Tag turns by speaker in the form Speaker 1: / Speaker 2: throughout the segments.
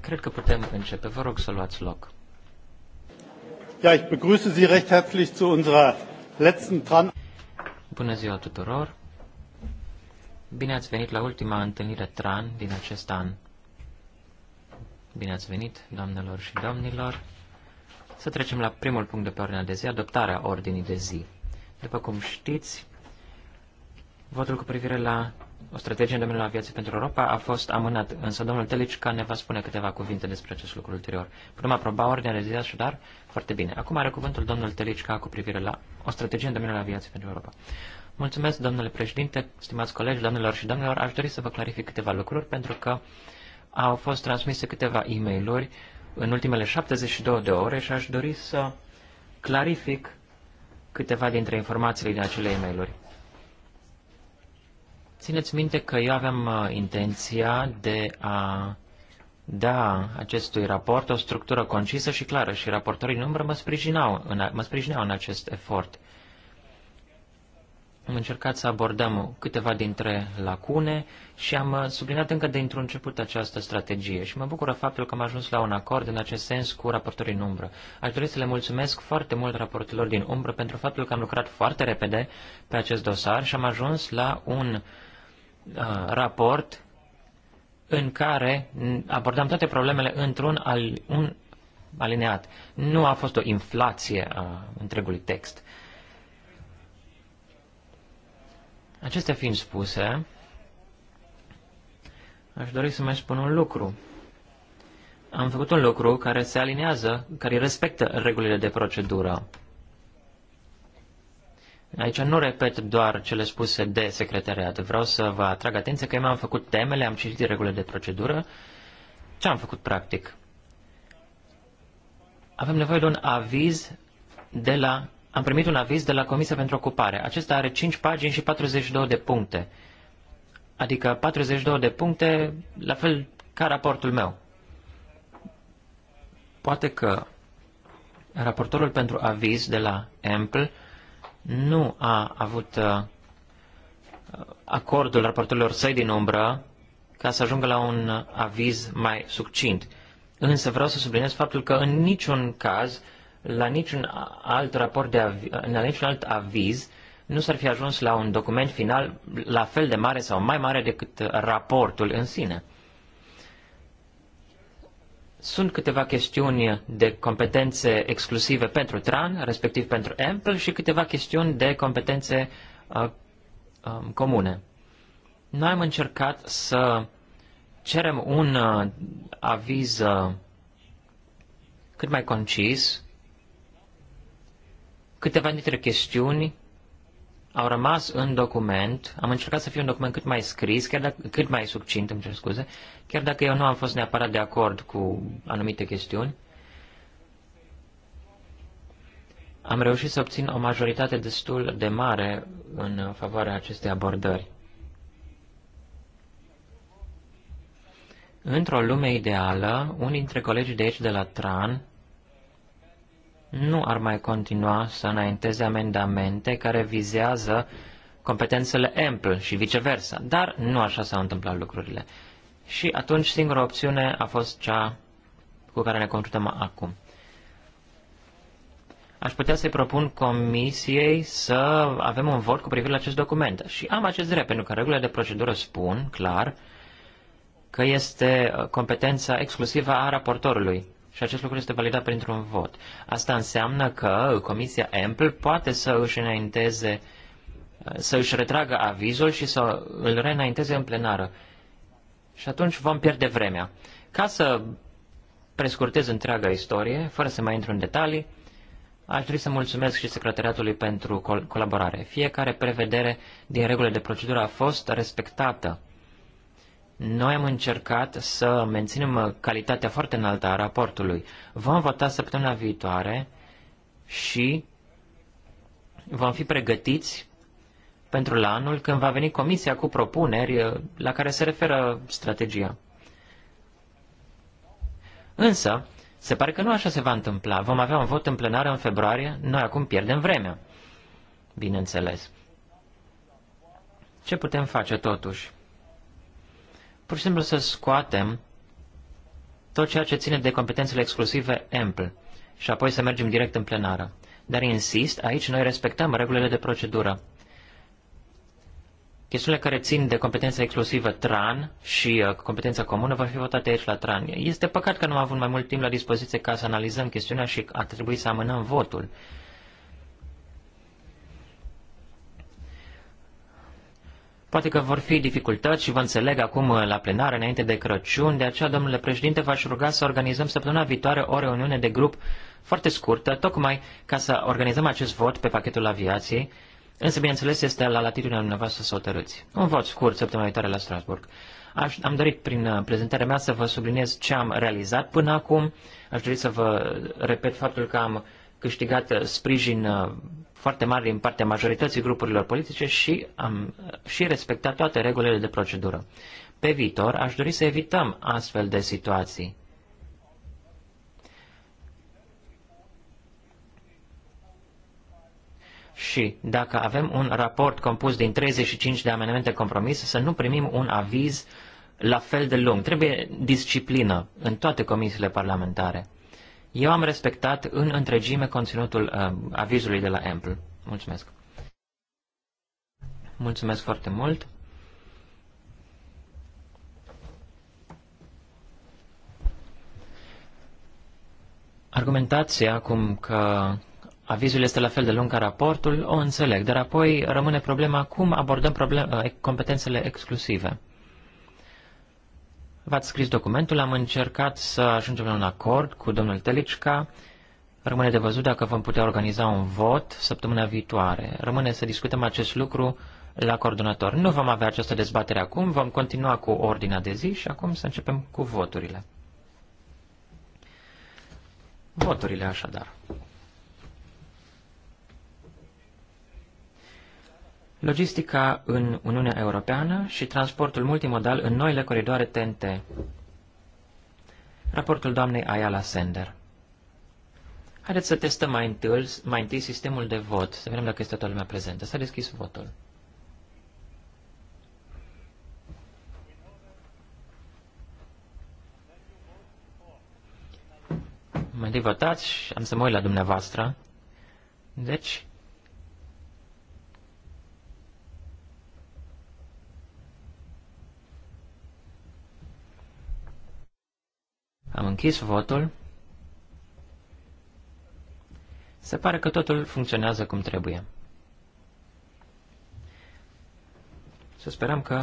Speaker 1: Cred că putem începe. Vă rog să luați loc.
Speaker 2: Ja, ich begrüße Sie recht herzlich zu unserer letzten Tran
Speaker 1: Bună ziua tuturor. Bine ați venit la ultima întâlnire Tran din acest an. Bine ați venit, doamnelor și domnilor. Să trecem la primul punct de pe ordinea de zi, adoptarea ordinii de zi. După cum știți, votul cu privire la o strategie în domeniul aviației pentru Europa a fost amânat, însă domnul Telicica ne va spune câteva cuvinte despre acest lucru ulterior. Putem aproba ordinea de zi așadar? Foarte bine. Acum are cuvântul domnul Telicica cu privire la o strategie în domeniul aviației pentru Europa. Mulțumesc, domnule președinte, stimați colegi, domnilor și domnilor. Aș dori să vă clarific câteva lucruri, pentru că au fost transmise câteva e mail în ultimele 72 de ore și aș dori să clarific câteva dintre informațiile din acele e mail -uri. Țineți minte că eu aveam uh, intenția de a da acestui raport o structură concisă și clară și raportorii în umbră mă sprijinau în, mă sprijinau în acest efort. Am încercat să abordăm câteva dintre lacune și am uh, subliniat încă de într-un început această strategie și mă bucură faptul că am ajuns la un acord în acest sens cu raportorii în umbră. Aș dori să le mulțumesc foarte mult raportorilor din umbră pentru faptul că am lucrat foarte repede pe acest dosar și am ajuns la un uh, Uh, raport în care abordam toate problemele într-un al, un alineat. Nu a fost o inflație a întregului text. Acestea fiind spuse, aș dori să mai spun un lucru. Am făcut un lucru care se alinează, care respectă regulile de procedură. Aici nu repet doar cele spuse de secretariat. Vreau să vă atrag atenția că eu mi-am făcut temele, am citit regulile de procedură. Ce am făcut practic? Avem nevoie de un aviz de la... Am primit un aviz de la Comisia pentru Ocupare. Acesta are 5 pagini și 42 de puncte. Adică 42 de puncte, la fel ca raportul meu. Poate că raportorul pentru aviz de la Ample nu a avut uh, acordul raportorilor săi din umbră ca să ajungă la un aviz mai succint. Însă vreau să subliniez faptul că în niciun caz, la niciun alt raport de aviz, la niciun alt aviz, nu s-ar fi ajuns la un document final la fel de mare sau mai mare decât raportul în sine. Sunt câteva chestiuni de competențe exclusive pentru TRAN, respectiv pentru EMPL, și câteva chestiuni de competențe uh, um, comune. Noi am încercat să cerem un uh, aviz uh, cât mai concis, câteva dintre chestiuni au rămas în document, am încercat să fie un document cât mai scris, chiar dacă, cât mai succint, îmi cer scuze, chiar dacă eu nu am fost neapărat de acord cu anumite chestiuni, am reușit să obțin o majoritate destul de mare în favoarea acestei abordări. Într-o lume ideală, unii dintre colegii de aici de la TRAN nu ar mai continua să înainteze amendamente care vizează competențele ample și viceversa. Dar nu așa s-au întâmplat lucrurile. Și atunci singura opțiune a fost cea cu care ne confruntăm acum. Aș putea să-i propun comisiei să avem un vot cu privire la acest document. Și am acest drept, pentru că regulile de procedură spun clar că este competența exclusivă a raportorului. Și acest lucru este validat printr-un vot. Asta înseamnă că Comisia Ample poate să își înainteze, să își retragă avizul și să îl reînainteze în plenară. Și atunci vom pierde vremea. Ca să prescurtez întreaga istorie, fără să mai intru în detalii, aș dori să mulțumesc și secretariatului pentru col- colaborare. Fiecare prevedere din regulile de procedură a fost respectată. Noi am încercat să menținem calitatea foarte înaltă a raportului. Vom vota săptămâna viitoare și vom fi pregătiți pentru la anul când va veni comisia cu propuneri uh, la care se referă strategia. Însă, se pare că nu așa se va întâmpla. Vom avea un vot în plenară în februarie, noi acum pierdem vremea. Bineînțeles. Ce putem face totuși? pur și simplu să scoatem tot ceea ce ține de competențele exclusive ample și apoi să mergem direct în plenară. Dar insist, aici noi respectăm regulile de procedură. Chestiunile care țin de competența exclusivă TRAN și uh, competența comună vor fi votate aici la TRAN. Este păcat că nu am avut mai mult timp la dispoziție ca să analizăm chestiunea și a trebuit să amânăm votul. Poate că vor fi dificultăți și vă înțeleg acum uh, la plenară înainte de Crăciun, de aceea, domnule președinte, v-aș ruga să organizăm săptămâna viitoare o reuniune de grup foarte scurtă, tocmai ca să organizăm acest vot pe pachetul aviației, însă, bineînțeles, este la latitudinea dumneavoastră să o tărâți. Un vot scurt săptămâna viitoare la Strasburg. Aș, am dorit prin uh, prezentarea mea să vă subliniez ce am realizat până acum. Aș dori să vă uh, repet faptul că am câștigat sprijin foarte mari din partea majorității grupurilor politice și am și respectat toate regulile de procedură. Pe viitor, aș dori să evităm astfel de situații. Și dacă avem un raport compus din 35 de amendamente compromis, să nu primim un aviz la fel de lung. Trebuie disciplină în toate comisiile parlamentare. Eu am respectat în întregime conținutul uh, avizului de la Ample. Mulțumesc. Mulțumesc foarte mult. Argumentația acum că avizul este la fel de lung ca raportul, o înțeleg, dar apoi rămâne problema cum abordăm problem, uh, competențele exclusive. V-ați scris documentul, am încercat să ajungem la un acord cu domnul Telicca. Rămâne de văzut dacă vom putea organiza un vot săptămâna viitoare. Rămâne să discutăm acest lucru la coordonator. Nu vom avea această dezbatere acum, vom continua cu ordinea de zi și acum să începem cu voturile. Voturile așadar. logistica în Uniunea Europeană și transportul multimodal în noile coridoare TNT. Raportul doamnei Ayala Sender. Haideți să testăm mai întâi, mai întâi sistemul de vot, să vedem dacă este toată lumea prezentă. S-a deschis votul. Mai întâi votați, am să mă uit la dumneavoastră. Deci, Am închis votul. Se pare că totul funcționează cum trebuie. Să sperăm că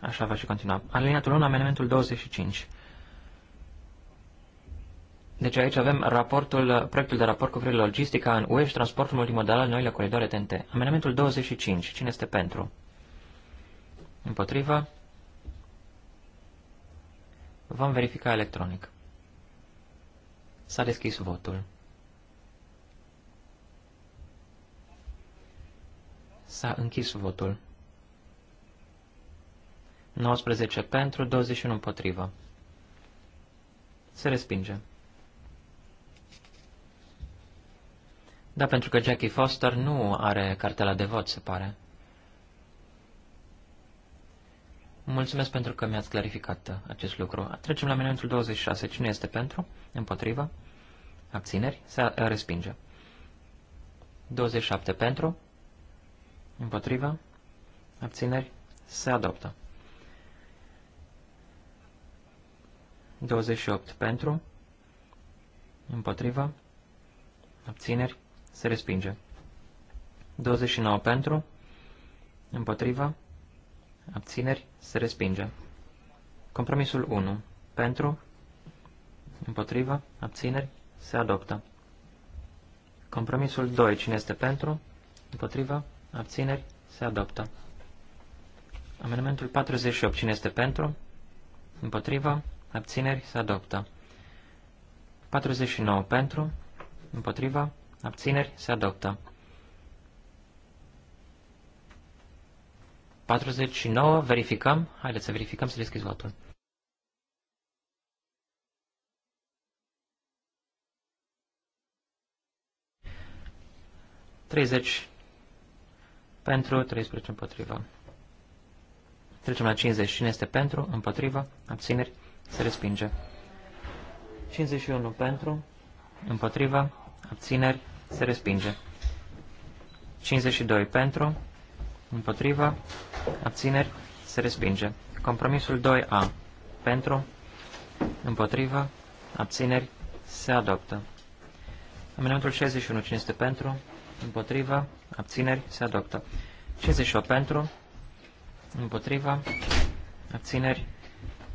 Speaker 1: așa va și continua. Aliniatul 1, amendamentul 25. Deci aici avem raportul, proiectul de raport cu privire logistica în UE și transportul multimodal al noile coridoare TNT. Amendamentul 25. Cine este pentru? Împotriva? Vom verifica electronic. S-a deschis votul. S-a închis votul. 19 pentru, 21 împotrivă. Se respinge. Da, pentru că Jackie Foster nu are cartela de vot, se pare. Mulțumesc pentru că mi-ați clarificat uh, acest lucru. Trecem la amendamentul 26. Cine este pentru? Împotriva? Uh, Abțineri? Se respinge. 27 pentru? Împotriva? Abțineri? Se adoptă. 28 pentru? Împotriva? Abțineri? Se respinge. 29 pentru? Împotriva? abțineri, se respinge. Compromisul 1. Pentru, împotriva, abțineri, se adoptă. Compromisul 2. Cine este pentru, împotriva, abțineri, se adoptă. Amendamentul 48. Cine este pentru, împotriva, abțineri, se adoptă. 49. Pentru, împotriva, abțineri, se adoptă. 49, verificăm. Haideți să verificăm, să deschizi votul. Treizeci pentru, 13 împotriva. Trecem la 50. Cine este pentru, împotriva, abțineri, se respinge. 51 pentru, împotriva, abțineri, se respinge. 52 pentru, împotriva, abțineri, se respinge. Compromisul 2A, pentru, împotrivă, abțineri, se adoptă. Amendamentul 61, cine este pentru, împotrivă, abțineri, se adoptă. 58 pentru, împotrivă, abțineri.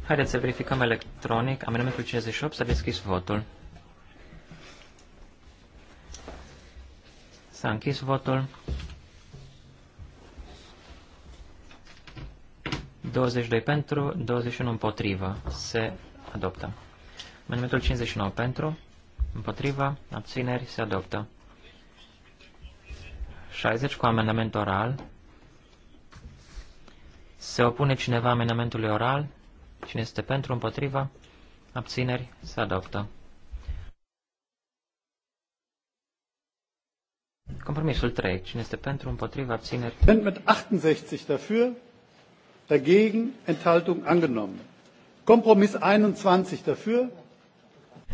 Speaker 1: Haideți să verificăm electronic. Amendamentul 58 s-a deschis votul. S-a închis votul. 22 pentru, 21 împotrivă. Se adoptă. Amendamentul 59 pentru, împotrivă, abțineri, se adoptă. 60 cu amendament oral. Se opune cineva amendamentului oral? Cine este pentru, împotrivă, Abțineri, se adoptă. Compromisul 3. Cine este pentru, împotrivă, abțineri? Amendment
Speaker 2: 68 dafür, dagegen, Enthaltung angenommen.
Speaker 3: Kompromiss 21 dafür.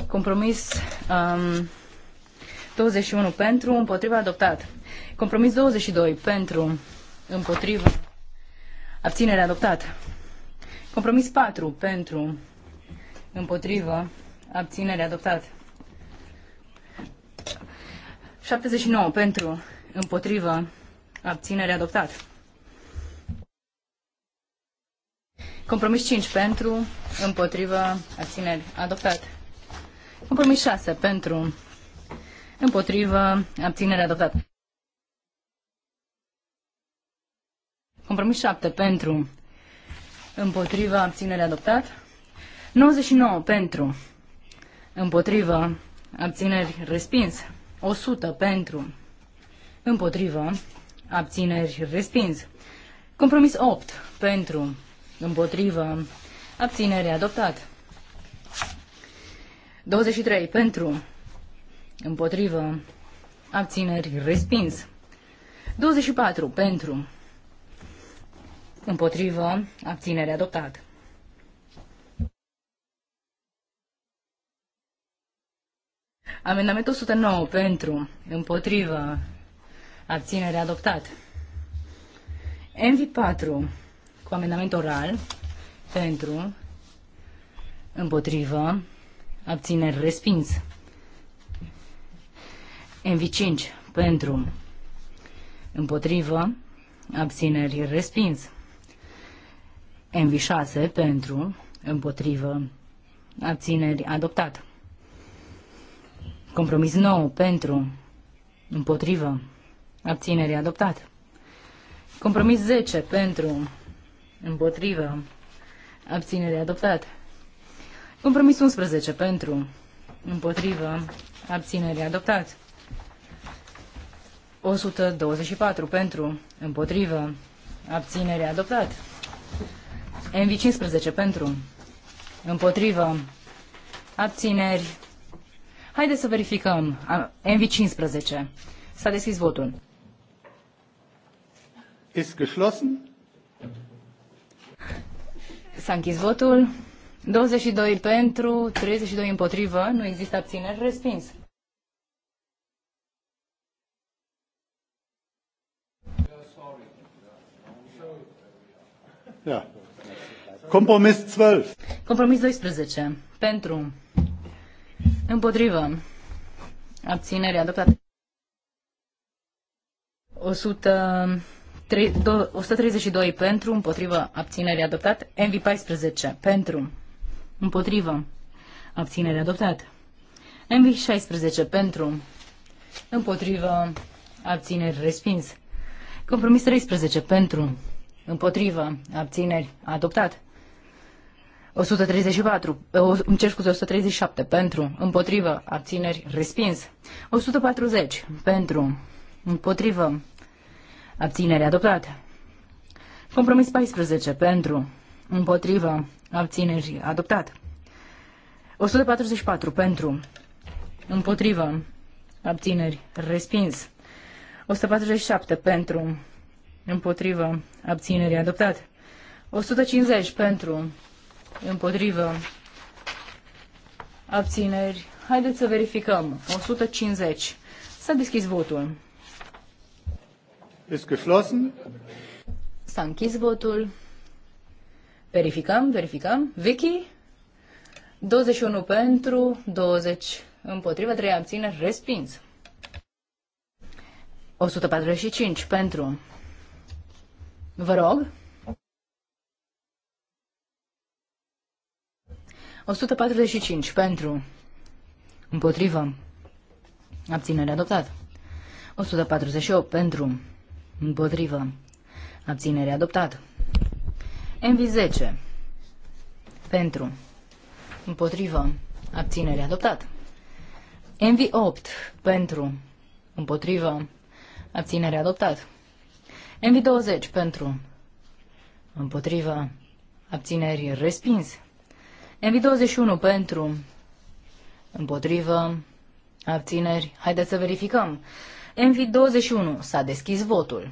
Speaker 3: Compromis um, 21 pentru, împotriva adoptat. Compromis 22 pentru, împotriva, abținere adoptat. Compromis 4 pentru, împotriva, abținere adoptat. 79 pentru, împotriva, abținere adoptat. Compromis 5 pentru, împotrivă, abțineri, adoptat. Compromis 6 pentru, împotrivă, abțineri, adoptat. Compromis 7 pentru, împotrivă, abținere, adoptat. 99 pentru, împotrivă, abțineri, respins. 100 pentru, împotrivă, abțineri, respins. Compromis 8 pentru, Împotrivă. Abținere. Adoptat. 23. Pentru. Împotrivă. Abțineri. Respins. 24. Pentru. Împotrivă. Abținere. Adoptat. Amendamentul 109 pentru, împotrivă, abținere adoptat. MV4 cu amendament oral pentru, împotrivă, abțineri respins. MV5 pentru, împotrivă, abțineri respins. MV6 pentru, împotrivă, abțineri adoptat. Compromis nou pentru, împotrivă, abțineri adoptat. Compromis 10 pentru, Împotrivă. Abținere adoptat. Compromis 11 pentru. Împotrivă. Abținere adoptat. 124 pentru. Împotrivă. Abținere adoptat. MV15 pentru. Împotrivă. Abțineri. Haideți să verificăm. MV15. S-a deschis votul.
Speaker 2: Ist geschlossen.
Speaker 3: S-a închis votul. 22 pentru, 32 împotrivă, nu există abțineri, respins. Yeah. Da. Compromis 12. Compromis 12. Pentru. Împotrivă. Abținere adoptată. 100. 132 pentru, împotrivă, abținere adoptat. MV14 pentru, împotrivă, abținere adoptat. MV16 pentru, împotrivă, abțineri respins. Compromis 13 pentru, împotrivă, abțineri adoptat. 134, eh, îmi cer scuze, 137 pentru, împotrivă, abțineri, respins. 140 pentru, împotrivă, abținere adoptat. Compromis 14 pentru, împotrivă, abțineri adoptat. 144 pentru, împotrivă, abțineri respins. 147 pentru, împotrivă, abțineri adoptat. 150 pentru, împotrivă, abțineri. Haideți să verificăm. 150. S-a deschis votul.
Speaker 2: Ist geschlossen.
Speaker 3: S-a închis votul. Verificăm, verificăm. Vicky? 21 pentru, 20 împotrivă, 3 abțineri, respins. 145 pentru. Vă rog. 145 pentru. Împotrivă. Abținere adoptat. 148 pentru. Împotrivă. Abținere adoptat. MV10. Pentru. Împotrivă. Abținere adoptat. MV8. Pentru. Împotrivă. Abținere adoptat. MV20. Pentru. Împotrivă. Abțineri respins. MV21 pentru. Împotrivă. Abțineri. Haideți să verificăm. Envi 21 S-a deschis votul.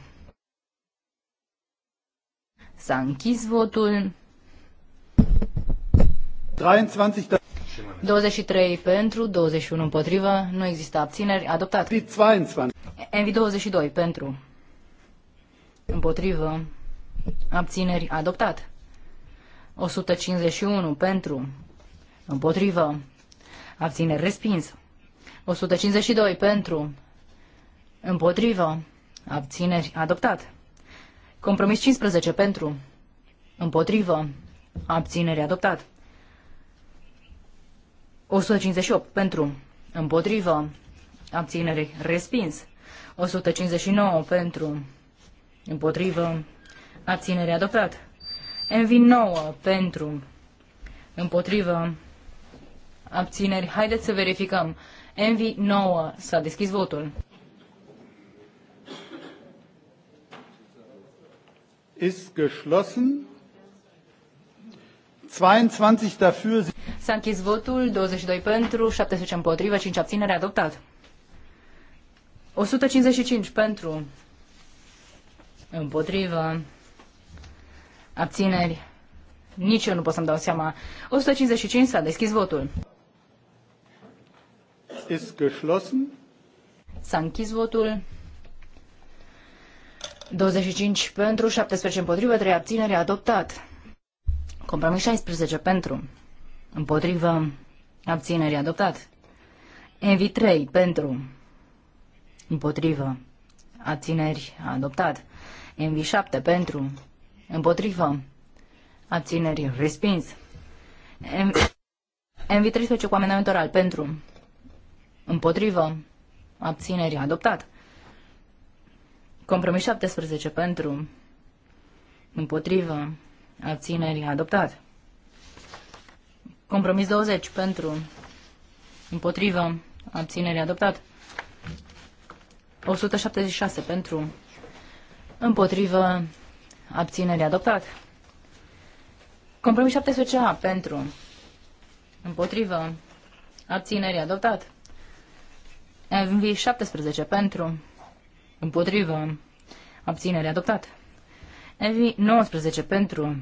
Speaker 3: S-a închis votul. 23, 23 pentru, 21 împotrivă, nu există abțineri, adoptat. Envi 22 pentru, împotrivă, abțineri, adoptat. 151 pentru, împotrivă, abțineri, respins. 152 pentru, Împotrivă. Abțineri. Adoptat. Compromis 15 pentru. Împotrivă. Abțineri. Adoptat. 158 pentru. Împotrivă. Abțineri. Respins. 159 pentru. Împotrivă. Abțineri. adoptat. MV9 pentru. Împotrivă. Abțineri. Haideți să verificăm. MV9. S-a deschis votul.
Speaker 2: ist geschlossen. 22
Speaker 3: dafür. S-a închis votul, 22 pentru, 70 împotrivă, 5 abținere, adoptat. 155 pentru, împotrivă, abțineri, nici eu nu pot să-mi dau seama. 155 s-a deschis votul.
Speaker 2: Ist geschlossen.
Speaker 3: S-a închis votul. 25 pentru, 17 împotrivă, 3 abțineri, adoptat. Compromis 16 pentru, împotrivă, abțineri, adoptat. Envi 3 pentru, împotrivă, abțineri, adoptat. Envi 7 pentru, împotrivă, abțineri, respins. Envi 13 cu amendament oral pentru, împotrivă, abțineri, adoptat. Compromis 17 pentru, împotrivă, abțineri, adoptat. Compromis 20 pentru, împotrivă, abțineri, adoptat. 176 pentru, împotrivă, abțineri, adoptat. Compromis 17A pentru, împotrivă, abțineri, adoptat. MV 17 pentru, Împotrivă. Abținere adoptat. Evi 19 pentru.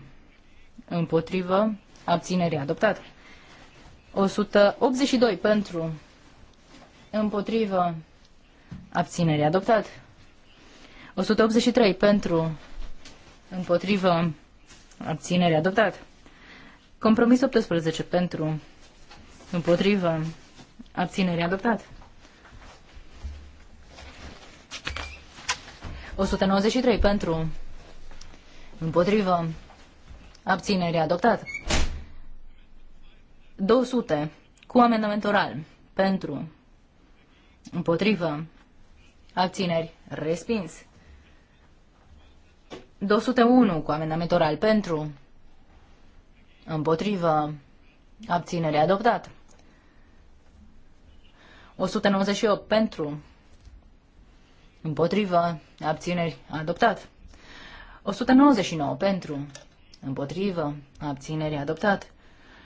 Speaker 3: Împotrivă. Abținere adoptat. 182 pentru. Împotrivă. Abținere adoptat. 183 pentru. Împotrivă. Abținere adoptat. Compromis 18 pentru. Împotrivă. Abținere adoptat. 193 pentru. Împotrivă. Abținere adoptat. 200 cu amendament oral. Pentru. Împotrivă. Abțineri. Respins. 201 cu amendament oral. Pentru. Împotrivă. Abținere adoptat. 198 pentru. Împotrivă. Abțineri. Adoptat. 199 pentru. Împotrivă. Abțineri. Adoptat.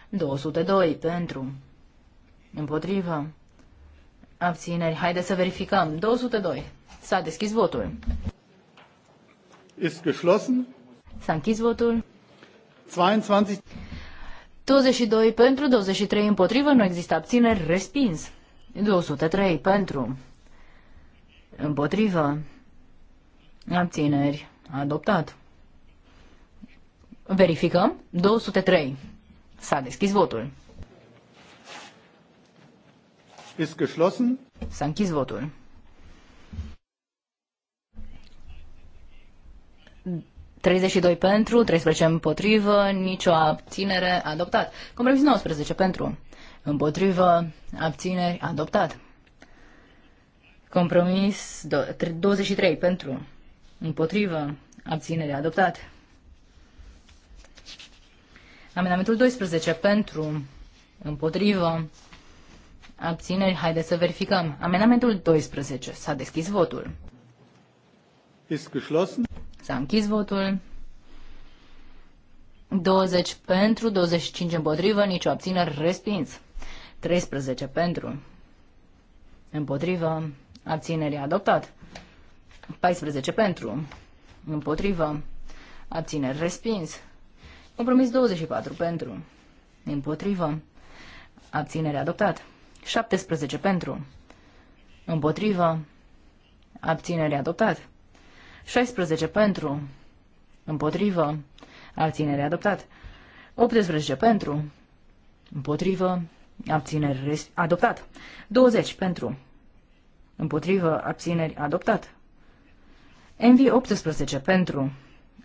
Speaker 3: 202 pentru. Împotrivă. Abțineri. Haideți să verificăm. 202. S-a deschis votul. Ist geschlossen. S-a închis votul. 22. 22 pentru, 23 împotrivă, nu există abțineri, respins. 203 pentru, Împotrivă. Abțineri. Adoptat. Verificăm. 203. S-a deschis votul.
Speaker 2: Ist geschlossen. S-a închis
Speaker 3: votul. 32 pentru, 13 împotrivă, nicio abținere, adoptat. Compromis 19 pentru, împotrivă, abțineri, adoptat. Compromis 23 pentru, împotrivă, abținere adoptat. Amendamentul 12 pentru, împotrivă, abțineri, haideți să verificăm. Amendamentul 12, s-a deschis votul. S-a închis votul. 20 pentru, 25 împotrivă, nicio abținere, respins. 13 pentru, împotrivă, Abținerea adoptat. 14 pentru, împotrivă, abțineri respins. Compromis 24 pentru, împotrivă, Abținerea adoptat. 17 pentru, împotrivă, Abținerea adoptat. 16 pentru, împotrivă, Abținerea adoptat. 18 pentru, împotrivă, abținere adoptat. 20 pentru, Împotrivă, abțineri, adoptat. Envi 18 pentru.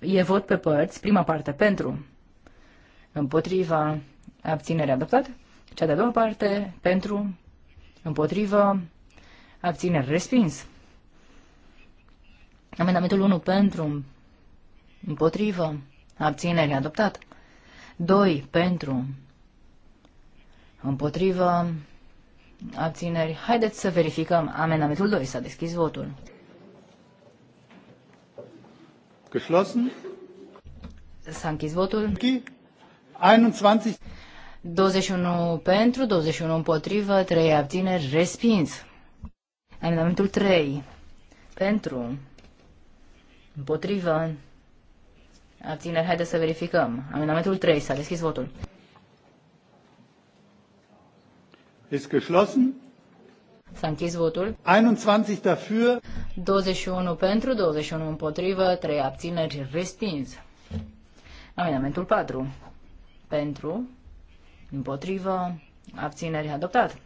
Speaker 3: E vot pe părți, prima parte pentru. Împotriva, abținere adoptat. Cea de-a doua parte pentru. Împotrivă, abțineri respins. Amendamentul 1 pentru. Împotrivă, abținere adoptat. 2 pentru. Împotrivă, abțineri. Haideți să verificăm. Amendamentul 2. S-a deschis votul. Geschlossen. S-a închis votul. 21. 21 pentru, 21 împotrivă, 3 abțineri, respins. Amendamentul 3. Pentru. Împotrivă. Abțineri, haideți să verificăm. Amendamentul 3. S-a deschis votul.
Speaker 2: Ist geschlossen.
Speaker 3: S-a închis votul. 21 dafür. 21 pentru, 21 împotrivă, 3 abțineri, respins. Amendamentul 4. Pentru, împotrivă, abțineri, adoptat.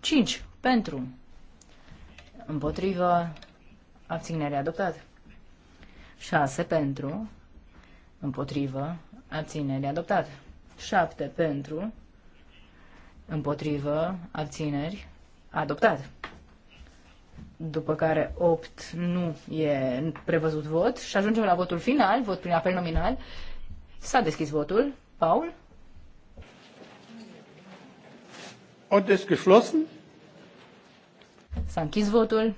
Speaker 3: 5. Pentru, împotrivă, abțineri adoptat. 6. Pentru, împotrivă, abțineri adoptat. 7. Pentru, împotrivă, abțineri, adoptat. După care 8 nu e prevăzut vot și ajungem la votul final, vot prin apel nominal. S-a deschis votul. Paul?
Speaker 2: Und ist geschlossen.
Speaker 3: S-a închis votul.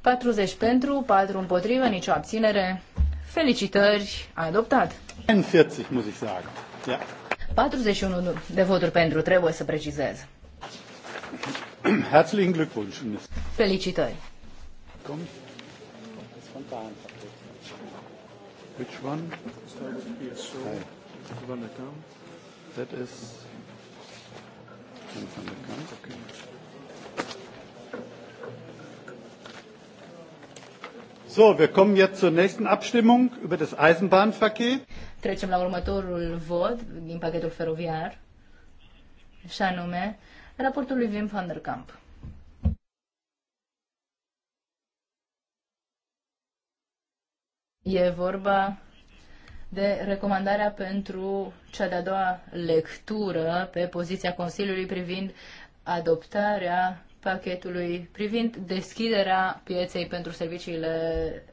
Speaker 3: 40 pentru, 4 împotrivă, nicio abținere. Felicitări, adoptat.
Speaker 2: 41, muss ich sagen. Ja.
Speaker 3: 41 de voturi pentru, trebuie să precizez.
Speaker 2: Herzlichen Glückwunsch.
Speaker 3: Felicitări. Komm. Which
Speaker 2: one? That is Okay. So, wir kommen jetzt zur nächsten Abstimmung über das Eisenbahnverkehr.
Speaker 3: Trecem la următorul vot din pachetul feroviar, și anume raportul lui Wim van der Kamp. E vorba de recomandarea pentru cea de-a doua lectură pe poziția Consiliului privind adoptarea pachetului privind deschiderea pieței pentru serviciile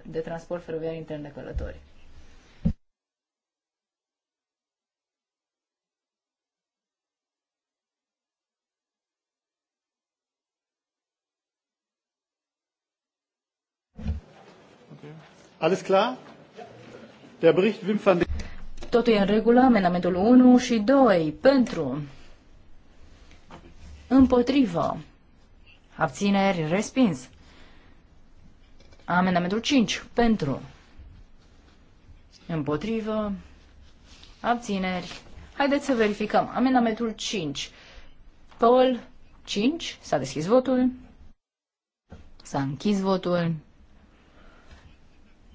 Speaker 3: de transport feroviar intern de călători.
Speaker 2: Alles klar? Der Bericht Wim van de
Speaker 3: Totul e în regulă, amendamentul 1 și 2 pentru împotrivă Abțineri. Respins. Amendamentul 5. Pentru. Împotrivă. Abțineri. Haideți să verificăm. Amendamentul 5. Paul 5. S-a deschis votul. S-a închis votul.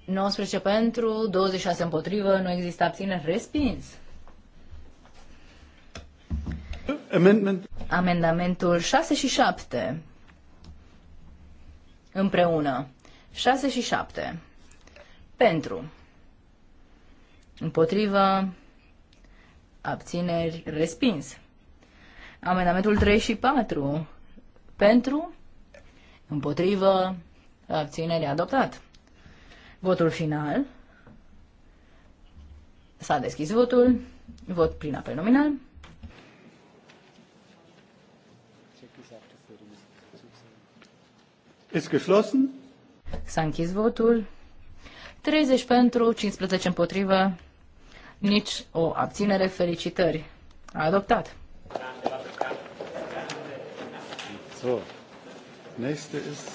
Speaker 3: 19 pentru, 26 împotrivă, nu există abțineri, respins. Amendment. Amendamentul 6 și 7 împreună. 6 și 7. Pentru. Împotrivă. Abțineri. Respins. Amendamentul 3 și 4. Pentru. Împotrivă. Abțineri. Adoptat. Votul final. S-a deschis votul. Vot prin apel nominal. Ist geschlossen. S-a închis votul. 30 pentru, 15 împotrivă, nici o abținere. Felicitări. A adoptat.
Speaker 2: So, nächste ist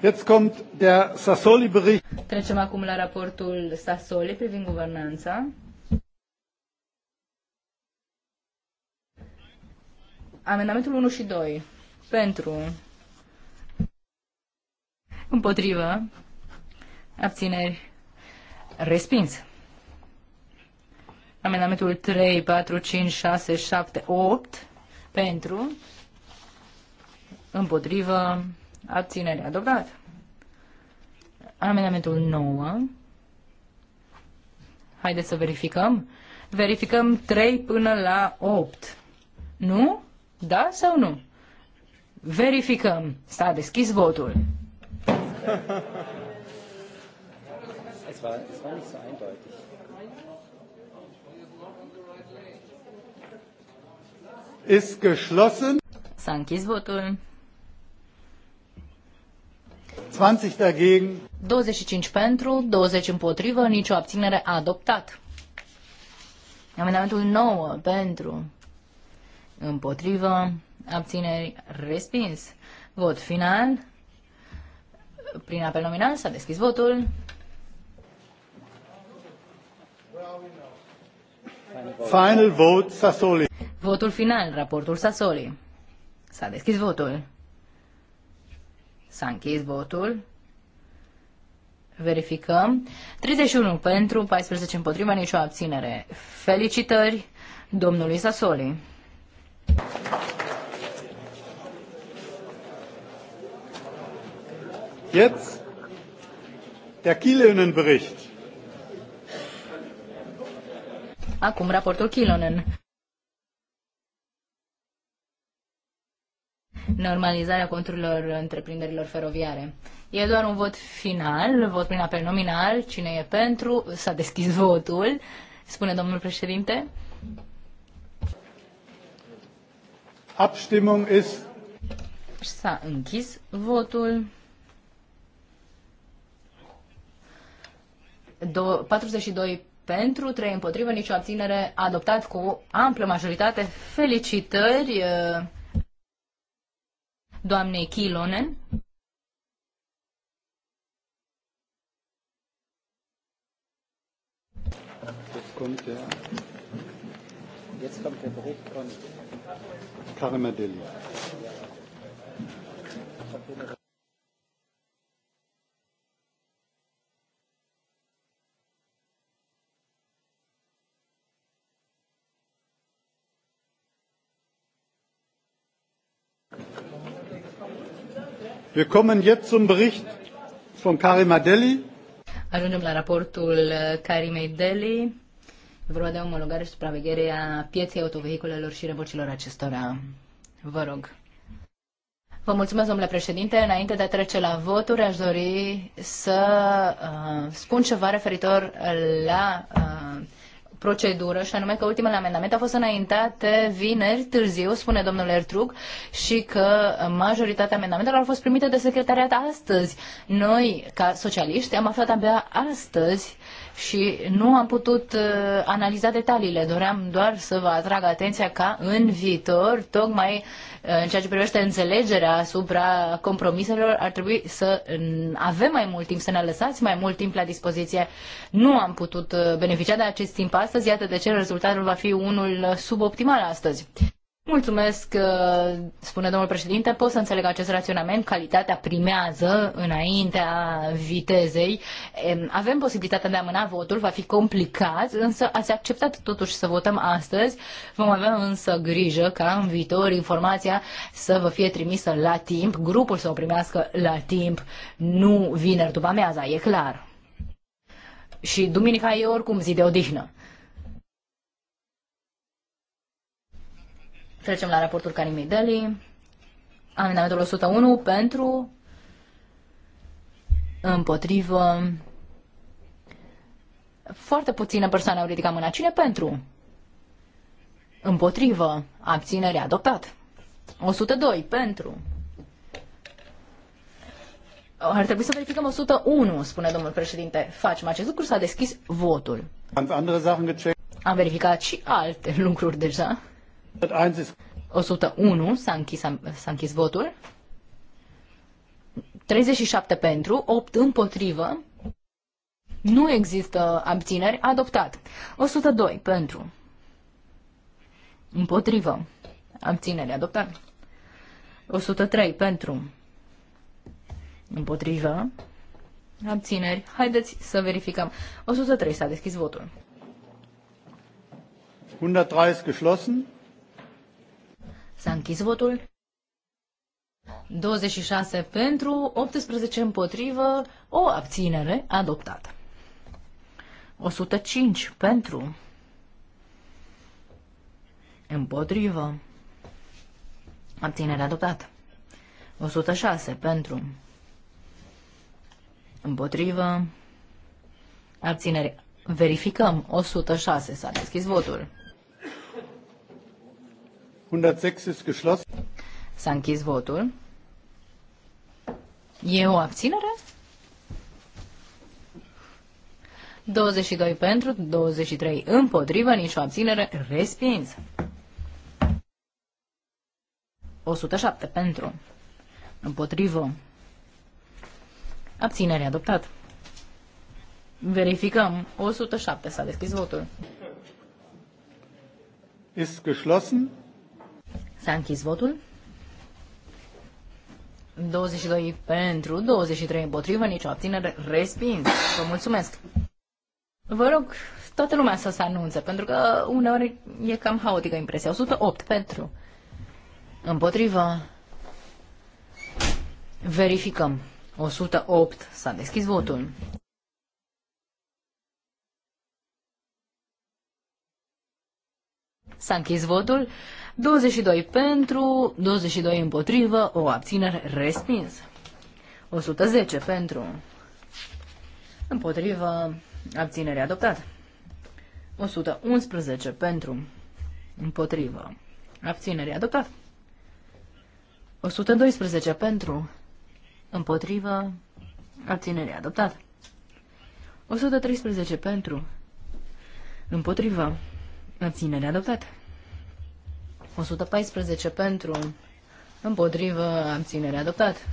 Speaker 2: Jetzt kommt der Sassoli-Bericht.
Speaker 3: Trecem acum la raportul Sassoli privind guvernanța. Amendamentul 1 și 2. Pentru. Împotrivă. Abțineri. Respins. Amendamentul 3, 4, 5, 6, 7, 8. Pentru. Împotrivă. Abținere. Adoptat. Amendamentul 9. Haideți să verificăm. Verificăm 3 până la 8. Nu? Da sau nu? Verificăm. S-a deschis votul.
Speaker 2: Ist geschlossen. S-a închis votul. 20 dagegen.
Speaker 3: 25 pentru, 20 împotrivă, nicio abținere adoptat. Amendamentul 9 pentru, împotrivă, abțineri, respins. Vot final. Prin apel nominal s-a deschis votul. Final vote Sassoli. Votul final, raportul Sassoli. S-a deschis votul. S-a închis votul. Verificăm. 31 pentru, 14 împotriva, nicio abținere. Felicitări domnului Sassoli.
Speaker 2: Jetzt der Kielönen-Bericht.
Speaker 3: Acum raportul Kilonen. Normalizarea conturilor întreprinderilor feroviare. E doar un vot final, vot prin apel nominal. Cine e pentru? S-a deschis votul, spune domnul președinte. Abstimmung ist. S-a închis votul. 42 pentru, 3 împotrivă, nicio abținere, adoptat cu amplă majoritate. Felicitări uh, doamnei Kilonen.
Speaker 2: Jetzt kommt
Speaker 1: der Bericht von
Speaker 2: Karima Deli. Wir kommen jetzt zum Bericht von Ajungem
Speaker 3: la raportul Karimei Deli vorba de omologare și supraveghere a pieței autovehiculelor și revocilor acestora. Vă rog. Vă mulțumesc, domnule președinte. Înainte de a trece la voturi, aș dori să uh, spun ceva referitor la uh, procedură, și anume că ultimele amendamente au fost înaintate vineri târziu, spune domnul Ertrug, și că majoritatea amendamentelor au fost primite de secretariat astăzi. Noi, ca socialiști, am aflat abia astăzi și nu am putut uh, analiza detaliile. Doream doar să vă atrag atenția ca în viitor, tocmai uh, în ceea ce privește înțelegerea asupra compromiselor, ar trebui să avem mai mult timp, să ne lăsați mai mult timp la dispoziție. Nu am putut uh, beneficia de acest timp astăzi, iată de ce rezultatul va fi unul suboptimal astăzi. Mulțumesc, uh, spune domnul președinte, pot să înțeleg acest raționament, calitatea primează înaintea vitezei. Avem posibilitatea de a amâna votul, va fi complicat, însă ați acceptat totuși să votăm astăzi. Vom avea însă grijă ca în viitor informația să vă fie trimisă la timp, grupul să o primească la timp, nu vineri după amiaza, e clar. Și duminica e oricum zi de odihnă. Trecem la raportul Karimei Deli. Amendamentul 101 pentru, împotrivă. Foarte puține persoane au ridicat mâna. Cine pentru? Împotrivă. Abținere adoptat. 102 pentru. Ar trebui să verificăm 101, spune domnul președinte. Facem acest lucru, s-a deschis votul. Am verificat și alte lucruri deja. 101 s-a închis, s-a închis votul. 37 pentru, 8 împotrivă. Nu există abțineri. Adoptat. 102 pentru. Împotrivă. Abținere. Adoptat. 103 pentru. Împotrivă. Abțineri. Haideți să verificăm. 103 s-a deschis votul.
Speaker 2: 103 este geschlossen.
Speaker 3: S-a închis votul. 26 pentru, 18 împotrivă, o abținere adoptată. 105 pentru, împotrivă, abținere adoptată. 106 pentru, împotrivă, abținere. Verificăm, 106 s-a deschis votul. 106 S-a închis votul. E o abținere? 22 pentru, 23 împotrivă, nicio abținere, respins. 107 pentru, împotrivă, abținere adoptat. Verificăm, 107 s-a deschis votul. Este geschlossen. S-a închis votul. 22 pentru, 23 împotrivă, nicio abținere, respins. Vă mulțumesc. Vă rog, toată lumea să se anunțe, pentru că uneori e cam haotică impresia. 108 pentru. Împotrivă. Verificăm. 108. S-a deschis votul. S-a închis votul. 22 pentru, 22 împotrivă, o abținere respinsă. 110 pentru, împotrivă, abținere adoptată. 111 pentru, împotrivă, abținere adoptată. 112 pentru, împotrivă, abținere adoptată. 113 pentru, împotrivă, abținere adoptată. 114 pentru, împotrivă, abținere adoptat.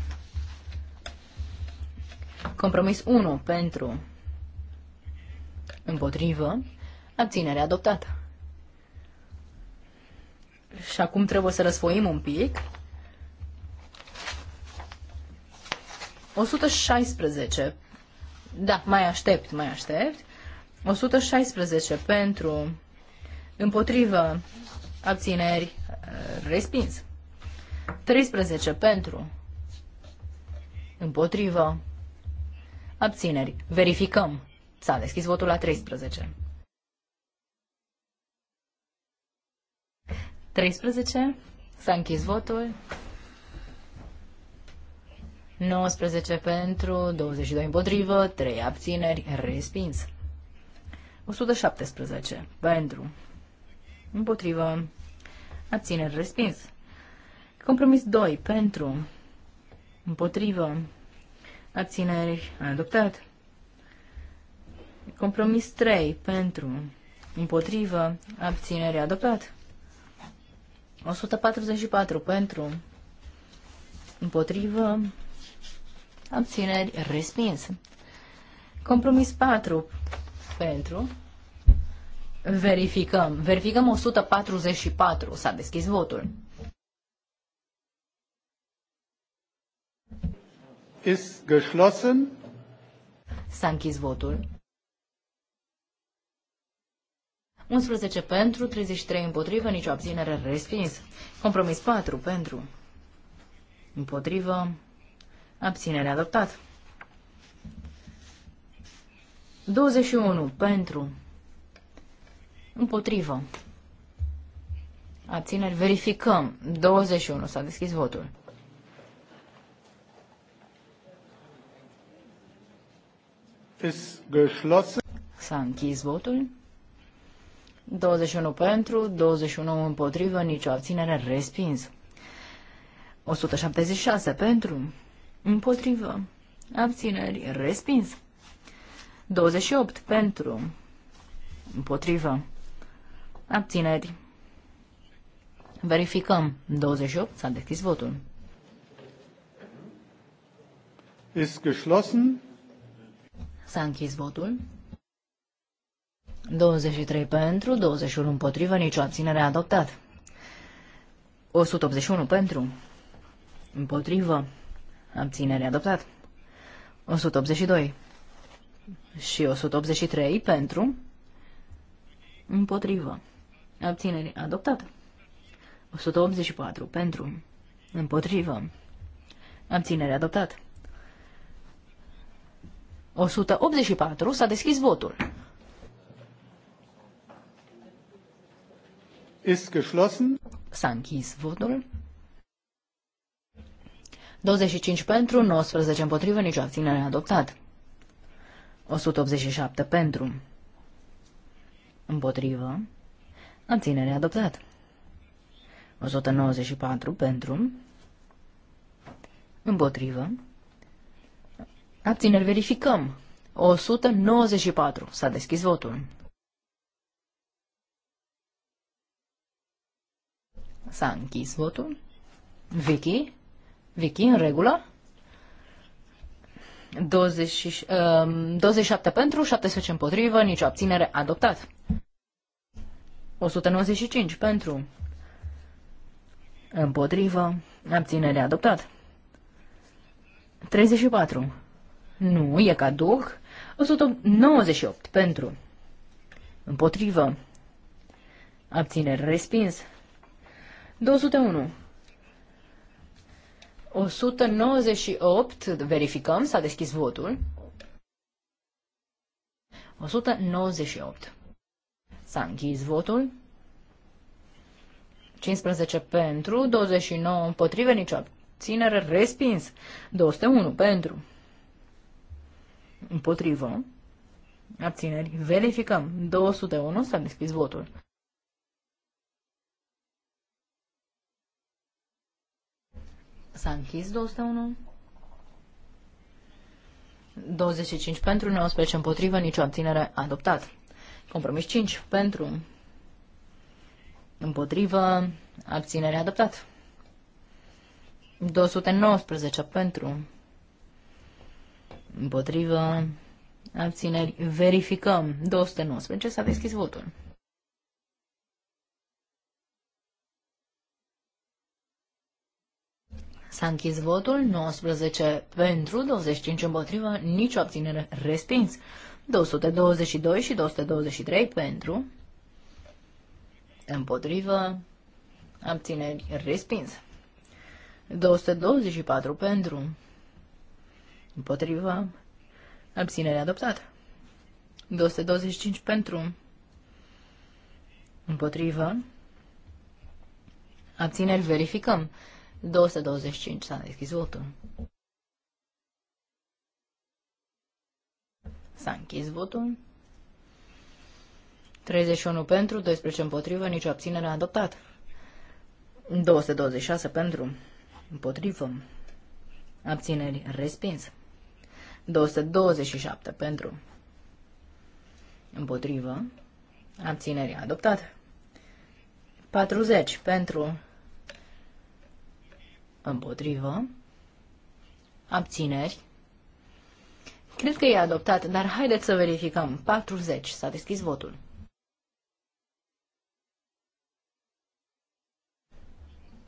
Speaker 3: Compromis 1 pentru, împotrivă, abținere adoptată. Și acum trebuie să răsfoim un pic. 116. Da, mai aștept, mai aștept. 116 pentru împotrivă abțineri, respins. 13 pentru, împotrivă, abțineri, verificăm. S-a deschis votul la 13. 13, s-a închis votul. 19 pentru, 22 împotrivă, 3 abțineri, respins. 117 pentru, Împotrivă. Abțineri. Respins. Compromis 2. Pentru. Împotrivă. Abțineri. Adoptat. Compromis 3. Pentru. Împotrivă. Abțineri Adoptat. 144. Pentru. Împotrivă. Abțineri. Respins. Compromis 4. Pentru. Verificăm. Verificăm 144. S-a deschis votul. Ist geschlossen. S-a închis votul. 11 pentru, 33 împotrivă, nicio abținere respins. Compromis 4 pentru. Împotrivă. Abținere adoptat. 21 pentru. Împotrivă. Abțineri. Verificăm. 21. S-a deschis votul. S-a închis votul. 21 pentru, 21 împotrivă, nicio abținere, respins. 176 pentru, împotrivă, abțineri, respins. 28 pentru, împotrivă, Abțineri. Verificăm. 28. S-a deschis votul. Ist
Speaker 2: geschlossen.
Speaker 3: S-a închis votul. 23 pentru, 21 împotrivă, nicio abținere adoptat. 181 pentru, împotrivă, abținere adoptat. 182 și 183 pentru, împotrivă. Abținere Adoptată. 184. Pentru. Împotrivă. Abținere. adoptată. 184. S-a deschis votul. Ist geschlossen. S-a închis votul. 25 pentru, 19 împotrivă, nicio abținere adoptat. 187 pentru. Împotrivă. Abținere adoptat. 194 pentru. Împotrivă. Abțineri verificăm. 194. S-a deschis votul. S-a închis votul. Vicky? Vicky, în regulă? 20, uh, 27 pentru, 17 împotrivă, nicio abținere adoptat. 195 pentru. Împotrivă. Abținere adoptat. 34. Nu, e caduc. 198 pentru. Împotrivă. Abținere respins. 201. 198. Verificăm. S-a deschis votul. 198. S-a închis votul. 15 pentru, 29 împotrivă, nicio abținere, respins. 201 pentru, împotrivă, abțineri, verificăm. 201 s-a deschis votul. S-a închis 201. 25 pentru, 19 împotrivă, nicio abținere adoptat. Compromis 5 pentru. Împotrivă. Abținere adoptat. 219 pentru. Împotrivă. Abțineri. Verificăm. 219. S-a deschis votul. S-a închis votul, 19 pentru, 25 împotrivă, nicio abținere, respins. 222 și 223 pentru, împotrivă, abțineri, respins. 224 pentru, împotrivă, abținere adoptată. 225 pentru, împotrivă, abțineri, verificăm. 225 s-a deschis votul. S-a închis votul. 31 pentru, 12 împotrivă, nicio abținere adoptat. 226 pentru, împotrivă, abțineri respins. 227 pentru, împotrivă, abțineri adoptat. 40 pentru, împotrivă, abțineri Cred că e adoptat, dar haideți să verificăm. 40. S-a deschis votul.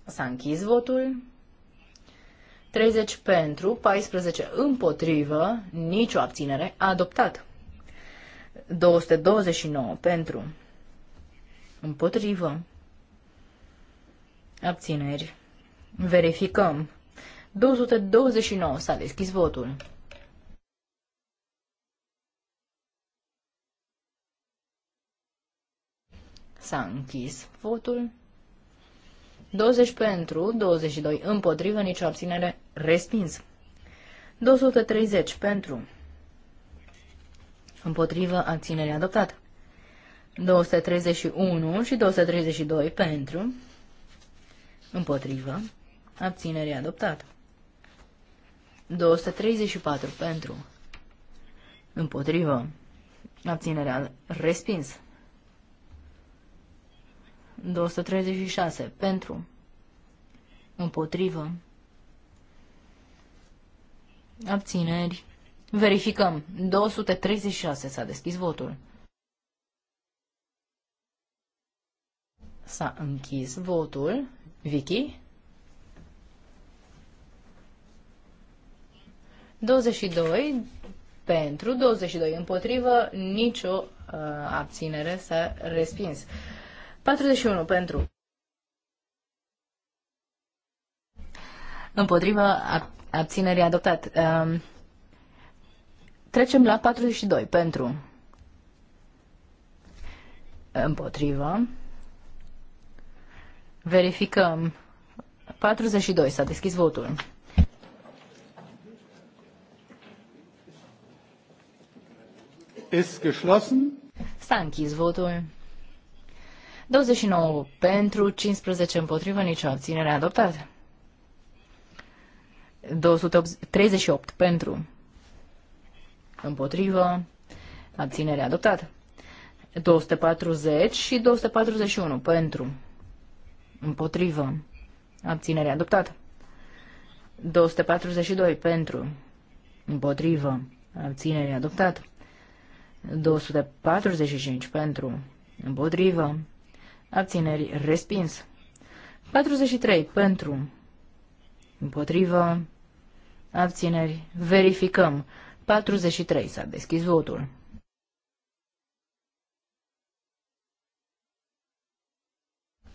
Speaker 3: S-a închis votul. 30 pentru, 14 împotrivă, nicio abținere, adoptat. 229 pentru, împotrivă, abțineri. Verificăm. 229 s-a deschis votul. S-a închis votul. 20 pentru, 22 împotrivă, nicio abținere, respins. 230 pentru, împotrivă, abținere adoptată. 231 și 232 pentru, împotrivă, abținere adoptată. 234 pentru, împotrivă, abținerea respins. 236 pentru, împotrivă, abțineri. Verificăm. 236 s-a deschis votul. S-a închis votul. Vicky? 22 pentru, 22 împotrivă, nicio uh, abținere s-a respins. 41 pentru. Împotriva abținerii adoptat. Um, trecem la 42 pentru. Împotriva. Verificăm. 42 s-a deschis votul.
Speaker 2: Ist geschlossen.
Speaker 3: S-a închis votul. 29 pentru, 15 împotrivă, nicio abținere adoptată. 238 pentru, împotrivă, abținere adoptată. 240 și 241 pentru, împotrivă, abținere adoptată. 242 pentru, împotrivă, abținere adoptată. 245 pentru, împotrivă, Abțineri. Respins. 43. Pentru. Împotrivă. Abțineri. Verificăm. 43. S-a deschis votul.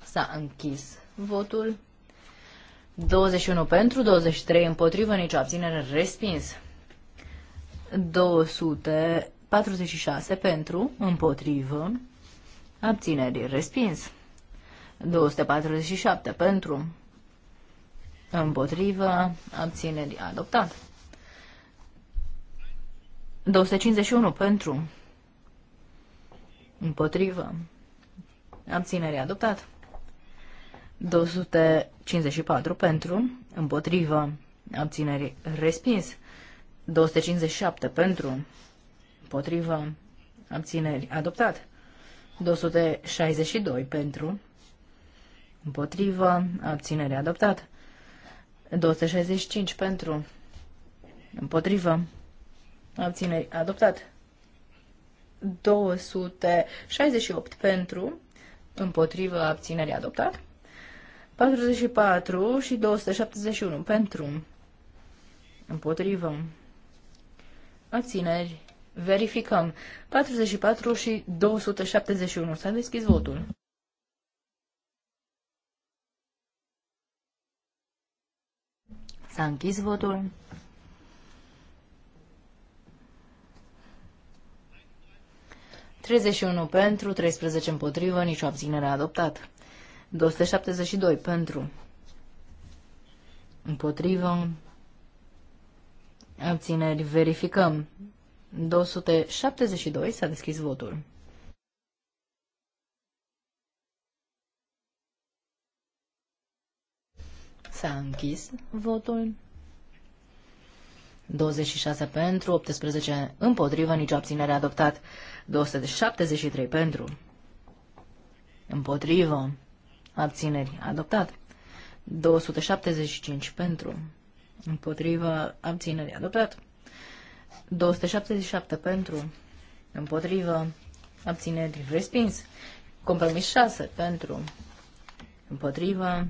Speaker 3: S-a închis votul. 21 pentru, 23 împotrivă, nicio abținere, respins. 246 pentru, împotrivă, abțineri, respins. 247 pentru, împotrivă, abțineri, adoptat. 251 pentru, împotrivă, abținere adoptat. 254 pentru, împotrivă, abținere respins. 257 pentru, împotrivă, abțineri adoptat. 262 pentru, împotrivă, abținere adoptat. 265 pentru, împotrivă, abținere adoptat. 268 pentru, împotrivă, abținere adoptat. 44 și 271 pentru, împotrivă, abțineri Verificăm. 44 și 271. S-a deschis votul. S-a închis votul. Treizeci pentru, 13 împotrivă, nicio abținere adoptat. 272 pentru, împotrivă, abțineri, verificăm. 272 s-a deschis votul. S-a închis votul. 26 pentru, 18 împotrivă, nicio abținere adoptat. 273 pentru, împotrivă, abțineri adoptat. 275 pentru, împotrivă, abțineri adoptat. 277 pentru, împotrivă, abțineri, respins. Compromis 6 pentru, împotrivă,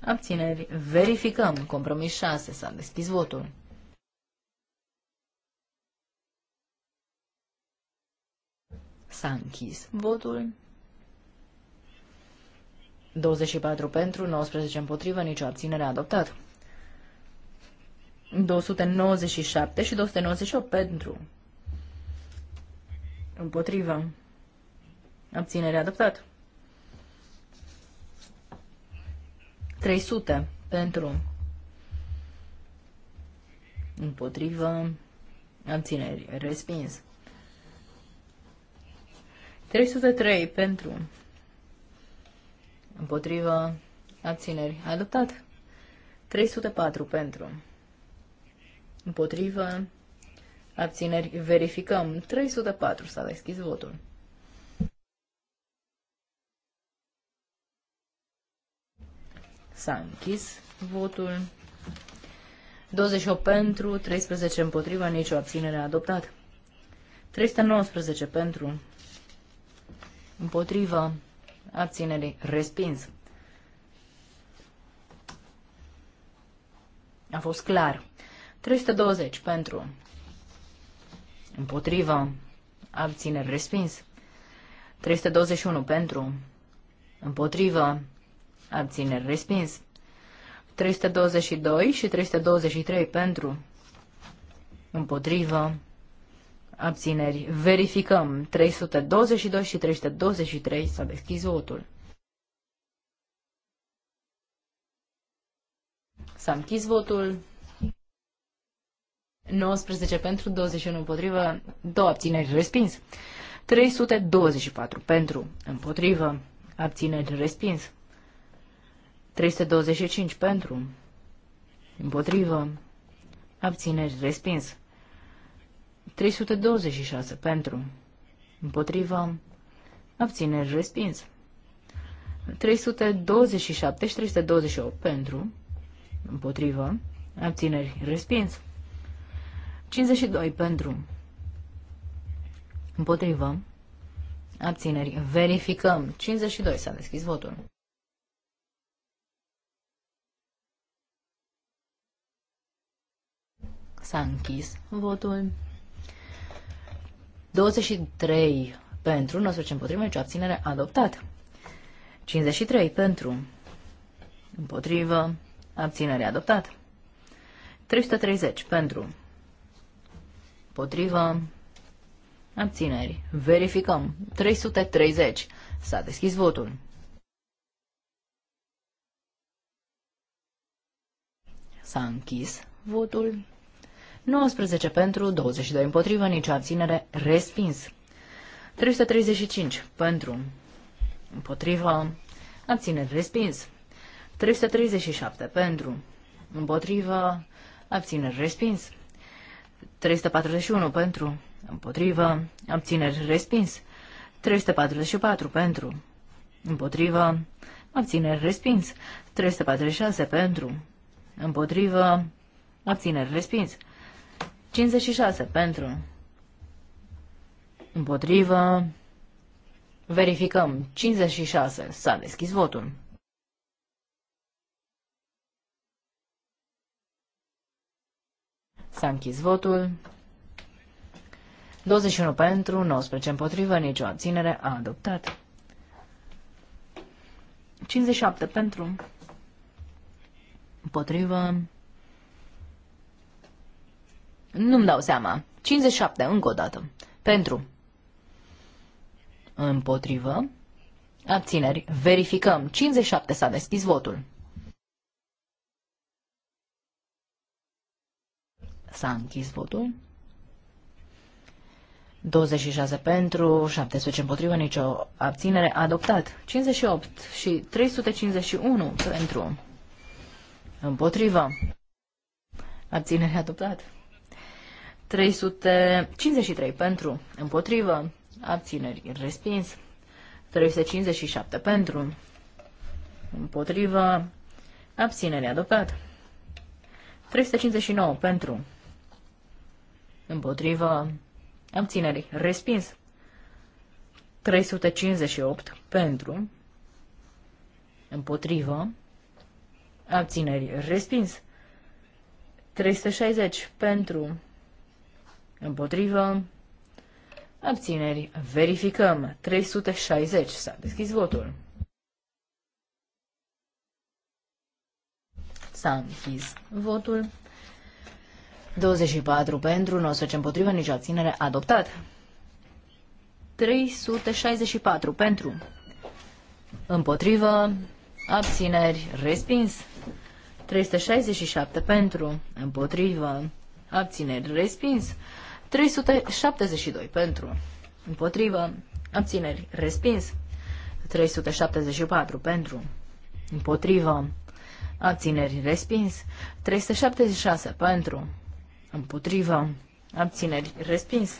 Speaker 3: abțineri, verificăm. Compromis 6, s-a deschis votul. S-a închis votul. 24 pentru, 19 împotrivă, nicio abținere adoptată. 297 și 298 pentru. Împotrivă. Abținere adoptat. 300 pentru. Împotrivă. Abțineri. Respins. 303 pentru. Împotrivă. Abțineri. Adoptat. 304 pentru. Împotrivă. Abțineri. Verificăm. 304. S-a deschis votul. S-a închis votul. 28 pentru, 13 împotriva, nicio abținere adoptat. 319 pentru, împotriva, abținere respins. A fost clar. 320 pentru. Împotrivă. Abțineri respins. 321 pentru. Împotrivă. Abțineri respins. 322 și 323 pentru. Împotrivă. Abțineri. Verificăm. 322 și 323 s-a deschis votul. S-a închis votul. 19 pentru, 21 împotrivă, două abțineri respins. 324 pentru, împotrivă, abțineri respins. 325 pentru, împotrivă, abțineri respins. 326 pentru, împotrivă, abțineri respins. 327 și 328 pentru, împotrivă, abțineri respins. 52 pentru. Împotrivă. Abțineri. Verificăm. 52 s-a deschis votul. S-a închis votul. 23 pentru, 19 împotrivă, nicio abținere adoptat. 53 pentru, împotrivă, abținere adoptat. 330 pentru, Potriva Abțineri. Verificăm. 330. S-a deschis votul. S-a închis votul. 19 pentru, 22 împotrivă, nicio abținere, respins. 335 pentru, împotrivă, abținere, respins. 337 pentru, împotrivă, abținere, respins. 341 pentru, împotrivă, abțineri respins. 344 pentru, împotrivă, abțineri respins. 346 pentru, împotrivă, abțineri respins. 56 pentru, împotrivă, verificăm. 56 s-a deschis votul. S-a închis votul. 21 pentru, 19 împotrivă, nicio abținere. A adoptat. 57 pentru. Împotrivă. Nu-mi dau seama. 57, încă o dată. Pentru. Împotrivă. Abțineri. Verificăm. 57 s-a deschis votul. S-a închis votul. 26 pentru, 17 împotrivă, nicio abținere. Adoptat. 58 și 351 pentru. Împotrivă. Abținere adoptat. 353 pentru. Împotrivă. Abțineri respins. 357 pentru. Împotrivă. Abținere adoptat. 359 pentru împotrivă, abținerii, respins. 358 pentru, împotrivă, abținerii, respins. 360 pentru, împotrivă, abținerii. verificăm. 360 s-a deschis votul. S-a închis votul. 24 pentru, 19 împotrivă, nici abținere. Adoptat. 364 pentru. Împotrivă. Abțineri. Respins. 367 pentru. Împotrivă. Abțineri. Respins. 372 pentru. Împotrivă. Abțineri. Respins. 374 pentru. Împotrivă. Abțineri. Respins. 376 pentru. Împotrivă. Abțineri. Respins.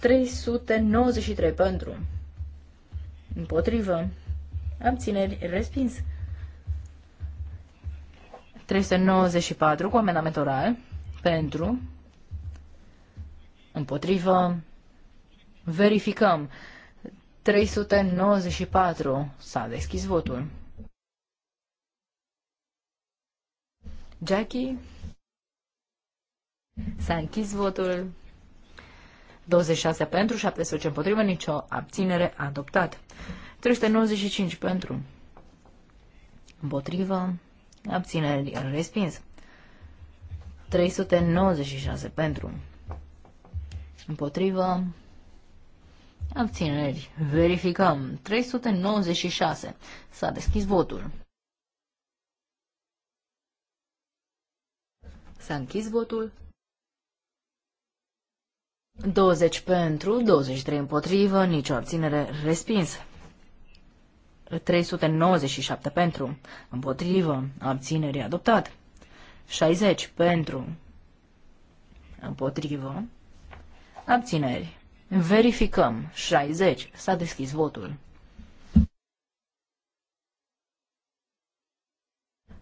Speaker 3: 393 pentru. Împotrivă. Abțineri. Respins. 394 cu amendament oral. Pentru. Împotrivă. Verificăm. 394. S-a deschis votul. Jackie. S-a închis votul. 26 pentru, 17 împotrivă, nicio abținere adoptat. 395 pentru, împotrivă, abținere respins. 396 pentru, împotrivă, abțineri. Verificăm. 396. S-a deschis votul. S-a închis votul. 20 pentru, 23 împotrivă, nicio abținere respins. 397 pentru, împotrivă, abținere adoptat. 60 pentru, împotrivă, abțineri. Verificăm. 60. S-a deschis votul.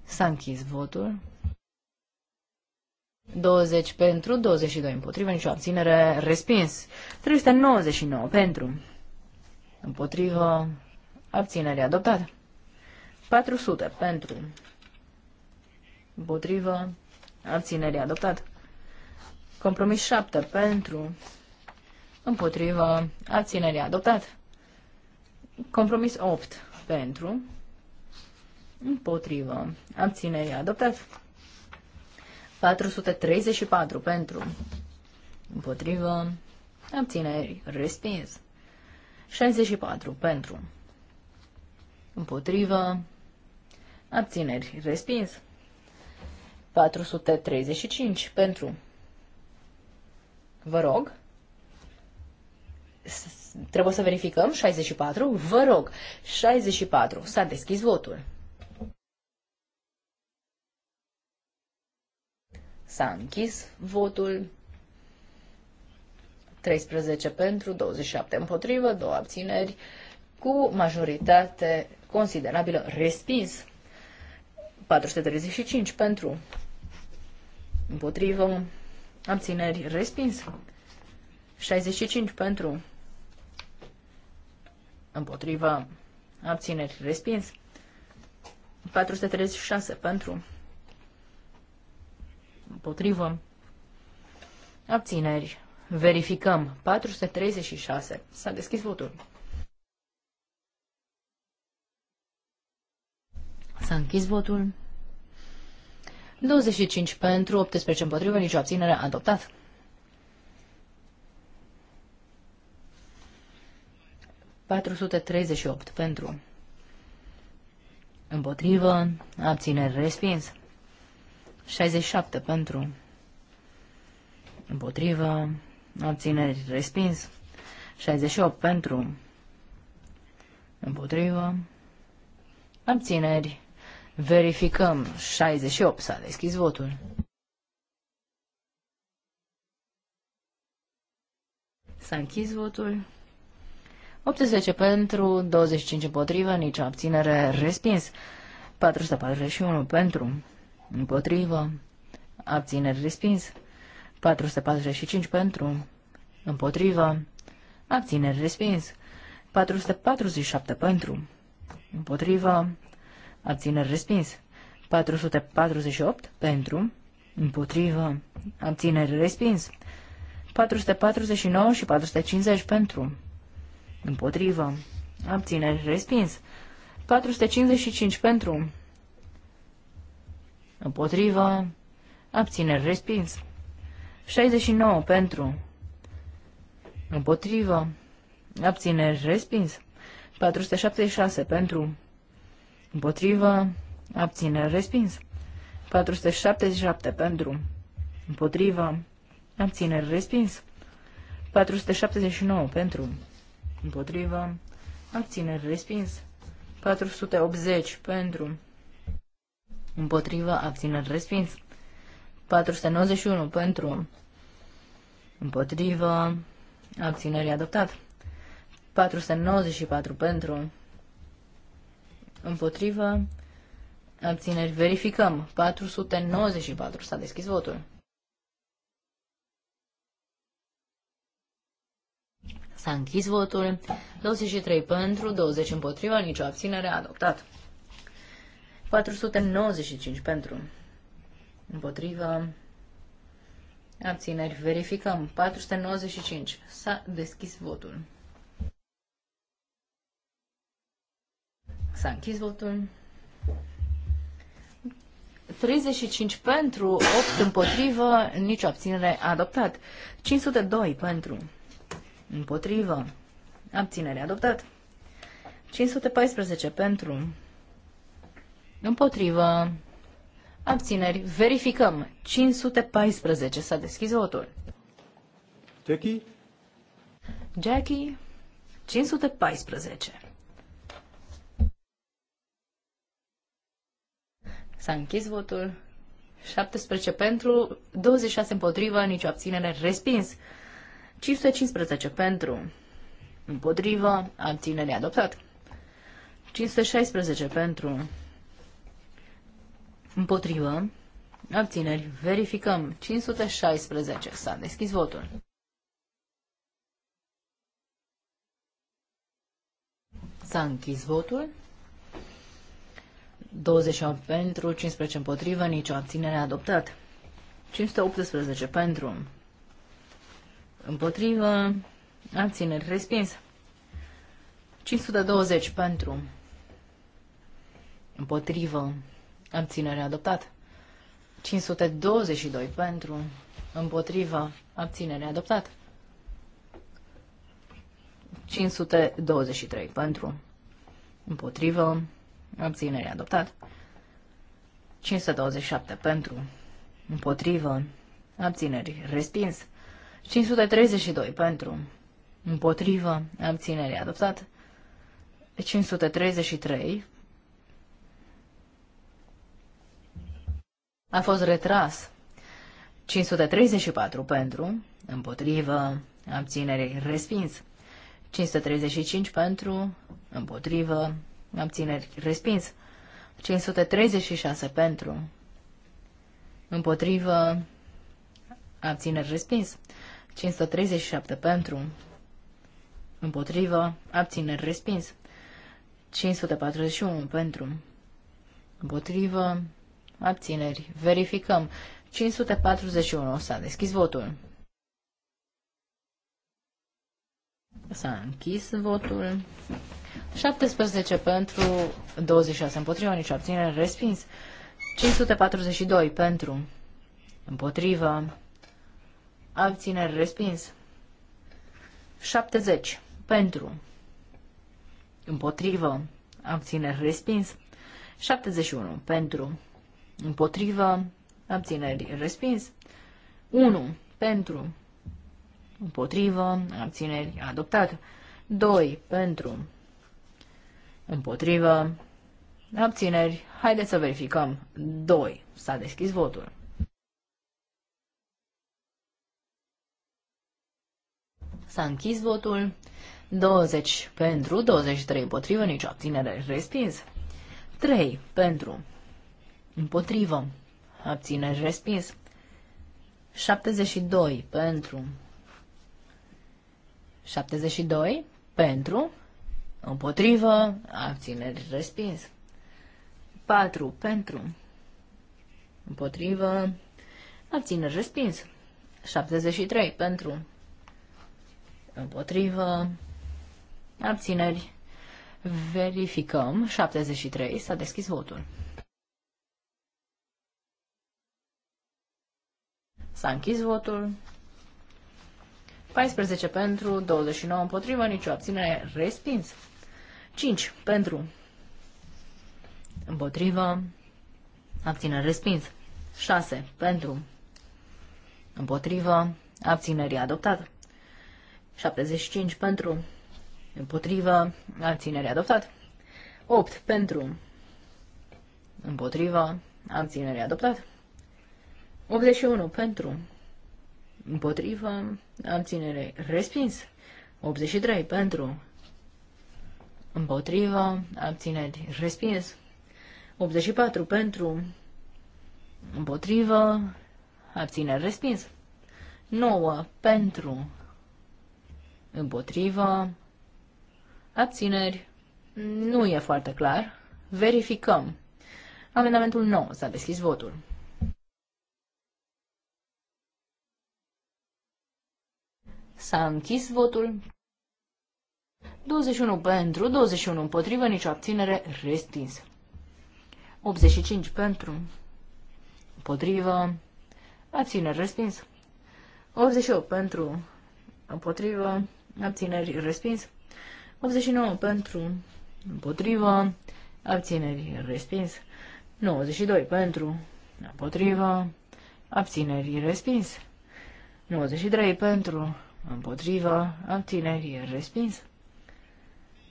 Speaker 3: S-a închis votul. 20 pentru, 22 împotrivă, nicio abținere, respins. 399 pentru, împotrivă, abținere, adoptată. 400 pentru, împotrivă, abținere, adoptată. Compromis 7 pentru, împotrivă, abținere, adoptată. Compromis 8 pentru, împotrivă, abținere, adoptată. 434 pentru, împotrivă, abțineri, respins. 64 pentru, împotrivă, abțineri, respins. 435 pentru, vă rog, trebuie să verificăm, 64, vă rog, 64, s-a deschis votul. S-a închis votul. 13 pentru, 27 împotrivă, două abțineri, cu majoritate considerabilă respins. 435 pentru, împotrivă, abțineri respins. 65 pentru, împotrivă, abțineri respins. 436 pentru, Împotrivă. Abțineri. Verificăm. 436. S-a deschis votul. S-a închis votul. 25 pentru, 18 împotrivă, nicio abținere. Adoptat. ...438 pentru... Împotrivă, abțineri respins. 67 pentru, împotrivă, abțineri respins, 68 pentru, împotrivă, abțineri, verificăm, 68 s-a deschis votul. S-a închis votul. 18 pentru, 25 împotrivă, nicio abținere, respins. 441 pentru, împotrivă, abțineri respins, 445 pentru, împotrivă, abțineri respins, 447 pentru, împotrivă, abțineri respins, 448 pentru, împotrivă, abțineri respins, 449 și 450 pentru, împotrivă, abțineri respins, 455 pentru, Împotrivă. Abțineri. Respins. 69 pentru. Împotrivă. Abțineri. Respins. 476 pentru. Împotrivă. Abțineri. Respins. 477 pentru. Împotrivă. Abțineri. Respins. 479 pentru. Împotrivă. Abțineri. Respins. 480 pentru împotrivă, abțineri respins. 491 pentru, împotrivă, abțineri adoptat. 494 pentru, împotrivă, abțineri verificăm. 494 s-a deschis votul. S-a închis votul. 23 pentru, 20 împotriva, nicio abținere adoptat. 495 pentru. Împotrivă. Abțineri. Verificăm. 495. S-a deschis votul. S-a închis votul. 35 pentru, 8 împotrivă, nicio abținere adoptat. 502 pentru, împotrivă, abținere adoptat. 514 pentru, Împotrivă. Abțineri. Verificăm. 514. S-a deschis votul. Jackie? Jackie. 514. S-a închis votul. 17 pentru, 26 împotrivă, nicio abținere, respins. 515 pentru, împotrivă, abținere adoptat. 516 pentru, Împotrivă. Abțineri. Verificăm. 516. S-a deschis votul. S-a închis votul. 28 pentru, 15 împotrivă, nicio abținere adoptat. 518 pentru, împotrivă, abțineri respins. 520 pentru, împotrivă, abținere adoptat. 522 pentru, împotriva, abținere adoptat. 523 pentru, împotrivă, abținere adoptat. 527 pentru, împotrivă, abțineri respins. 532 pentru, împotrivă, abținere adoptat. 533 a fost retras. 534 pentru, împotrivă, abțineri, respins. 535 pentru, împotrivă, abțineri, respins. 536 pentru, împotrivă, abțineri, respins. 537 pentru, împotrivă, abțineri, respins. 541 pentru, împotrivă, abțineri. Verificăm. 541. S-a deschis votul. S-a închis votul. 17 pentru, 26 împotriva, nici abținere, respins. 542 pentru, împotriva, abținere, respins. 70 pentru, împotrivă, abținere, respins. 71 pentru, Împotrivă. Abțineri. Respins. 1. Pentru. Împotrivă. Abțineri. Adoptat. 2. Pentru. Împotrivă. Abțineri. Haideți să verificăm. 2. S-a deschis votul. S-a închis votul. 20 pentru, 23 împotrivă, nici abținere respins. 3 pentru, Împotrivă. Abțineri respins. 72 pentru. 72 pentru. Împotrivă. Abțineri respins. 4 pentru. Împotrivă. Abțineri respins. 73 pentru. Împotrivă. Abțineri. Verificăm. 73. S-a deschis votul. S-a închis votul. 14 pentru, 29 împotrivă, nicio abținere, respins. 5 pentru, împotrivă, abținere, respins. 6 pentru, împotrivă, abținere, adoptat. 75 pentru, împotrivă, abținere, adoptat. 8 pentru, împotrivă, abținere, adoptat. 81 pentru, împotrivă, abținere, respins. 83 pentru, împotrivă, abțineri, respins. 84 pentru, împotrivă, abțineri, respins. 9 pentru, împotrivă, abțineri, nu e foarte clar. Verificăm. Amendamentul 9. S-a deschis votul. S-a închis votul. 21 pentru, 21 împotrivă, nicio abținere, restins. 85 pentru, împotrivă, abținere respins. 88 pentru, împotrivă, abțineri, respins. 89 pentru, împotrivă, abțineri, respins. 92 pentru, împotrivă, abțineri, respins. 93 pentru, împotrivă, în abțineri, e respins.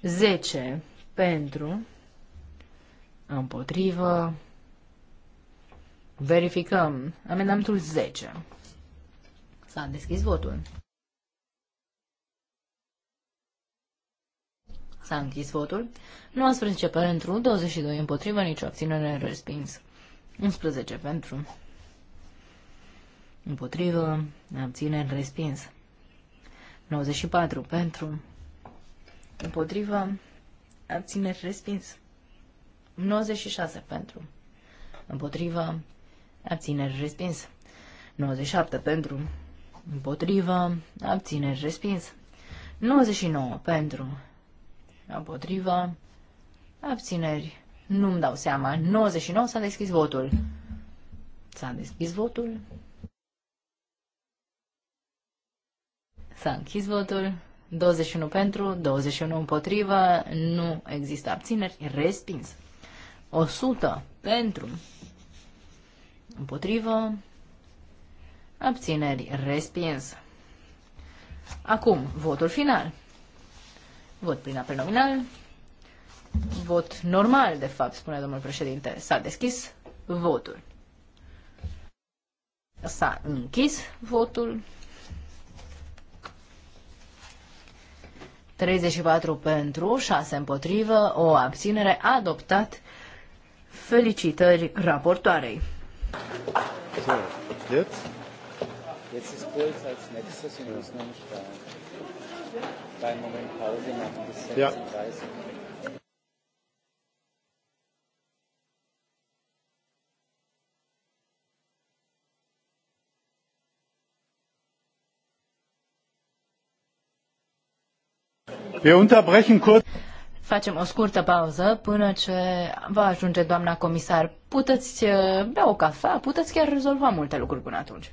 Speaker 3: 10 pentru, împotrivă, verificăm amendamentul 10. S-a deschis votul. S-a închis votul. 19 pentru, 22 împotrivă, nicio abținere respins. 11 pentru. Împotrivă, abținere, respins. 94 pentru, împotrivă, abțineri respins. 96 pentru, împotrivă, abțineri respins. 97 pentru, împotrivă, abțineri respins. 99 pentru, împotrivă, abțineri, nu-mi dau seama, 99 s-a deschis votul. S-a deschis votul. S-a închis votul. 21 pentru, 21 împotrivă, nu există abțineri, respins. 100 pentru, împotrivă, abțineri, respins. Acum, votul final. Vot prin apel nominal. Vot normal, de fapt, spune domnul președinte. S-a deschis votul. S-a închis votul. 34 pentru, 6 împotrivă, o abținere adoptat. Felicitări raportoarei. Da. Ja. Facem o scurtă pauză până ce va ajunge doamna comisar. Puteți uh, bea o cafea, puteți chiar rezolva multe lucruri până atunci.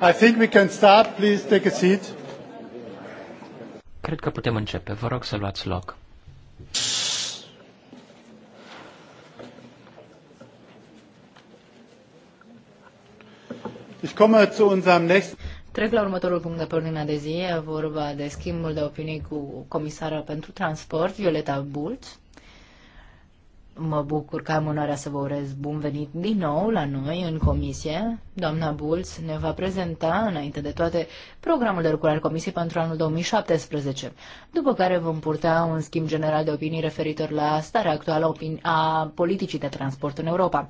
Speaker 2: I think we can start. Please take a seat.
Speaker 1: Cred că putem începe. Vă rog să luați loc.
Speaker 3: Ich komme zu unserem nächsten Trec la următorul punct de pe ordinea de zi, e vorba de schimbul de opinii cu comisara pentru transport, Violeta Bulț. Mă bucur că am onoarea să vă urez bun venit din nou la noi în comisie. Doamna Bulț ne va prezenta, înainte de toate, programul de lucru al comisiei pentru anul 2017, după care vom purta un schimb general de opinii referitor la starea actuală a politicii de transport în Europa.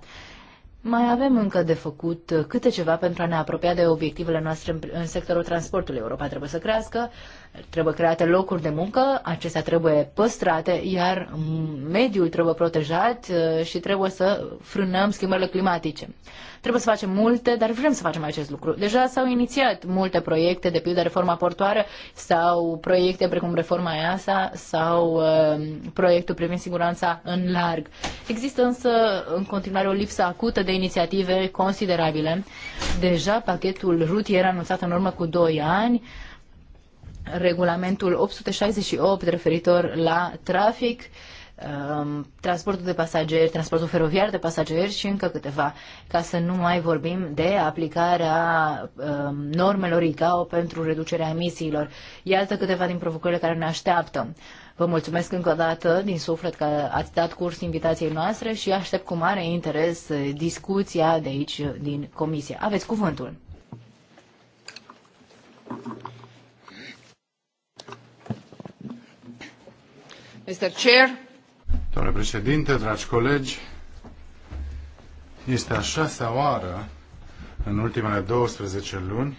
Speaker 3: Mai avem încă de făcut câte ceva pentru a ne apropia de obiectivele noastre în, în sectorul transportului. Europa trebuie să crească, Trebuie create locuri de muncă, acestea trebuie păstrate, iar mediul trebuie protejat uh, și trebuie să frânăm schimbările climatice. Trebuie să facem multe, dar vrem să facem acest lucru. Deja s-au inițiat multe proiecte, de pildă reforma portoară sau proiecte precum reforma EASA sau uh, proiectul privind siguranța în larg. Există însă în continuare o lipsă acută de inițiative considerabile. Deja pachetul rutier anunțat în urmă cu 2 ani regulamentul 868 referitor la trafic, um, transportul de pasageri, transportul feroviar de pasageri și încă câteva, ca să nu mai vorbim de aplicarea um, normelor ICAO pentru reducerea emisiilor. Iată câteva din provocările care ne așteaptă. Vă mulțumesc încă o dată din suflet că ați dat curs invitației noastre și aștept cu mare interes uh, discuția de aici din comisie. Aveți cuvântul. Thank you. Mr. Chair.
Speaker 4: Domnule președinte, dragi colegi, este a șasea oară în ultimele 12 luni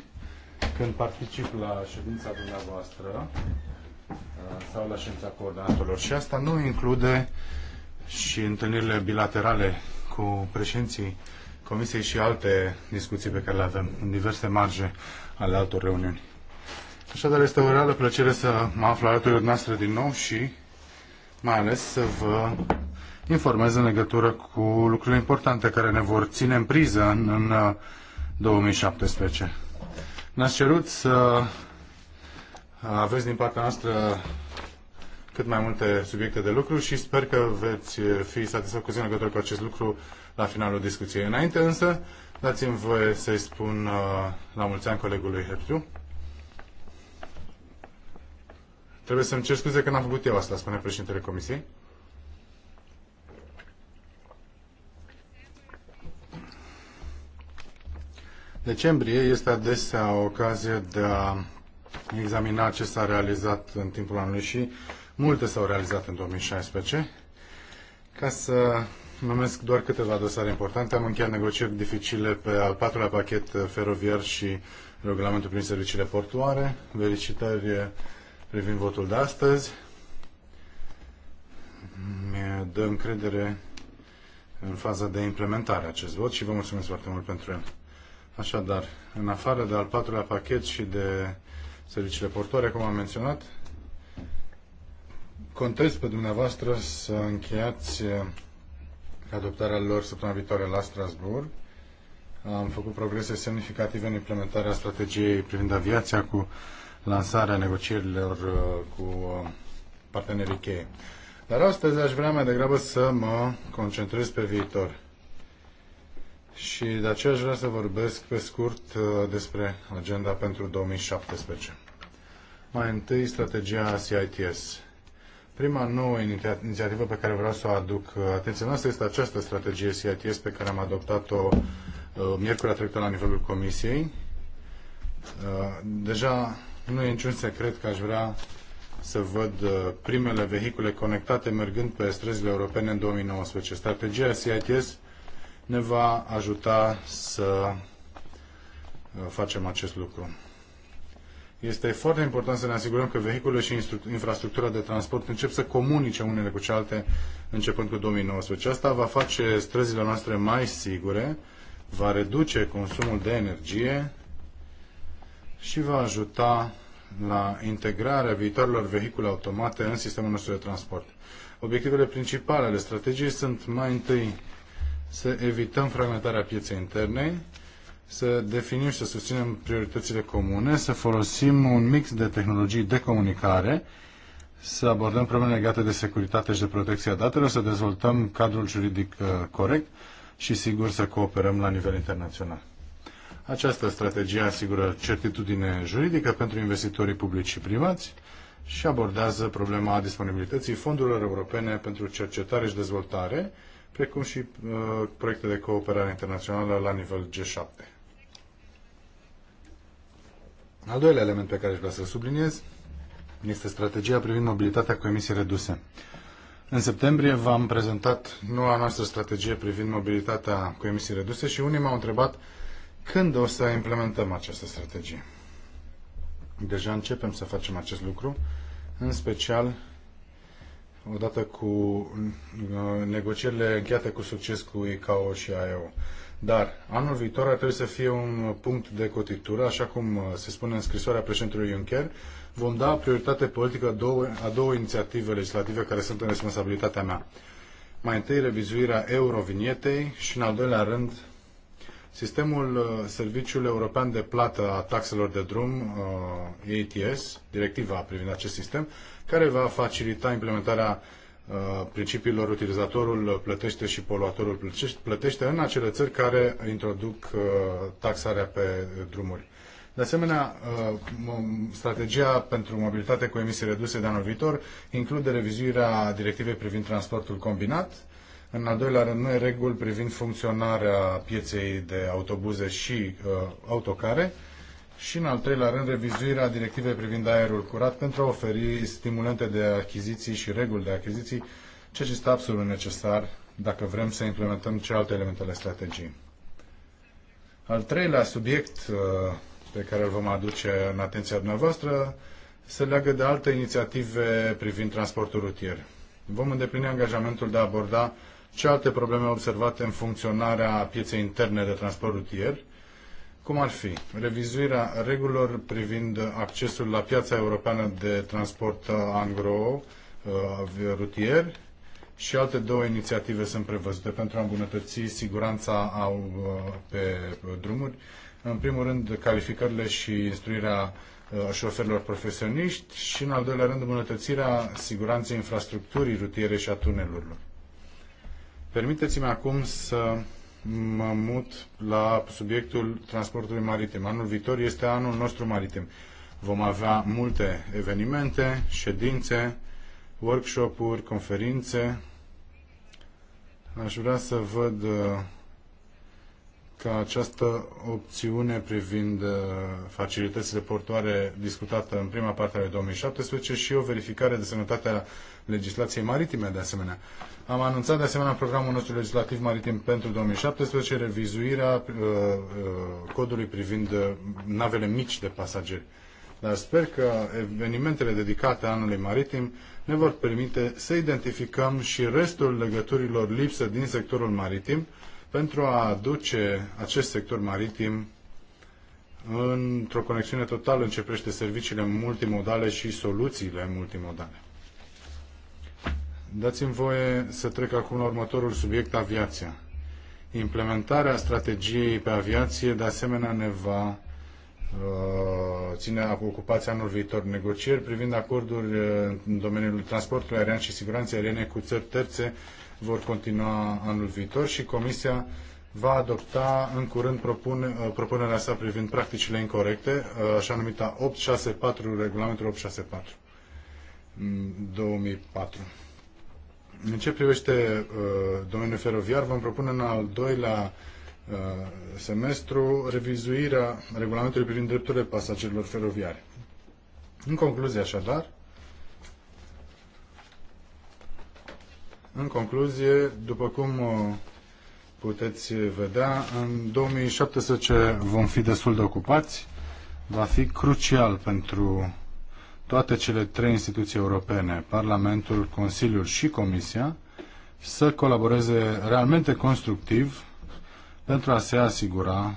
Speaker 4: când particip la ședința dumneavoastră uh, sau la ședința coordonatorilor și asta nu include și întâlnirile bilaterale cu președinții Comisiei și alte discuții pe care le avem în diverse marge ale altor reuniuni. Așadar, este o reală plăcere să mă aflu alături de noastră din nou și mai ales să vă informez în legătură cu lucrurile importante care ne vor ține în priză în, în 2017. Uh, Ne-ați cerut să uh, aveți din partea noastră cât mai multe subiecte de lucru și sper că veți fi satisfăcuți în legătură cu acest lucru la finalul discuției. Înainte însă, dați-mi voie să-i spun uh, la mulți ani colegului Hertu Trebuie să-mi cer scuze că n-am făcut eu asta, spune președintele Comisiei. Decembrie este adesea o ocazie de a examina ce s-a realizat în timpul anului și multe s-au realizat în 2016. Ca să numesc doar câteva dosare importante, am încheiat negocieri dificile pe al patrulea pachet feroviar și regulamentul prin serviciile portuare, felicitări privind votul de astăzi. Mi dă încredere în faza de implementare acest vot și vă mulțumesc foarte mult pentru el. Așadar, în afară de al patrulea pachet și de serviciile portoare, cum am menționat, contez pe dumneavoastră să încheiați eh, adoptarea lor săptămâna viitoare la Strasbourg. Am făcut progrese semnificative în implementarea strategiei privind aviația cu lansarea negocierilor uh, cu uh, partenerii cheie. Dar astăzi aș vrea mai degrabă să mă concentrez pe viitor. Și de aceea aș vrea să vorbesc pe scurt uh, despre agenda pentru 2017. Mai întâi, strategia CITS. Prima nouă inițiativă pe care vreau să o aduc atenția noastră este această strategie CITS pe care am adoptat-o miercuri trecută la nivelul Comisiei. Deja nu e niciun secret că aș vrea să văd uh, primele vehicule conectate mergând pe străzile europene în 2019. Strategia CITS ne va ajuta să uh, facem acest lucru. Este foarte important să ne asigurăm că vehiculele și infrastructura de transport încep să comunice unele cu cealaltă începând cu 2019. Asta va face străzile noastre mai sigure, va reduce consumul de energie și va ajuta la integrarea viitorilor vehicule automate în sistemul nostru de transport. Obiectivele principale ale strategiei sunt mai întâi să evităm fragmentarea pieței interne, să definim și să susținem prioritățile comune, să folosim un mix de tehnologii de comunicare, să abordăm probleme legate de securitate și de protecția datelor, să dezvoltăm cadrul juridic uh, corect și, sigur, să cooperăm la nivel internațional. Această strategie asigură certitudine juridică pentru investitorii publici și privați și abordează problema disponibilității fondurilor europene pentru cercetare și dezvoltare, precum și uh, proiecte de cooperare internațională la nivel G7. Al doilea element pe care aș vrea să-l subliniez este strategia privind mobilitatea cu emisii reduse. În septembrie v-am prezentat noua noastră strategie privind mobilitatea cu emisii reduse și unii m-au întrebat când o să implementăm această strategie? Deja începem să facem acest lucru, în special odată cu uh, negocierile încheiate cu succes cu ICAO și AEO. Dar anul viitor ar trebui să fie un punct de cotitură, așa cum uh, se spune în scrisoarea președintelui Juncker. Vom da prioritate politică a două, a două inițiative legislative care sunt în responsabilitatea mea. Mai întâi revizuirea eurovinietei și în al doilea rând Sistemul uh, Serviciului European de Plată a Taxelor de Drum, ETS, uh, directiva privind acest sistem, care va facilita implementarea uh, principiilor utilizatorul plătește și poluatorul plătește în acele țări care introduc taxarea pe drumuri. De asemenea, strategia pentru mobilitate cu emisii reduse de anul viitor include revizuirea directivei privind transportul combinat, în al doilea rând, noi reguli privind funcționarea pieței de autobuze și uh, autocare. Și în al treilea rând, revizuirea directivei privind aerul curat pentru a oferi stimulente de achiziții și reguli de achiziții, ceea ce este absolut necesar dacă vrem să implementăm alte elemente ale strategiei. Al treilea subiect uh, pe care îl vom aduce în atenția dumneavoastră se leagă de alte inițiative privind transportul rutier. Vom îndeplini angajamentul de a aborda ce alte probleme observate în funcționarea pieței interne de transport rutier, cum ar fi revizuirea regulilor privind accesul la piața europeană de transport angro uh, rutier și alte două inițiative sunt prevăzute pentru a îmbunătăți siguranța au, uh, pe drumuri. În primul rând, calificările și instruirea uh, șoferilor profesioniști și, în al doilea rând, îmbunătățirea siguranței infrastructurii rutiere și a tunelurilor. Permiteți-mi acum să mă mut la subiectul transportului maritim. Anul viitor este anul nostru maritim. Vom avea multe evenimente, ședințe, workshop-uri, conferințe. Aș vrea să văd uh, ca această opțiune privind uh, facilitățile portoare discutată în prima parte a lui 2017 și o verificare de sănătatea legislației maritime de asemenea. Am anunțat de asemenea în programul nostru legislativ maritim pentru 2017 revizuirea uh, uh, codului privind uh, navele mici de pasageri. Dar sper că evenimentele dedicate anului maritim ne vor permite să identificăm și restul legăturilor lipsă din sectorul maritim, pentru a aduce acest sector maritim într-o conexiune totală în ce privește serviciile multimodale și soluțiile multimodale. Dați-mi voie să trec acum la următorul subiect, aviația. Implementarea strategiei pe aviație, de asemenea, ne va uh, ține ocupația anul viitor negocieri privind acorduri uh, în domeniul transportului aerian și siguranței aeriene cu țări terțe vor continua anul viitor și Comisia va adopta în curând propune, uh, propunerea sa privind practicile incorrecte, uh, așa numita 864, regulamentul 864 2004. Mm, în ce privește uh, domeniul feroviar, vom propune în al doilea semestru revizuirea regulamentului privind drepturile pasagerilor feroviari. În concluzie, așadar, În concluzie, după cum uh, puteți vedea, în 2017 vom fi destul de ocupați. Va fi crucial pentru toate cele trei instituții europene, Parlamentul, Consiliul și Comisia, să colaboreze realmente constructiv pentru a se asigura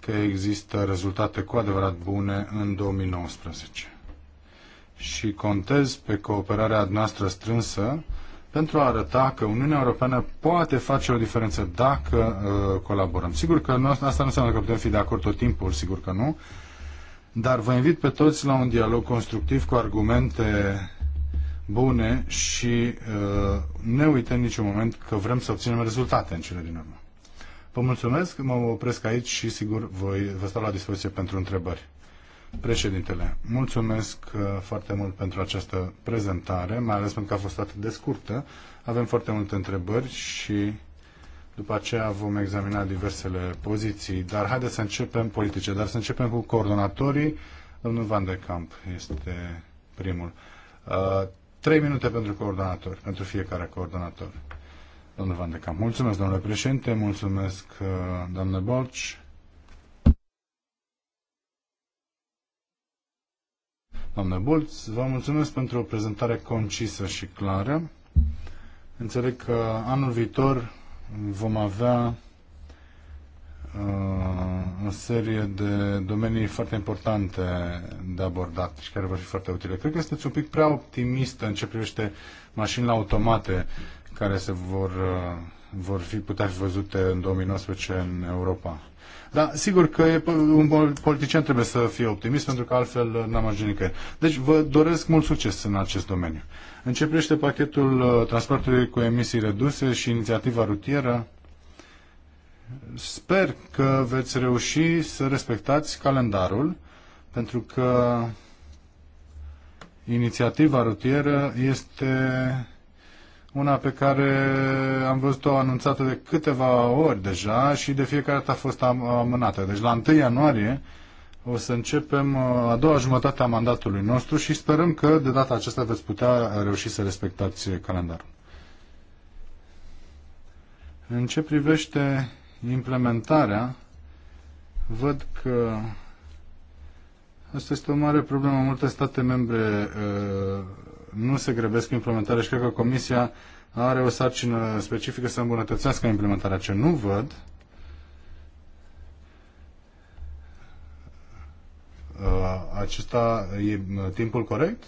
Speaker 4: că există rezultate cu adevărat bune în 2019. Și contez pe cooperarea noastră strânsă pentru a arăta că Uniunea Europeană poate face o diferență dacă uh, colaborăm. Sigur că nu, asta nu înseamnă că putem fi de acord tot timpul, sigur că nu, dar vă invit pe toți la un dialog constructiv cu argumente bune și uh, ne uităm niciun moment că vrem să obținem rezultate în cele din urmă. Vă mulțumesc, mă opresc aici și sigur voi, vă stau la dispoziție pentru întrebări. Președintele, mulțumesc uh, foarte mult pentru această prezentare, mai ales pentru că a fost atât de scurtă. Avem foarte multe întrebări și după aceea vom examina diversele poziții, dar haideți să începem politice, dar să începem cu coordonatorii. Domnul Van de Camp este primul. Uh, trei minute pentru coordonator, pentru fiecare coordonator. Domnul Van de Camp. Mulțumesc, domnule președinte, mulțumesc, uh, doamne Bolci doamnă Bulț. Vă mulțumesc pentru o prezentare concisă și clară. Înțeleg că anul viitor vom avea uh, o serie de domenii foarte importante de abordat și care vor fi foarte utile. Cred că sunteți un pic prea optimistă în ce privește mașinile automate care se vor, uh, vor fi putea fi văzute în 2019 în Europa. Dar sigur că e un politician trebuie să fie optimist, pentru că altfel uh, n-am ajuns nicăieri. Deci vă doresc mult succes în acest domeniu. Începește pachetul uh, transportului cu emisii reduse și inițiativa rutieră. Sper că veți reuși să respectați calendarul, pentru că inițiativa rutieră este una pe care am văzut-o anunțată de câteva ori deja și de fiecare dată a fost amânată. Deci la 1 ianuarie o să începem uh, a doua jumătate a mandatului nostru și sperăm că de data aceasta veți putea reuși să respectați calendarul. În ce privește implementarea, văd că asta este o mare problemă. Multe state membre uh, nu se grăbesc cu implementarea și cred că Comisia are o sarcină specifică să îmbunătățească implementarea. Ce nu văd uh, acesta e uh, timpul corect?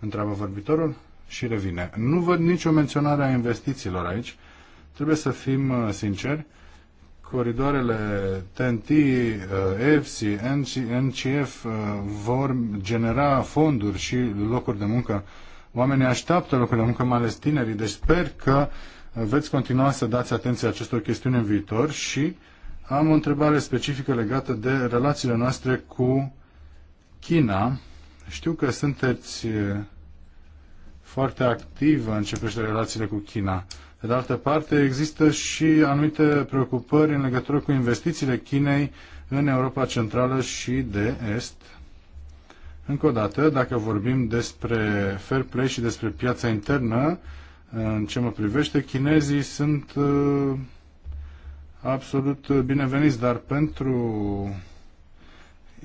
Speaker 4: Întreabă vorbitorul și revine. Nu văd nicio menționare a investițiilor aici. Trebuie să fim uh, sinceri. Coridoarele TNT, EFSI, NCF vor genera fonduri și locuri de muncă. Oamenii așteaptă locuri de muncă, mai ales tinerii, deci sper că veți continua să dați atenție acestor chestiuni în viitor și am o întrebare specifică legată de relațiile noastre cu China. Știu că sunteți uh, foarte activă în ce privește relațiile cu China. Pe de altă parte, există și anumite preocupări în legătură cu investițiile Chinei în Europa Centrală și de Est. Încă o dată, dacă vorbim despre fair play și despre piața internă, în ce mă privește, chinezii sunt uh, absolut bineveniți, dar pentru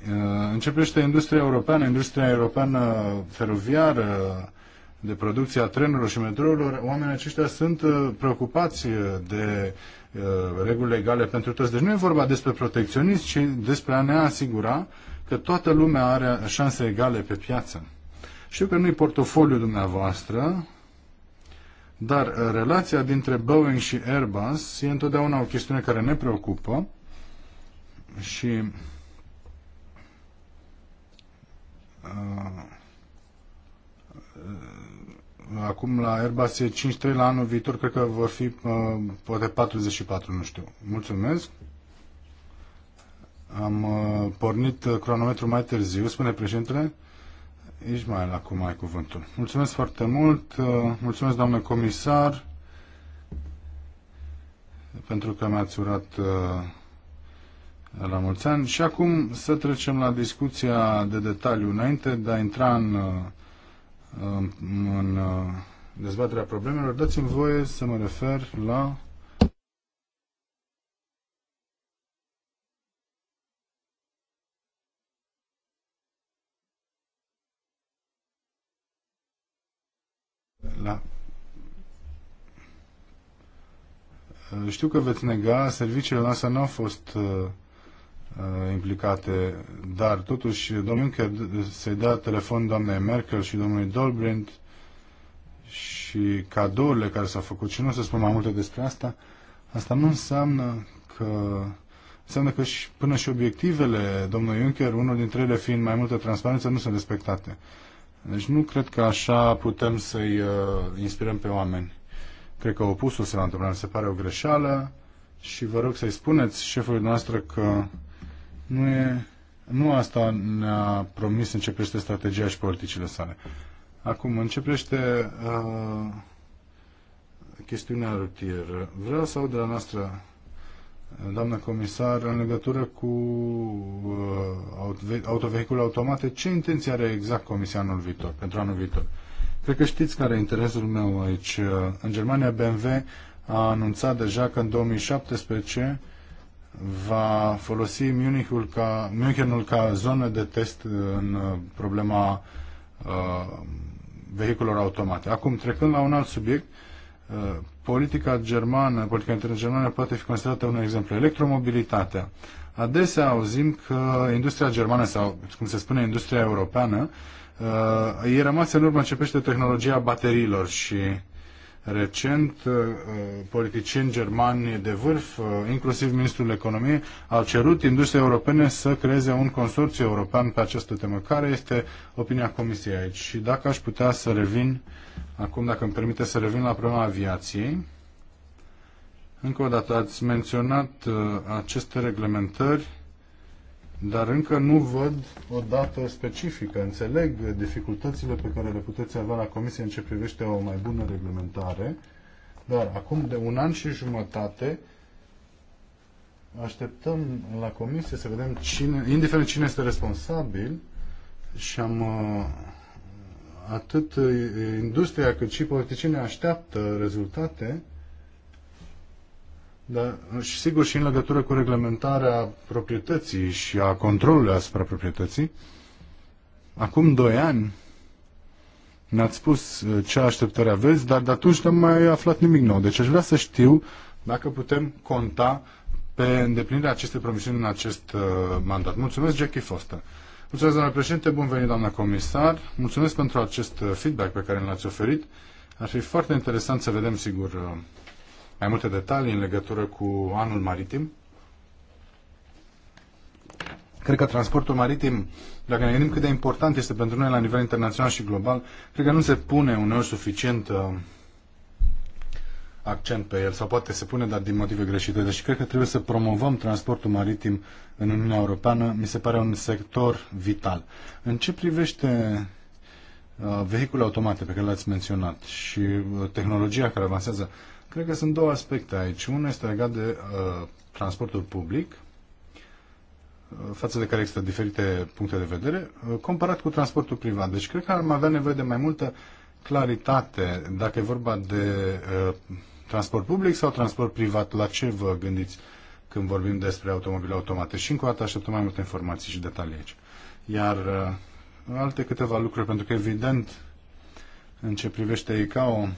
Speaker 4: uh, începește industria europeană, industria europeană feroviară, de producție a trenurilor și metrourilor, oamenii aceștia sunt uh, preocupați uh, de uh, reguli legale pentru toți. Deci nu e vorba despre protecționism, ci despre a ne asigura că toată lumea are șanse egale pe piață. Știu că nu-i portofoliul dumneavoastră, dar relația dintre Boeing și Airbus e întotdeauna o chestiune care ne preocupă și acum la Airbus e 5-3 la anul viitor cred că vor fi uh, poate 44, nu știu. Mulțumesc. Am uh, pornit uh, cronometrul mai târziu, spune președintele. Ismail, acum ai cuvântul. Mulțumesc foarte mult, uh, mulțumesc doamne comisar pentru că mi-ați urat uh, la mulți ani. Și acum să trecem la discuția de detaliu. Înainte de a intra în uh, în uh, dezbaterea problemelor, dați-mi voie să mă refer la la uh, știu că veți nega, serviciile noastre nu au fost uh, Uh, implicate, dar totuși domnul Juncker se dă dea telefon doamnei Merkel și domnului Dolbrind și cadourile care s-au făcut și nu o să spun mai multe despre asta, asta nu înseamnă că înseamnă că și, până și obiectivele domnului Juncker, unul dintre ele fiind mai multă transparență, nu sunt respectate. Deci nu cred că așa putem să-i uh, inspirăm pe oameni. Cred că opusul se va întâmpla, se pare o greșeală și vă rog să-i spuneți șefului noastră că nu, e, nu asta ne-a promis începește strategia și politicile sale. Acum, începește uh, chestiunea rutieră, vreau să aud de la noastră, doamna comisar, în legătură cu uh, autovehicule automate, ce intenție are exact Comisia anul viitor, pentru anul viitor? Cred că știți care e interesul meu aici. În Germania, BMW a anunțat deja că în 2017 va folosi Munichul ca, Münchenul ca zonă de test în uh, problema uh, vehiculor automate. Acum, trecând la un alt subiect, uh, politica germană, politica internațională poate fi considerată un exemplu. Electromobilitatea. Adesea auzim că industria germană sau, cum se spune, industria europeană uh, e rămasă în urmă începește tehnologia bateriilor și uh, Recent, uh, uh, politicieni germani de vârf, uh, inclusiv ministrul economiei, au cerut industriei europene să creeze un consorțiu european pe această temă. Care este opinia Comisiei aici? Și dacă aș putea să revin, acum dacă îmi permite să revin la problema aviației, încă o dată ați menționat aceste reglementări dar încă nu văd o dată specifică. Înțeleg dificultățile pe care le puteți avea la Comisie în ce privește o mai bună reglementare, dar acum de un an și jumătate așteptăm la Comisie să vedem cine, indiferent cine este responsabil, și am uh, atât industria cât și politicienii așteaptă rezultate da, și sigur și în legătură cu reglementarea proprietății și a controlului asupra proprietății. Acum doi ani ne-ați spus uh, ce așteptări aveți, dar de atunci nu am mai aflat nimic nou. Deci aș vrea să știu dacă putem conta pe îndeplinirea acestei promisiuni în acest uh, mandat. Mulțumesc, Jackie Foster. Mulțumesc, doamna președinte, bun venit, doamna comisar. Mulțumesc pentru acest uh, feedback pe care l-ați oferit. Ar fi foarte interesant să vedem, sigur, mai multe detalii în legătură cu anul maritim. Cred că transportul maritim, dacă ne gândim cât de important este pentru noi la nivel internațional și global, cred că nu se pune uneori suficient uh, accent pe el, sau poate se pune, dar din motive greșite. Deci cred că trebuie să promovăm transportul maritim în Uniunea Europeană. Mi se pare un sector vital. În ce privește uh, vehicule automate pe care le-ați menționat și uh, tehnologia care avansează, Cred că sunt două aspecte aici. Unul este legat de uh, transportul public, uh, față de care există diferite puncte de vedere, uh, comparat cu transportul privat. Deci cred că am avea nevoie de mai multă claritate dacă e vorba de uh, transport public sau transport privat. La ce vă gândiți când vorbim despre automobile automate? Și încă o dată așteptăm mai multe informații și detalii aici. Iar uh, alte câteva lucruri, pentru că evident în ce privește ICAO,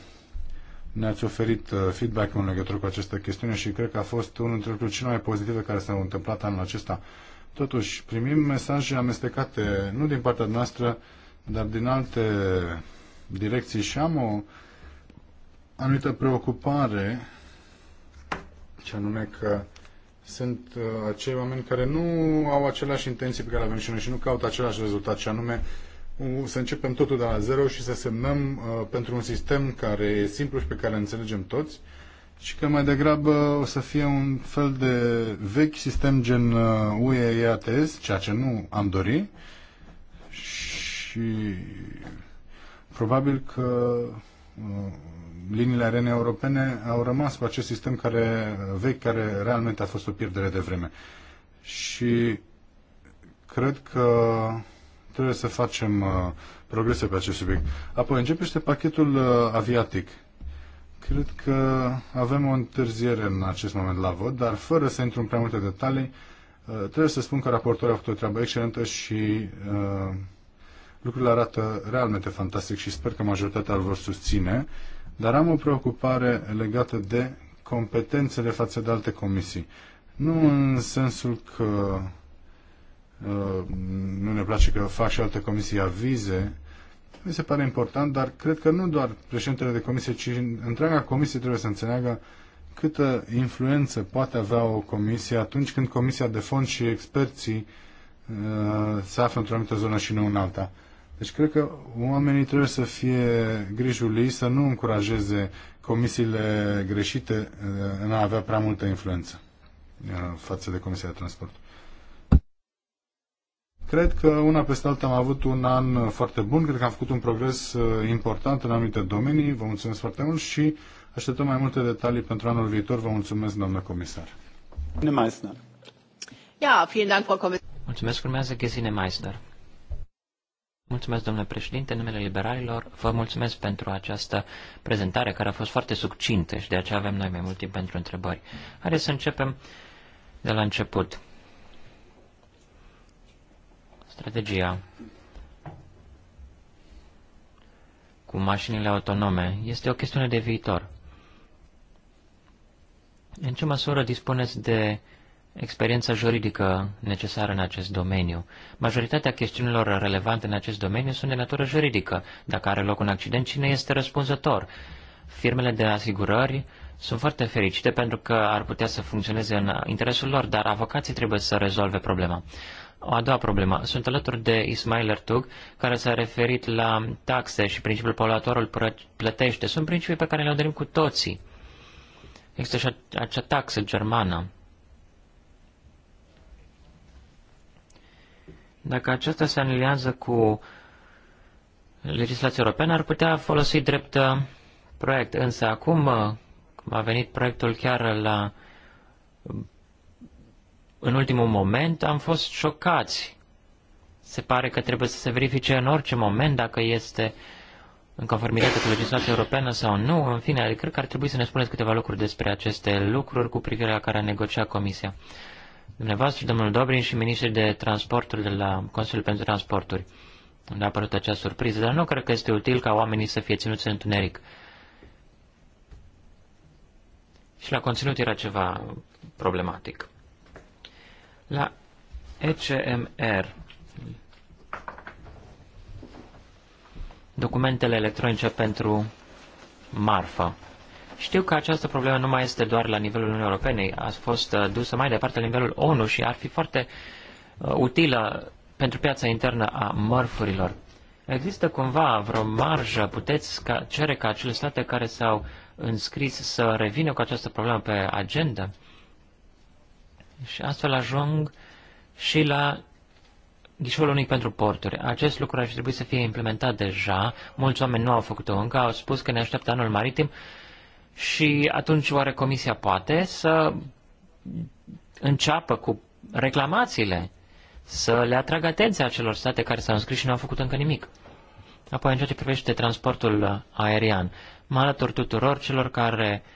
Speaker 4: ne-ați oferit uh, feedback în legătură cu această chestiune și cred că a fost unul dintre lucrurile cele mai pozitive care s-au întâmplat anul acesta. Totuși, primim mesaje amestecate, nu din partea noastră, dar din alte direcții și am o anumită preocupare, ce anume că sunt uh, acei oameni care nu au aceleași intenții pe care le avem și noi și nu caută același rezultat, și anume să începem totul de la zero și să semnăm uh, pentru un sistem care e simplu și pe care îl înțelegem toți și că mai degrabă o să fie un fel de vechi sistem gen UE uh, EATS, ceea ce nu am dori și probabil că uh, liniile arene europene au rămas cu acest sistem care, vechi, care realmente a fost o pierdere de vreme. Și cred că trebuie să facem uh, progrese pe acest subiect. Apoi începește pachetul uh, aviatic. Cred că avem o întârziere în acest moment la vot, dar fără să intru în prea multe detalii, uh, trebuie să spun că raportorul a făcut o treabă excelentă și uh, lucrurile arată realmente fantastic și sper că majoritatea îl vor susține, dar am o preocupare legată de competențele față de alte comisii. Nu în sensul că Uh, nu ne place că fac și alte comisii avize. Mi se pare important, dar cred că nu doar președintele de comisie, ci întreaga comisie trebuie să înțeleagă câtă influență poate avea o comisie atunci când comisia de fond și experții uh, se află într-o anumită zonă și nu în alta. Deci cred că oamenii trebuie să fie grijulii, să nu încurajeze comisiile greșite uh, în a avea prea multă influență uh, față de Comisia de Transport. Cred că una peste alta am avut un an foarte bun, cred că am făcut un progres uh, important în anumite domenii. Vă mulțumesc foarte mult și așteptăm mai multe detalii pentru anul viitor. Vă mulțumesc, doamnă comisar.
Speaker 1: Mulțumesc, urmează Gesine Meisner. Mulțumesc, domnule președinte, în numele liberalilor. Vă mulțumesc pentru această prezentare care a fost foarte succintă și de aceea avem noi mai mult timp pentru întrebări. Haideți să începem de la început. Strategia cu mașinile autonome este o chestiune de viitor. În ce măsură dispuneți de experiența juridică necesară în acest domeniu? Majoritatea chestiunilor relevante în acest domeniu sunt de natură juridică. Dacă are loc un accident, cine este răspunzător? Firmele de asigurări sunt foarte fericite pentru că ar putea să funcționeze în interesul lor, dar avocații trebuie să rezolve problema. O a doua problemă. Sunt alături de Ismail Ertug, care s-a referit la taxe și principiul poluatorul plătește. Sunt principii pe care le dorim cu toții. Există și acea taxă germană. Dacă aceasta se aniliază cu legislația europeană, ar putea folosi drept uh, proiect. Însă acum, uh, cum a venit proiectul chiar la în ultimul moment am fost șocați. Se pare că trebuie să se verifice în orice moment dacă este în conformitate cu legislația europeană sau nu. În fine, adică cred că ar trebui să ne spuneți câteva lucruri despre aceste lucruri cu privire la care a negociat Comisia. Dumneavoastră, domnul Dobrin și ministrii de transporturi de la Consiliul pentru Transporturi. Unde a apărut acea surpriză, dar nu cred că este util ca oamenii să fie ținuți în întuneric. Și la conținut era ceva problematic. La ECMR, documentele electronice pentru marfă. Știu că această problemă nu mai este doar la nivelul Uniunii Europene, a fost uh, dusă mai departe la nivelul ONU și ar fi foarte uh, utilă pentru piața internă a mărfurilor. Există cumva vreo marjă? Puteți ca, cere ca acele state care s-au înscris să revină cu această problemă pe agenda? și astfel ajung și la ghișul unic pentru porturi. Acest lucru ar trebui să fie implementat deja. Mulți oameni nu au făcut-o încă, au spus că ne așteaptă anul maritim și atunci oare comisia poate să înceapă cu reclamațiile, să le atragă atenția celor state care s-au înscris și nu au făcut încă nimic. Apoi, în ceea ce privește transportul aerian, mă alătur tuturor celor care uh,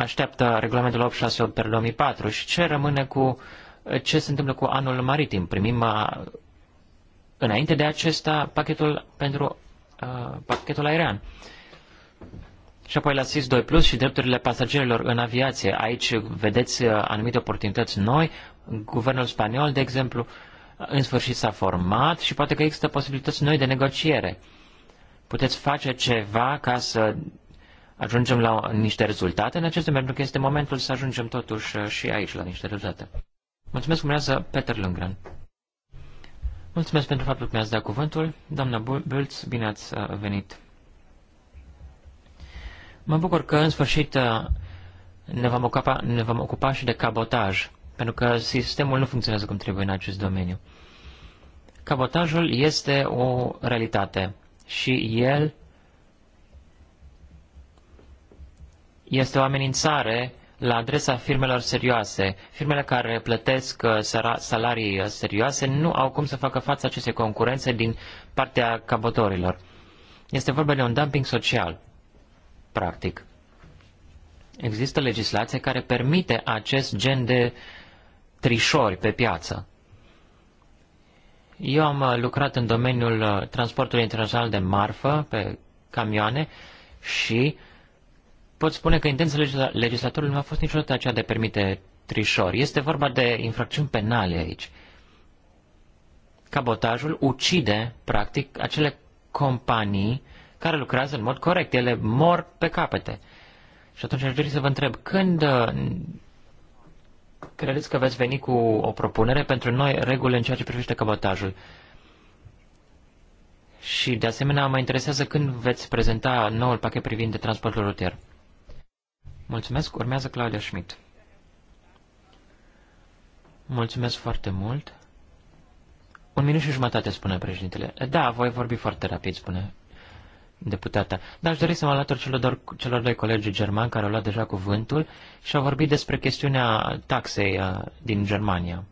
Speaker 1: așteaptă regulamentul 868 per 2004 și ce rămâne cu ce se întâmplă cu anul maritim. Primim uh, înainte de acesta pachetul pentru uh, pachetul aerian. Și apoi la SIS 2 Plus și drepturile pasagerilor în aviație. Aici vedeți uh, anumite oportunități noi. Guvernul spaniol, de exemplu, în sfârșit s-a format și poate că există posibilități noi de negociere. Puteți face ceva ca să ajungem la niște rezultate în acest moment, pentru că este momentul să ajungem totuși uh, și aici la niște rezultate. Mulțumesc, urmează Peter Lundgren. Mulțumesc pentru faptul că mi-ați dat cuvântul. Doamna Bulț, bine ați uh, venit. Mă bucur că, în sfârșit, uh, ne vom, ocupa, ne vom ocupa și de cabotaj, pentru că sistemul nu funcționează cum trebuie în acest domeniu. Cabotajul este o realitate și el este o amenințare la adresa firmelor serioase. Firmele care plătesc uh, salarii uh, serioase nu au cum să facă față acestei concurențe din partea cabotorilor. Este vorba de un dumping social, practic. Există legislație care permite acest gen de trișori pe piață. Eu am uh, lucrat în domeniul transportului internațional de marfă pe camioane și uh, pot spune că intenția legislatorului nu a fost niciodată aceea de permite trișori. Este vorba de infracțiuni penale aici. Cabotajul ucide, practic, acele companii care lucrează în mod corect. Ele mor pe capete. Și atunci aș dori să vă întreb, când credeți că veți veni cu o propunere pentru noi reguli în ceea ce privește cabotajul? Și, de asemenea, mă interesează când veți prezenta noul pachet privind de transportul rutier. Mulțumesc, urmează Claudia Schmidt. Mulțumesc foarte mult. Un minut și jumătate, spune președintele. Da, voi vorbi foarte rapid, spune deputata. Dar aș dori să mă alătur celor, doar, celor doi colegi germani care au luat deja cuvântul și au vorbit despre chestiunea taxei uh, din Germania.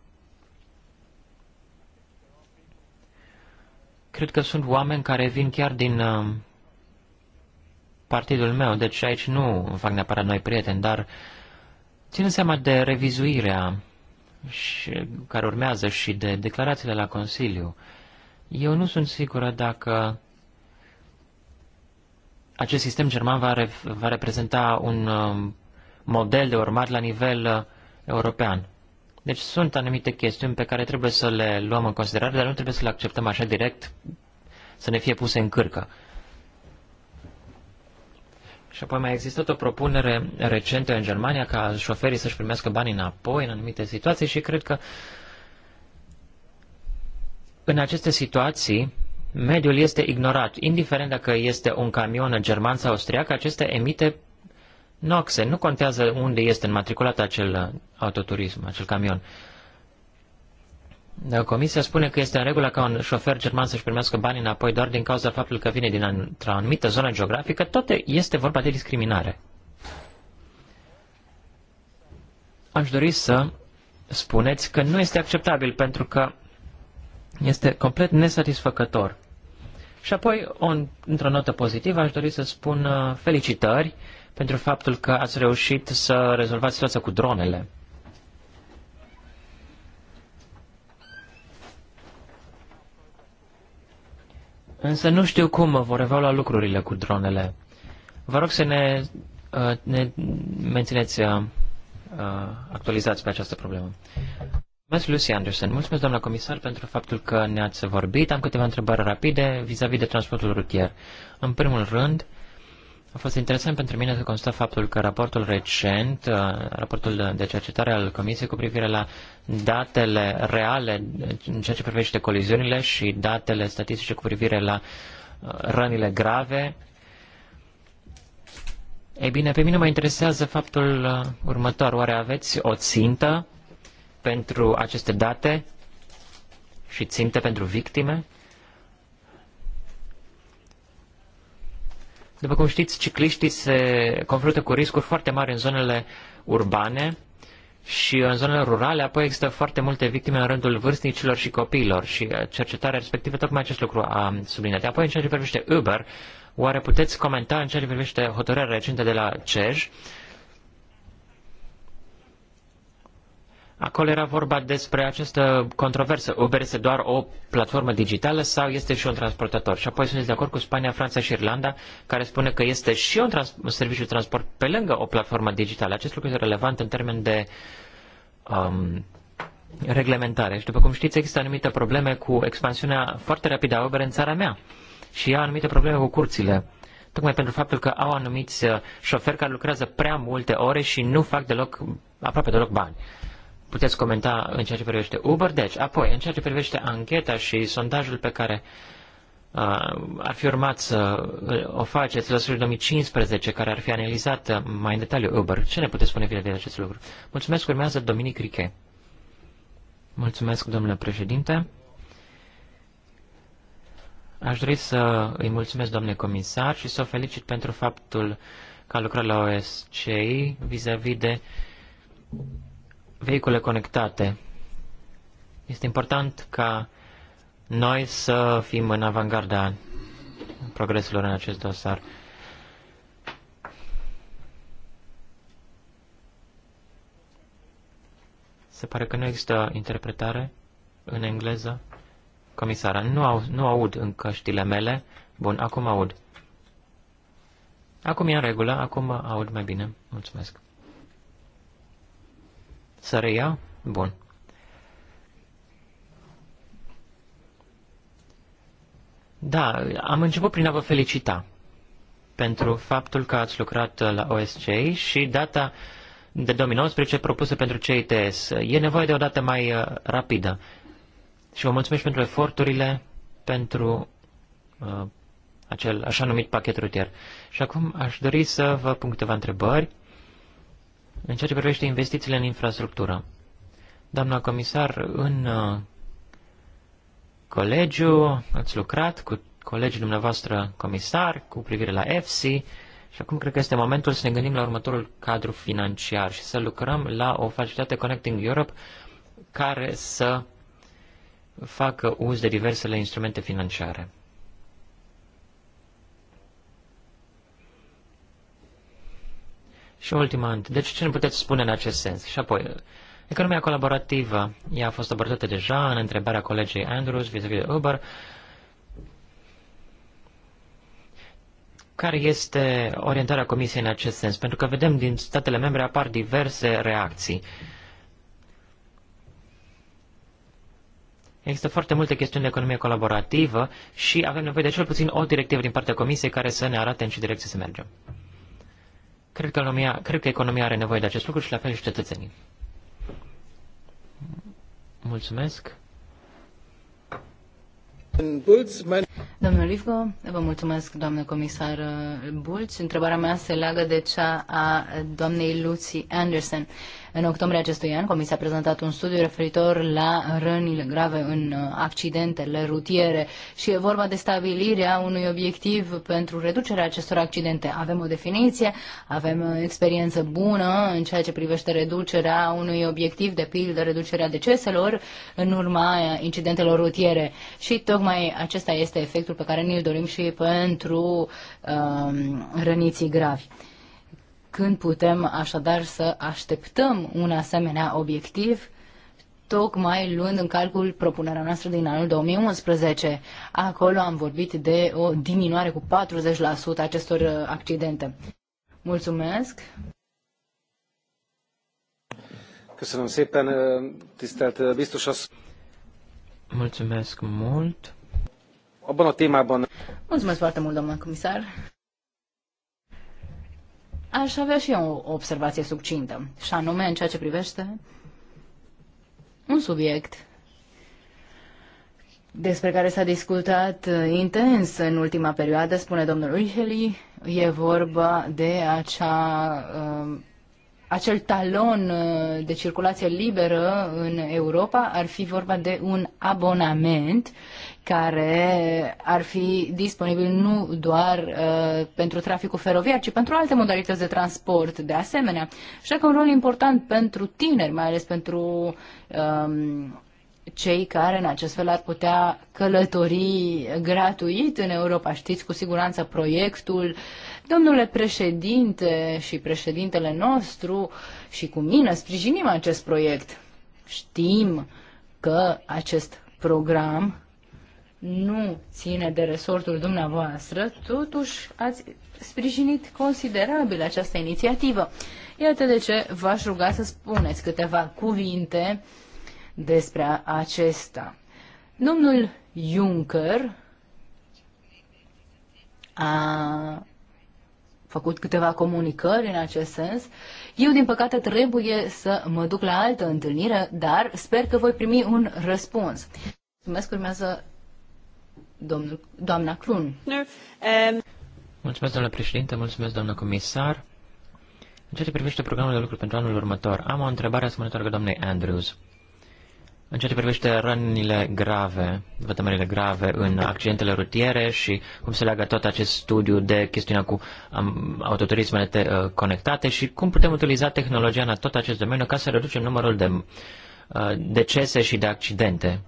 Speaker 1: Cred că sunt oameni care vin chiar din uh, partidul meu, deci aici nu fac neapărat noi prieteni, dar țin seama de revizuirea și, care urmează și de declarațiile la Consiliu. Eu nu sunt sigură dacă acest sistem german va, re, va reprezenta un um, model de urmat la nivel uh, european. Deci sunt anumite chestiuni pe care trebuie să le luăm în considerare, dar nu trebuie să le acceptăm așa direct, să ne fie puse în cârcă. Și apoi mai există o propunere recentă în Germania ca șoferii să-și primească banii înapoi în anumite situații și cred că în aceste situații mediul este ignorat. Indiferent dacă este un camion german sau austriac, acesta emite noxe. Nu contează unde este înmatriculat acel autoturism, acel camion. Uh, da, comisia spune că este în regulă ca un șofer german să-și primească banii înapoi doar din cauza faptului că vine dintr-o anumită zonă geografică, tot este vorba de discriminare. Aș dori să spuneți că nu este acceptabil pentru că este complet nesatisfăcător. Și apoi, într-o notă pozitivă, aș dori să spun uh, felicitări pentru faptul că ați reușit să rezolvați situația cu dronele. Însă nu știu cum vor evalua lucrurile cu dronele. Vă rog să ne, uh, ne mențineți uh, uh, actualizați pe această problemă. Mulțumesc, Lucy Anderson. Mulțumesc, doamna comisar, pentru faptul că ne-ați vorbit. Am câteva întrebări rapide vis-a-vis -vis de transportul rutier. În primul rând, a fost interesant pentru mine să constat faptul că raportul recent, uh, raportul de cercetare al Comisiei cu privire la datele reale uh, în ceea ce privește coliziunile și datele statistice cu privire la uh, rănile grave, ei bine, pe mine mă interesează faptul următor. Oare aveți o țintă pentru aceste date și ținte pentru victime? După cum știți, cicliștii se confruntă cu riscuri foarte mari în zonele urbane și în zonele rurale, apoi există foarte multe victime în rândul vârstnicilor și copiilor și uh, cercetarea respectivă tocmai acest lucru a subliniat. Apoi, în ceea ce privește Uber, oare puteți comenta în ceea ce privește hotărârea recentă de la CEJ Acolo era vorba despre această controversă. Uber este doar o platformă digitală sau este și un transportator? Și apoi sunteți de acord cu Spania, Franța și Irlanda, care spune că este și un, trans- un serviciu de transport pe lângă o platformă digitală. Acest lucru este relevant în termen de um, reglementare. Și după cum știți, există anumite probleme cu expansiunea foarte rapidă a Uber în țara mea. Și ea anumite probleme cu curțile tocmai pentru faptul că au anumiți șoferi care lucrează prea multe ore și nu fac deloc, aproape deloc bani puteți comenta în ceea ce privește Uber. Deci, apoi, în ceea ce privește ancheta și sondajul pe care uh, ar fi urmat să o faceți la sfârșitul 2015, care ar fi analizat uh, mai în detaliu Uber, ce ne puteți spune vine de acest lucru? Mulțumesc, urmează Dominic Riche. Mulțumesc, domnule președinte. Aș dori să îi mulțumesc, domnule comisar, și să o felicit pentru faptul că a lucrat la OSCI vis-a-vis de vehicule conectate. Este important ca noi să fim în avangarda progreselor în acest dosar. Se pare că nu există interpretare în engleză. Comisara, nu, au, nu aud în căștile mele. Bun, acum aud. Acum e în regulă, acum aud mai bine. Mulțumesc. Să reia? Bun. Da, am început prin a vă felicita pentru faptul că ați lucrat la OSCE și data de 2019 propusă pentru CITS. E nevoie de o dată mai uh, rapidă. Și vă mulțumesc pentru eforturile pentru uh, acel așa numit pachet rutier. Și acum aș dori să vă pun câteva întrebări în ceea ce privește investițiile în infrastructură, doamna comisar, în uh, colegiu ați lucrat cu colegii dumneavoastră comisar, cu privire la EFSI și acum cred că este momentul să ne gândim la următorul cadru financiar și să lucrăm la o facilitate Connecting Europe care să facă uz de diversele instrumente financiare. Și ultima de Deci ce nu puteți spune în acest sens? Și apoi, economia colaborativă, ea a fost abordată deja în întrebarea colegei Andrews vis-a-vis -vis de Uber. Care este orientarea Comisiei în acest sens? Pentru că vedem din statele membre apar diverse reacții. Există foarte multe chestiuni de economie colaborativă și avem nevoie de cel puțin o directivă din partea Comisiei care să ne arate în ce direcție să mergem. Cred că, economia, cred că economia are nevoie de acest lucru și la fel și cetățenii. Mulțumesc.
Speaker 3: Domnul Livgo, vă mulțumesc, doamnă comisar Bulci. Întrebarea mea se leagă de cea a doamnei Lucy Anderson. În octombrie acestui an, Comisia a prezentat un studiu referitor la rănile grave în uh, accidentele rutiere și e vorba de stabilirea unui obiectiv pentru reducerea acestor accidente. Avem o definiție, avem uh, experiență bună în ceea ce privește reducerea unui obiectiv, de pildă reducerea deceselor în urma incidentelor rutiere. Și tocmai acesta este efectul pe care ni-l dorim și pentru um, răniții gravi. Când putem așadar să așteptăm un asemenea obiectiv, tocmai luând în calcul propunerea noastră din anul 2011. Acolo am vorbit de o diminuare cu 40% acestor uh, accidente. Mulțumesc!
Speaker 4: Köszönöm szépen, uh, tisztelt uh, biztos asszony.
Speaker 1: Mulțumesc mult. Abban a témában.
Speaker 3: Mulțumesc foarte mult, domnule comisar. Aș avea și eu o observație succintă, și anume în ceea ce privește un subiect despre care s-a discutat uh, intens în ultima perioadă, spune domnul Richeli, e vorba de acea uh, acel talon uh, de circulație liberă în Europa ar fi vorba de un abonament care ar fi disponibil nu doar uh, pentru traficul feroviar, ci pentru alte modalități de transport de asemenea. Și că un rol important pentru tineri, mai ales pentru um, cei care în acest fel ar putea călători gratuit în Europa. Știți cu siguranță proiectul. Domnule președinte și președintele nostru și cu mine sprijinim acest proiect. Știm că acest program nu ține de resortul dumneavoastră, totuși ați sprijinit considerabil această inițiativă. Iată de ce v-aș ruga să spuneți câteva cuvinte uh, despre acesta. Domnul Juncker a făcut câteva comunicări în acest sens. Eu, din păcate, trebuie să mă duc la altă întâlnire, dar sper că voi primi un răspuns. Mulțumesc, urmează domnul, doamna Clun.
Speaker 1: Mulțumesc, domnule președinte, mulțumesc, doamna comisar. În ceea ce privește programul de lucru pentru anul următor, am o întrebare asemănătoare cu doamnei Andrews. În ceea ce privește rănile grave, vătămările grave în accidentele rutiere și cum se leagă tot acest studiu de chestiunea cu um, autoturismele te, uh, conectate și cum putem utiliza tehnologia în tot acest domeniu ca să reducem numărul de uh, decese și de accidente.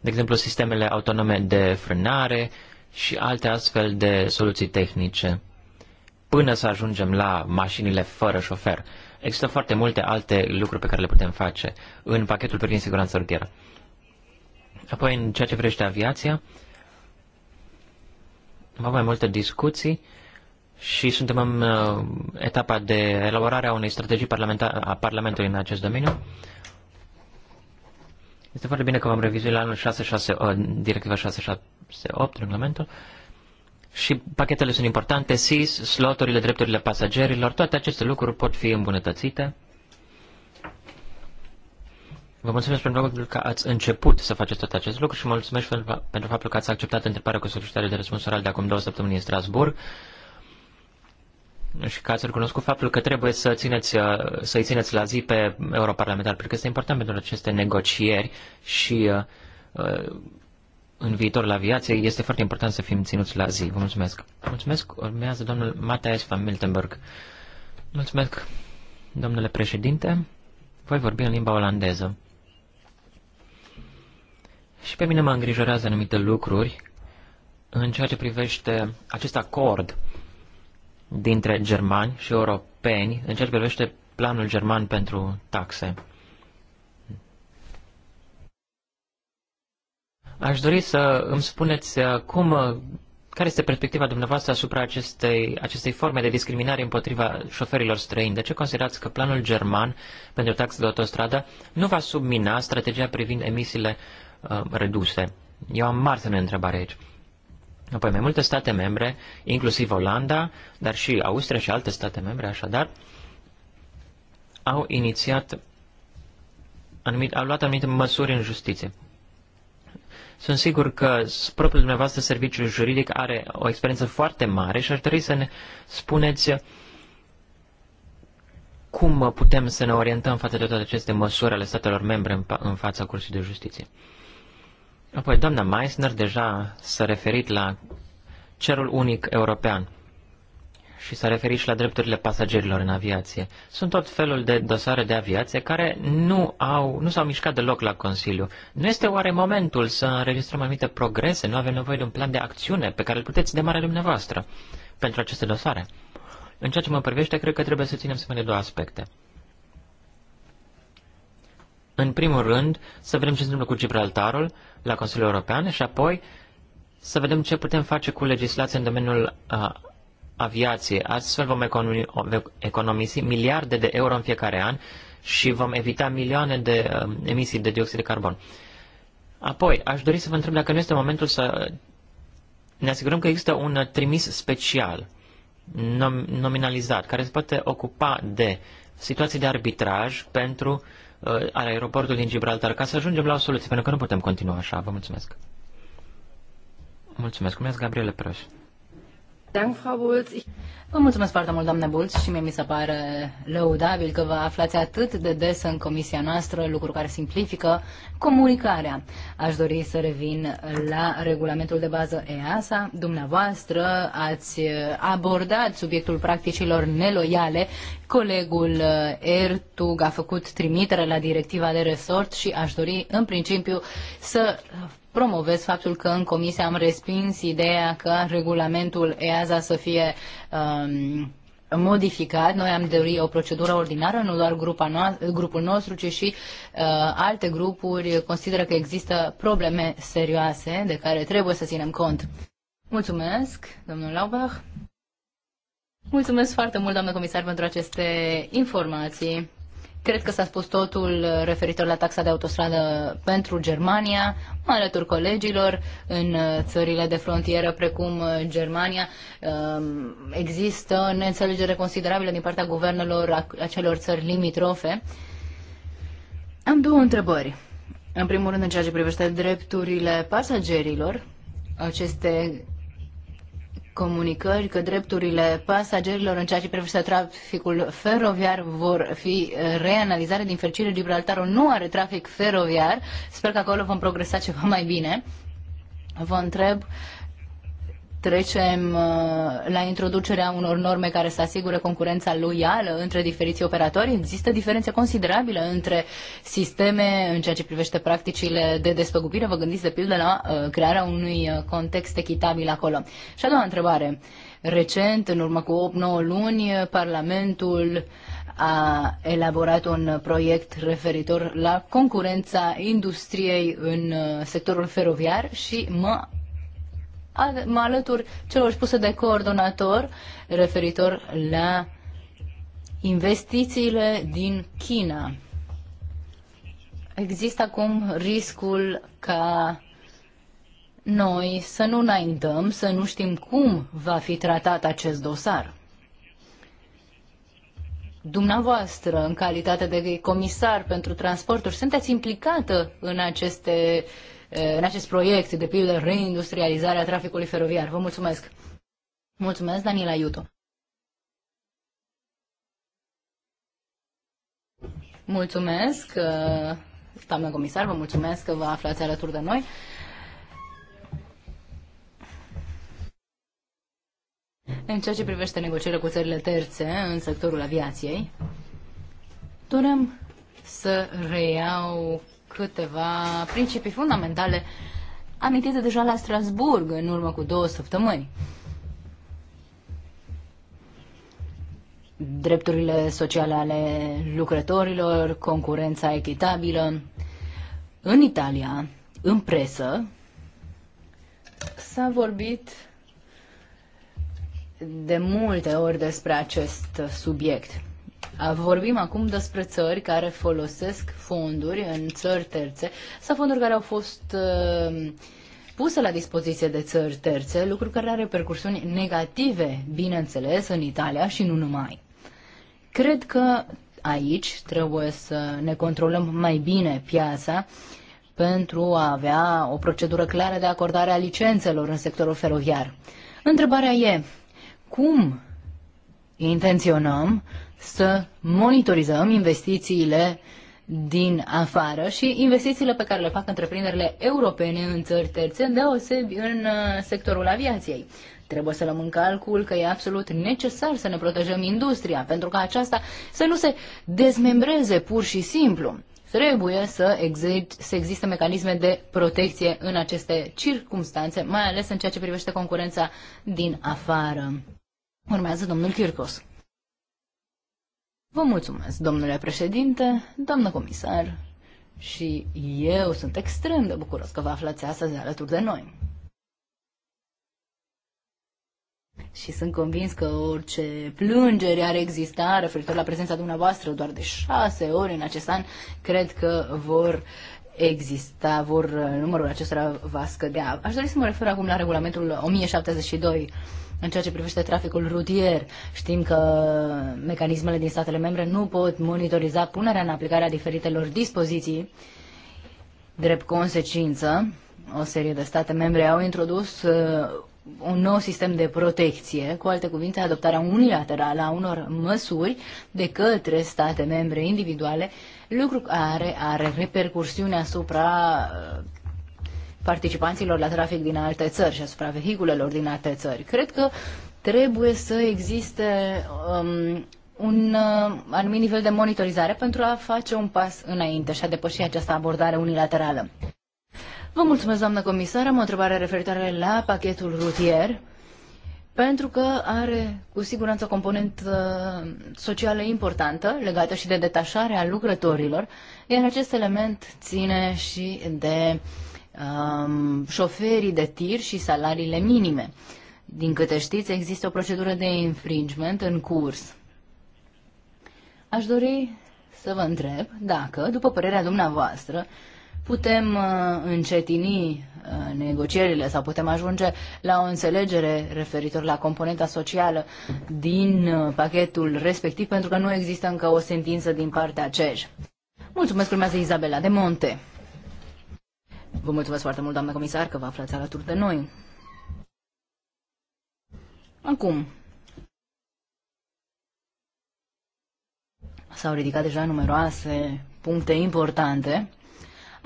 Speaker 1: De exemplu, sistemele autonome de frânare și alte astfel de soluții tehnice până să ajungem la mașinile fără șofer. Există foarte multe alte lucruri pe care le putem face în pachetul privind siguranța rutieră. Apoi, în ceea ce privește aviația, am mai multe discuții și suntem în uh, etapa de elaborare a unei strategii parlamentare a Parlamentului în acest domeniu. Este foarte bine că vom revizui la anul 66, uh, directiva 668, regulamentul. Uh, și pachetele sunt importante, SIS, sloturile, drepturile pasagerilor, toate aceste lucruri pot fi îmbunătățite. Vă mulțumesc pentru faptul că ați început să faceți tot acest lucru și mulțumesc pentru faptul că ați acceptat întrebarea cu solicitare de răspuns oral de acum două săptămâni în Strasburg și că ați recunoscut faptul că trebuie să țineți, uh, să-i țineți la zi pe europarlamentar, pentru că este important pentru aceste negocieri și uh, uh în viitor la aviație, este foarte important să fim ținuți la zi. Vă mulțumesc. Mulțumesc. Urmează domnul Matthias van Miltenberg. Mulțumesc, domnule președinte. Voi vorbi în limba olandeză. Și pe mine mă îngrijorează anumite lucruri în ceea ce privește acest acord dintre germani și europeni, în ceea ce privește planul german pentru taxe. Aș dori să îmi spuneți uh, cum, uh, care este perspectiva dumneavoastră asupra acestei, acestei forme de discriminare împotriva șoferilor străini. De ce considerați că planul german pentru taxe de autostradă nu va submina strategia privind emisiile uh, reduse? Eu am mari semne întrebare aici. Apoi, mai multe state membre, inclusiv Olanda, dar și Austria și alte state membre, așadar, au inițiat anumit, au luat anumite măsuri în justiție. Sunt sigur că propriul dumneavoastră serviciu juridic are o experiență foarte mare și aș dori să ne spuneți cum putem să ne orientăm față de toate aceste măsuri ale statelor membre în, în fața Cursului de Justiție. Apoi, doamna Meissner deja s-a referit la cerul unic european și s-a referit și la drepturile pasagerilor în aviație. Sunt tot felul de dosare de aviație care nu, au, nu s-au mișcat deloc la Consiliu. Nu este oare momentul să înregistrăm anumite progrese? Nu avem nevoie de un plan de acțiune pe care îl puteți demara dumneavoastră pentru aceste dosare? În ceea ce mă privește, cred că trebuie să ținem seama de două aspecte. În primul rând, să vedem ce se întâmplă cu Gibraltarul la Consiliul European și apoi să vedem ce putem face cu legislația în domeniul uh, aviație. Astfel vom economisi miliarde de euro în fiecare an și vom evita milioane de um, emisii de dioxid de carbon. Apoi, aș dori să vă întreb dacă nu este momentul să ne asigurăm că există un trimis special nominalizat, care se poate ocupa de situații de arbitraj pentru uh, aeroportul din Gibraltar, ca să ajungem la o soluție, pentru că nu putem continua așa. Vă mulțumesc. Mulțumesc. Cum ești, Gabriele Preuși?
Speaker 3: Vă mulțumesc foarte mult, doamne Bulț, și mie mi se pare lăudabil că vă aflați atât de des în comisia noastră, lucru care simplifică comunicarea. Aș dori să revin la regulamentul de bază EASA. Dumneavoastră ați abordat subiectul practicilor neloiale. Colegul Ertug a făcut trimitere la directiva de resort și aș dori, în principiu, să promovez faptul că în comisie am respins ideea că regulamentul EASA să fie um, modificat. Noi am dorit o procedură ordinară, nu doar grupa noastră, grupul nostru, ci și uh, alte grupuri consideră că există probleme serioase de care trebuie să ținem cont. Mulțumesc, domnul Laubach. Mulțumesc foarte mult, doamnă comisar, pentru aceste informații. Cred că s-a spus totul referitor la taxa de autostradă pentru Germania, mă alătur colegilor în țările de frontieră precum uh, Germania. Um, există neînțelegere considerabilă din partea guvernelor acelor țări limitrofe. Am două întrebări. În primul rând, în ceea ce privește drepturile pasagerilor, aceste comunicări că drepturile pasagerilor în ceea ce privește traficul feroviar vor fi reanalizate. Din fericire, Gibraltarul nu are trafic feroviar. Sper că acolo vom progresa ceva mai bine. Vă întreb trecem uh, la introducerea unor norme care să asigure concurența loială între diferiți operatori. Există diferențe considerabile între sisteme în ceea ce privește practicile de despăgubire. Vă gândiți de pildă la uh, crearea unui uh, context echitabil acolo. Și a doua întrebare. Recent, în urmă cu 8-9 luni, Parlamentul a elaborat un proiect referitor la concurența industriei în sectorul feroviar și mă mă alătur celor spuse de coordonator referitor la investițiile din China. Există acum riscul ca noi să nu înaintăm, să nu știm cum va fi tratat acest dosar. Dumneavoastră, în calitate de comisar pentru transporturi, sunteți implicată în aceste uh, Eh, în acest proiect, de pildă reindustrializarea traficului feroviar. Vă mulțumesc! Mulțumesc, Daniela Iuto! Mulțumesc, eh, doamnă comisar, vă mulțumesc că vă aflați alături de noi. În ceea ce privește negocierile cu țările terțe în sectorul aviației, dorem să reiau câteva principii fundamentale amintite deja la Strasburg în urmă cu două săptămâni. Drepturile sociale ale lucrătorilor, concurența echitabilă. În Italia, în presă, s-a vorbit de multe ori despre acest subiect. Vorbim acum despre țări care folosesc fonduri în țări terțe sau fonduri care au fost puse la dispoziție de țări terțe, lucru care are repercursiuni negative, bineînțeles, în Italia și nu numai. Cred că aici trebuie să ne controlăm mai bine piața pentru a avea o procedură clară de acordare a licențelor în sectorul feroviar. Întrebarea e, cum intenționăm să monitorizăm investițiile din afară și investițiile pe care le fac întreprinderile europene în țări terțe, deosebi în uh, sectorul aviației. Trebuie să luăm în calcul că e absolut necesar să ne protejăm industria, pentru ca aceasta să nu se dezmembreze pur și simplu. Trebuie să, să existe mecanisme de protecție în aceste circunstanțe, mai ales în ceea ce privește concurența din afară. Urmează domnul Kirkos. Vă mulțumesc, domnule președinte, doamnă comisar, și eu sunt extrem de bucuros că vă aflați astăzi alături de noi. Și sunt convins că orice plângere ar exista referitor la prezența dumneavoastră doar de șase ori în acest an, cred că vor exista, vor, numărul acestora va scădea. Aș dori să mă refer acum la regulamentul 1072 în ceea ce privește traficul rutier. Știm că mecanismele din statele membre nu pot monitoriza punerea în aplicare a diferitelor dispoziții. Drept consecință, o serie de state membre au introdus uh, un nou sistem de protecție, cu alte cuvinte, adoptarea unilaterală a unor măsuri de către state membre individuale lucru care are repercursiuni asupra uh, participanților la trafic din alte țări și asupra vehiculelor din alte țări. Cred că trebuie să existe um, un uh, anumit nivel de monitorizare pentru a face un pas înainte și a depăși această abordare unilaterală. Vă mulțumesc, doamnă comisar. Am o întrebare referitoare la pachetul rutier pentru că are cu siguranță o componentă uh, socială importantă legată și de detașarea lucrătorilor, iar acest element ține și de um, șoferii de tir și salariile minime. Din câte știți, există o procedură de infringement în curs. Aș dori să vă întreb dacă, după părerea dumneavoastră, uh, putem uh, încetini uh, negocierile sau putem ajunge la o înțelegere referitor la componenta socială din uh, pachetul respectiv, pentru că nu există încă o sentință din partea CEJ. Mulțumesc, urmează Izabela de Monte. Vă mulțumesc foarte mult, doamnă comisar, că vă aflați alături de noi. Acum, s-au ridicat deja numeroase puncte importante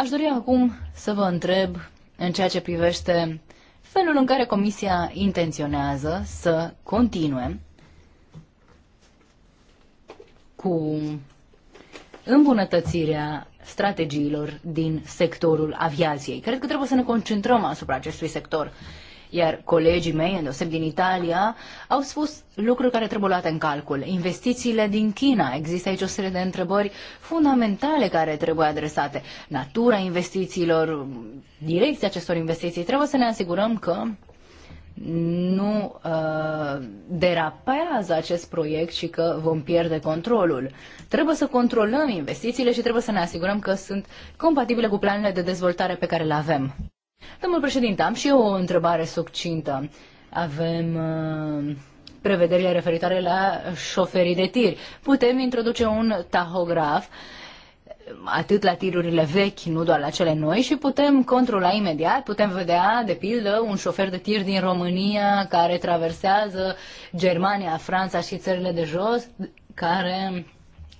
Speaker 3: Aș dori acum să vă întreb în ceea ce privește felul în care Comisia intenționează să continue cu îmbunătățirea strategiilor din sectorul aviației. Cred că trebuie să ne concentrăm asupra acestui sector. Iar colegii mei, deoseb din Italia, au spus lucruri care trebuie luate în calcul. Investițiile din China. Există aici o serie de întrebări fundamentale care trebuie adresate. Natura investițiilor, direcția acestor investiții. Trebuie să ne asigurăm că nu uh, derapează acest proiect și că vom pierde controlul. Trebuie să controlăm investițiile și trebuie să ne asigurăm că sunt compatibile cu planurile de dezvoltare pe care le avem. Domnul președinte, am și eu o întrebare succintă. Avem uh, prevederile referitoare la șoferii de tir. Putem introduce un tahograf uh, atât la tirurile vechi, nu doar la cele noi, și putem controla imediat, putem vedea, de pildă, un șofer de tir din România care traversează Germania, Franța și țările de jos, care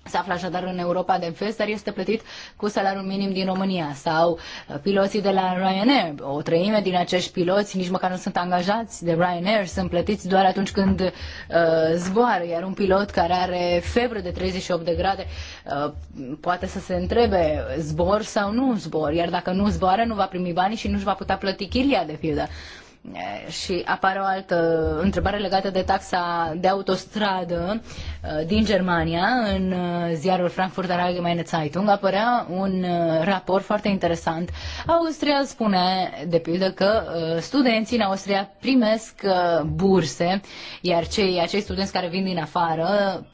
Speaker 3: se află așadar în Europa de vest, dar este plătit cu salariul minim din România. Sau uh, piloții de la Ryanair, o treime din acești piloți nici măcar nu sunt angajați de Ryanair, sunt plătiți doar atunci când uh, zboară, iar un pilot care are febră de 38 de grade uh, poate să se întrebe zbor sau nu zbor, iar dacă nu zboară nu va primi banii și nu-și va putea plăti chiria de pildă. Uh, Eh, și apare o altă întrebare legată de taxa de autostradă eh, din Germania. În eh, ziarul Frankfurter Allgemeine Zeitung apărea un raport foarte interesant. Austria spune, de pildă, că studenții în Austria primesc burse, iar cei, acei studenți care vin din afară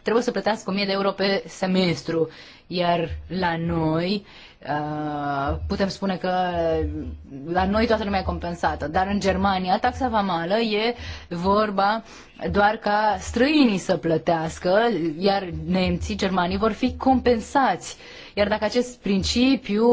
Speaker 3: trebuie să plătească 1000 de euro pe semestru. Iar la noi Uh, putem spune că la noi toată lumea e compensată, dar în Germania taxa vamală e vorba doar ca străinii să plătească, iar nemții, germanii vor fi compensați iar dacă acest principiu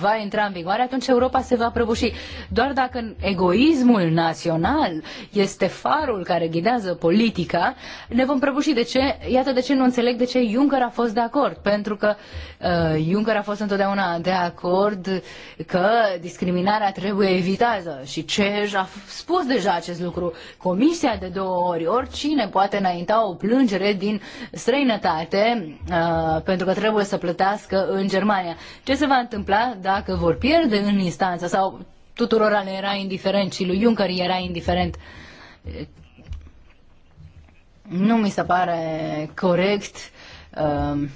Speaker 3: va intra în vigoare, atunci Europa se va prăbuși. Doar dacă egoismul național este farul care ghidează politica, ne vom prăbuși. De ce? Iată de ce nu înțeleg de ce Juncker a fost de acord. Pentru că uh, Juncker a fost întotdeauna de acord că discriminarea trebuie evitată și CEJ a spus deja acest lucru. Comisia de două ori, oricine poate înainta o plângere din străinătate uh, pentru că trebuie să plătească hotărască în Germania. Ce se va întâmpla dacă vor pierde în instanță sau tuturor le era indiferent și lui Juncker era indiferent? Nu mi se pare corect um,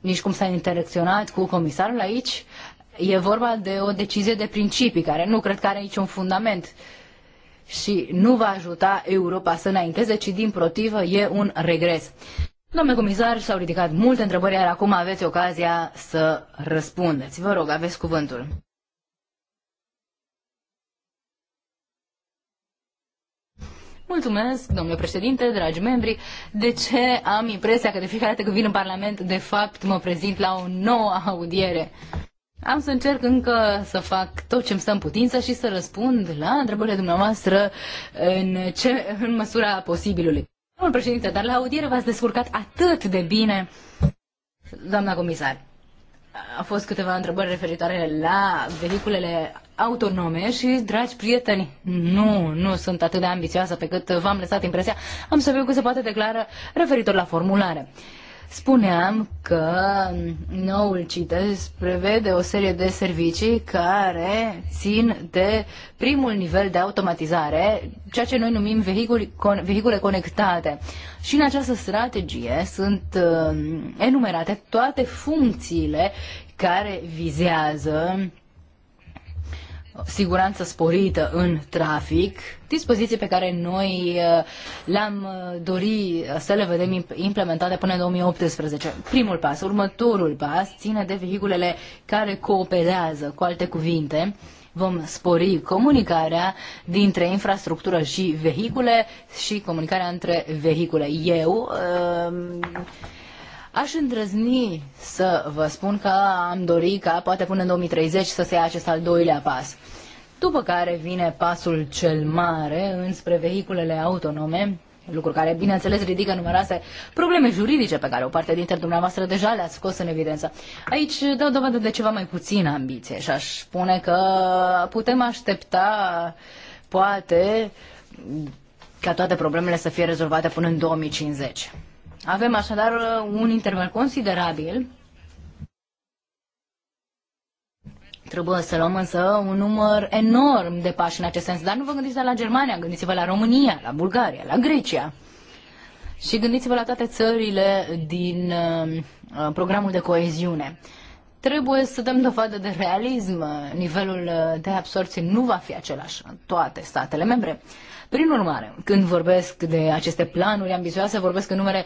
Speaker 3: nici cum s-a interacționat cu comisarul aici. E vorba de o decizie de principii care nu cred că are niciun fundament și nu va ajuta Europa să înainteze, ci din protivă e un regres. Domnule comisar, s-au ridicat multe întrebări, iar acum aveți ocazia să răspundeți. Vă rog, aveți cuvântul. Mulțumesc, domnule președinte, dragi membri. De ce am impresia că de fiecare dată când vin în Parlament, de fapt mă prezint la o nouă audiere? Am să încerc încă să fac tot ce-mi stă în putință și să răspund la întrebările dumneavoastră în, ce, în măsura posibilului. Domnul președinte, dar la audiere v-ați descurcat atât de bine. Doamna comisar, a fost câteva întrebări referitoare la vehiculele autonome și, dragi prieteni, nu, nu sunt atât de ambițioasă pe cât v-am lăsat impresia. Am să viu cât se poate declară referitor la formulare. Spuneam că noul CITES prevede o serie de servicii care țin de primul nivel de automatizare, ceea ce noi numim vehicule, vehicule conectate. Și în această strategie sunt uh, enumerate toate funcțiile care vizează siguranță sporită în trafic, dispoziții pe care noi uh, le-am uh, dori uh, să le vedem implementate până în 2018. Primul pas, următorul pas, ține de vehiculele care cooperează, cu alte cuvinte, vom spori comunicarea dintre infrastructură și vehicule și comunicarea între vehicule. Eu Aș îndrăzni să vă spun că am dorit ca poate până în 2030 să se ia acest al doilea pas. După care vine pasul cel mare înspre vehiculele autonome, lucru care, bineînțeles, ridică numeroase probleme juridice pe care o parte dintre dumneavoastră deja le-ați scos în evidență. Aici dau dovadă de ceva mai puțină ambiție și aș spune că putem aștepta, poate, ca toate problemele să fie rezolvate până în 2050. Avem așadar uh, un interval considerabil. Trebuie să luăm însă un număr enorm de pași în acest sens. Dar nu vă gândiți la Germania, gândiți-vă la România, la Bulgaria, la Grecia. Și gândiți-vă la toate țările din uh, uh, programul de coeziune. Trebuie să dăm dovadă de realism. Nivelul de absorție nu va fi același în toate statele membre. Prin urmare, când vorbesc de aceste planuri ambițioase, vorbesc în numele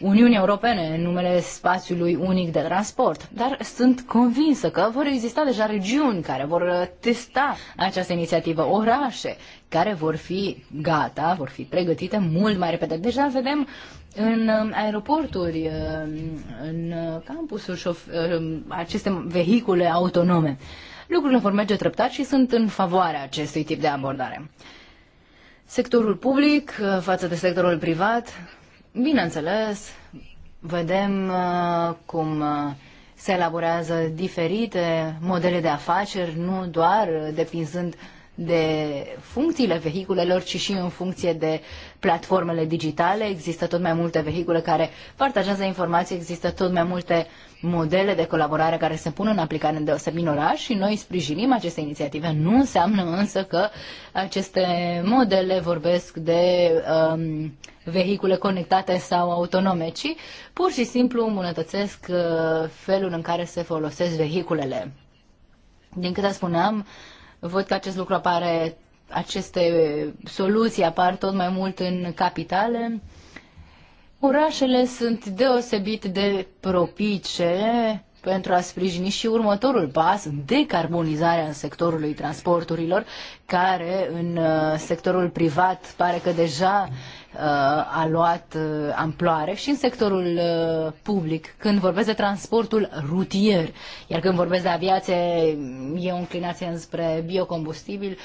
Speaker 3: Uniunii Europene, în numele spațiului unic de transport. Dar sunt convinsă că vor exista deja regiuni care vor uh, testa această inițiativă, orașe care vor fi gata, vor fi pregătite mult mai repede. Deja vedem în um, aeroporturi, uh, în uh, campusuri, aceste vehicule autonome. Lucrurile vor merge treptat și sunt în favoarea acestui tip de abordare sectorul public uh, față de sectorul privat, bineînțeles, vedem uh, cum uh, se elaborează diferite modele de afaceri, nu doar depinzând de funcțiile vehiculelor, ci și în funcție de platformele digitale. Există tot mai multe vehicule care partajează informații, există tot mai multe modele de colaborare care se pun în aplicare în deosebit oraș și noi sprijinim aceste inițiative. Nu înseamnă însă că aceste modele vorbesc de um, vehicule conectate sau autonome, ci pur și simplu îmbunătățesc uh, felul în care se folosesc vehiculele. Din câte spuneam, uh, Văd că acest lucru apare, aceste soluții apar tot mai mult în capitale. Orașele sunt deosebit de propice pentru a sprijini și următorul pas, decarbonizarea în sectorului transporturilor, care în uh, sectorul privat pare că deja Uh, a luat uh, amploare și în sectorul uh, public, când vorbesc de transportul rutier, iar când vorbesc de aviație, e o înclinație înspre biocombustibil.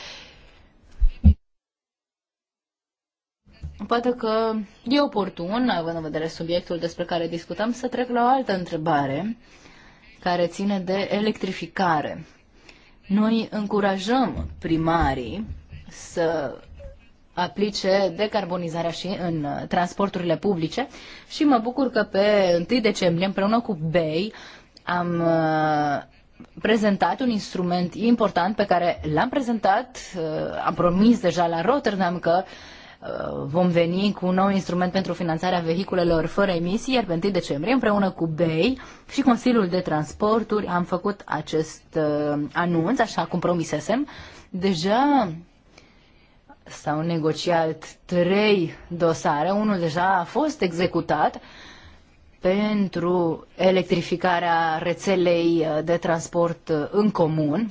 Speaker 3: Poate că e oportun, având în vedere subiectul despre care discutăm, să trec la o altă întrebare care ține de electrificare. Noi încurajăm primarii să aplice decarbonizarea și în uh, transporturile publice și mă bucur că pe 1 decembrie împreună cu BEI am uh, prezentat un instrument important pe care l-am prezentat, uh, am promis deja la Rotterdam că vom veni cu un nou instrument pentru finanțarea vehiculelor fără emisii, iar pe 1 decembrie, împreună cu BEI și Consiliul de Transporturi, am făcut acest anunț, așa cum promisesem. Deja s-au negociat trei dosare, unul deja a fost executat pentru electrificarea rețelei de transport în comun.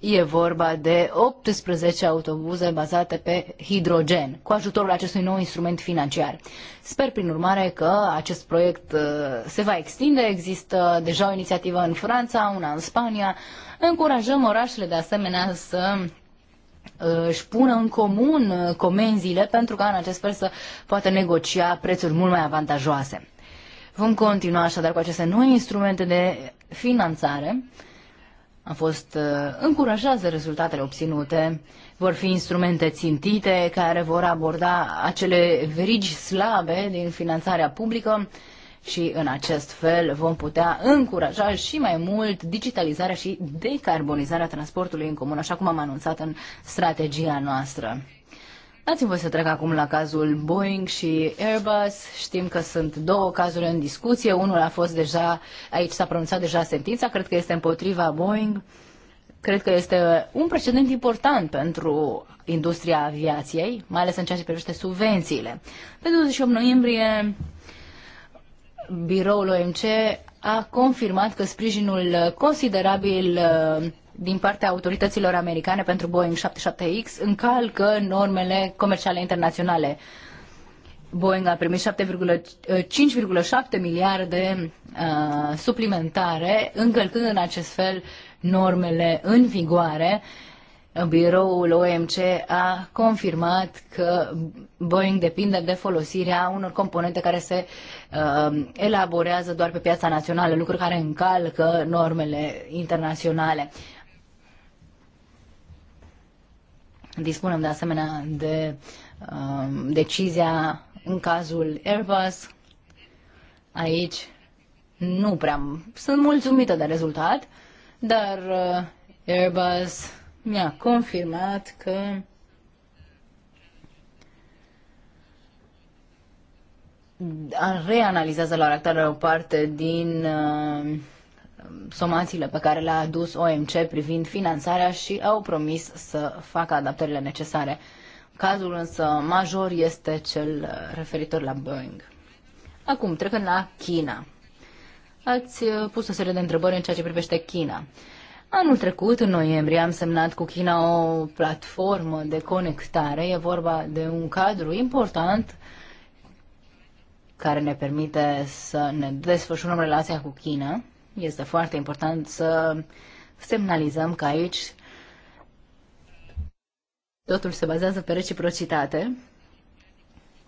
Speaker 3: E vorba de 18 autobuze bazate pe hidrogen, cu ajutorul acestui nou instrument financiar. Sper, prin urmare, că acest proiect uh, se va extinde. Există deja o inițiativă în Franța, una în Spania. Încurajăm orașele, de asemenea, să își pună în comun uh, comenzile pentru ca în acest fel să poată negocia prețuri mult mai avantajoase. Vom continua așadar cu aceste noi instrumente de finanțare. Am fost uh, încurajați de rezultatele obținute. Vor fi instrumente țintite care vor aborda acele verigi slabe din finanțarea publică și în acest fel vom putea încuraja și mai mult digitalizarea și decarbonizarea transportului în comun, așa cum am anunțat în strategia noastră. Dați-mi voi să trec acum la cazul Boeing și Airbus. Știm că sunt două cazuri în discuție. Unul a fost deja, aici s-a pronunțat deja sentința, cred că este împotriva Boeing. Cred că este un precedent important pentru industria aviației, mai ales în ceea ce privește subvențiile. Pe 28 noiembrie biroul OMC a confirmat că sprijinul considerabil uh, din partea autorităților americane pentru Boeing 77X încalcă normele comerciale internaționale. Boeing a primit 5,7 uh, miliarde uh, suplimentare, încălcând în acest fel normele în vigoare biroul OMC a confirmat că Boeing depinde de folosirea unor componente care se uh, elaborează doar pe piața națională, lucruri care încalcă normele internaționale. Dispunem de asemenea de uh, decizia în cazul Airbus. Aici nu prea sunt mulțumită de rezultat, dar uh, Airbus mi-a confirmat că reanalizează la ora o parte din uh, somațiile pe care le-a adus OMC privind finanțarea și au promis să facă adaptările necesare. Cazul însă major este cel uh, referitor la Boeing. Acum, trecând la China. Ați uh, pus o serie de întrebări în ceea ce privește China. Anul trecut, în noiembrie, am semnat cu China o platformă de conectare. E vorba de un cadru important care ne permite să ne desfășurăm relația cu China. Este foarte important să semnalizăm că aici totul se bazează pe reciprocitate.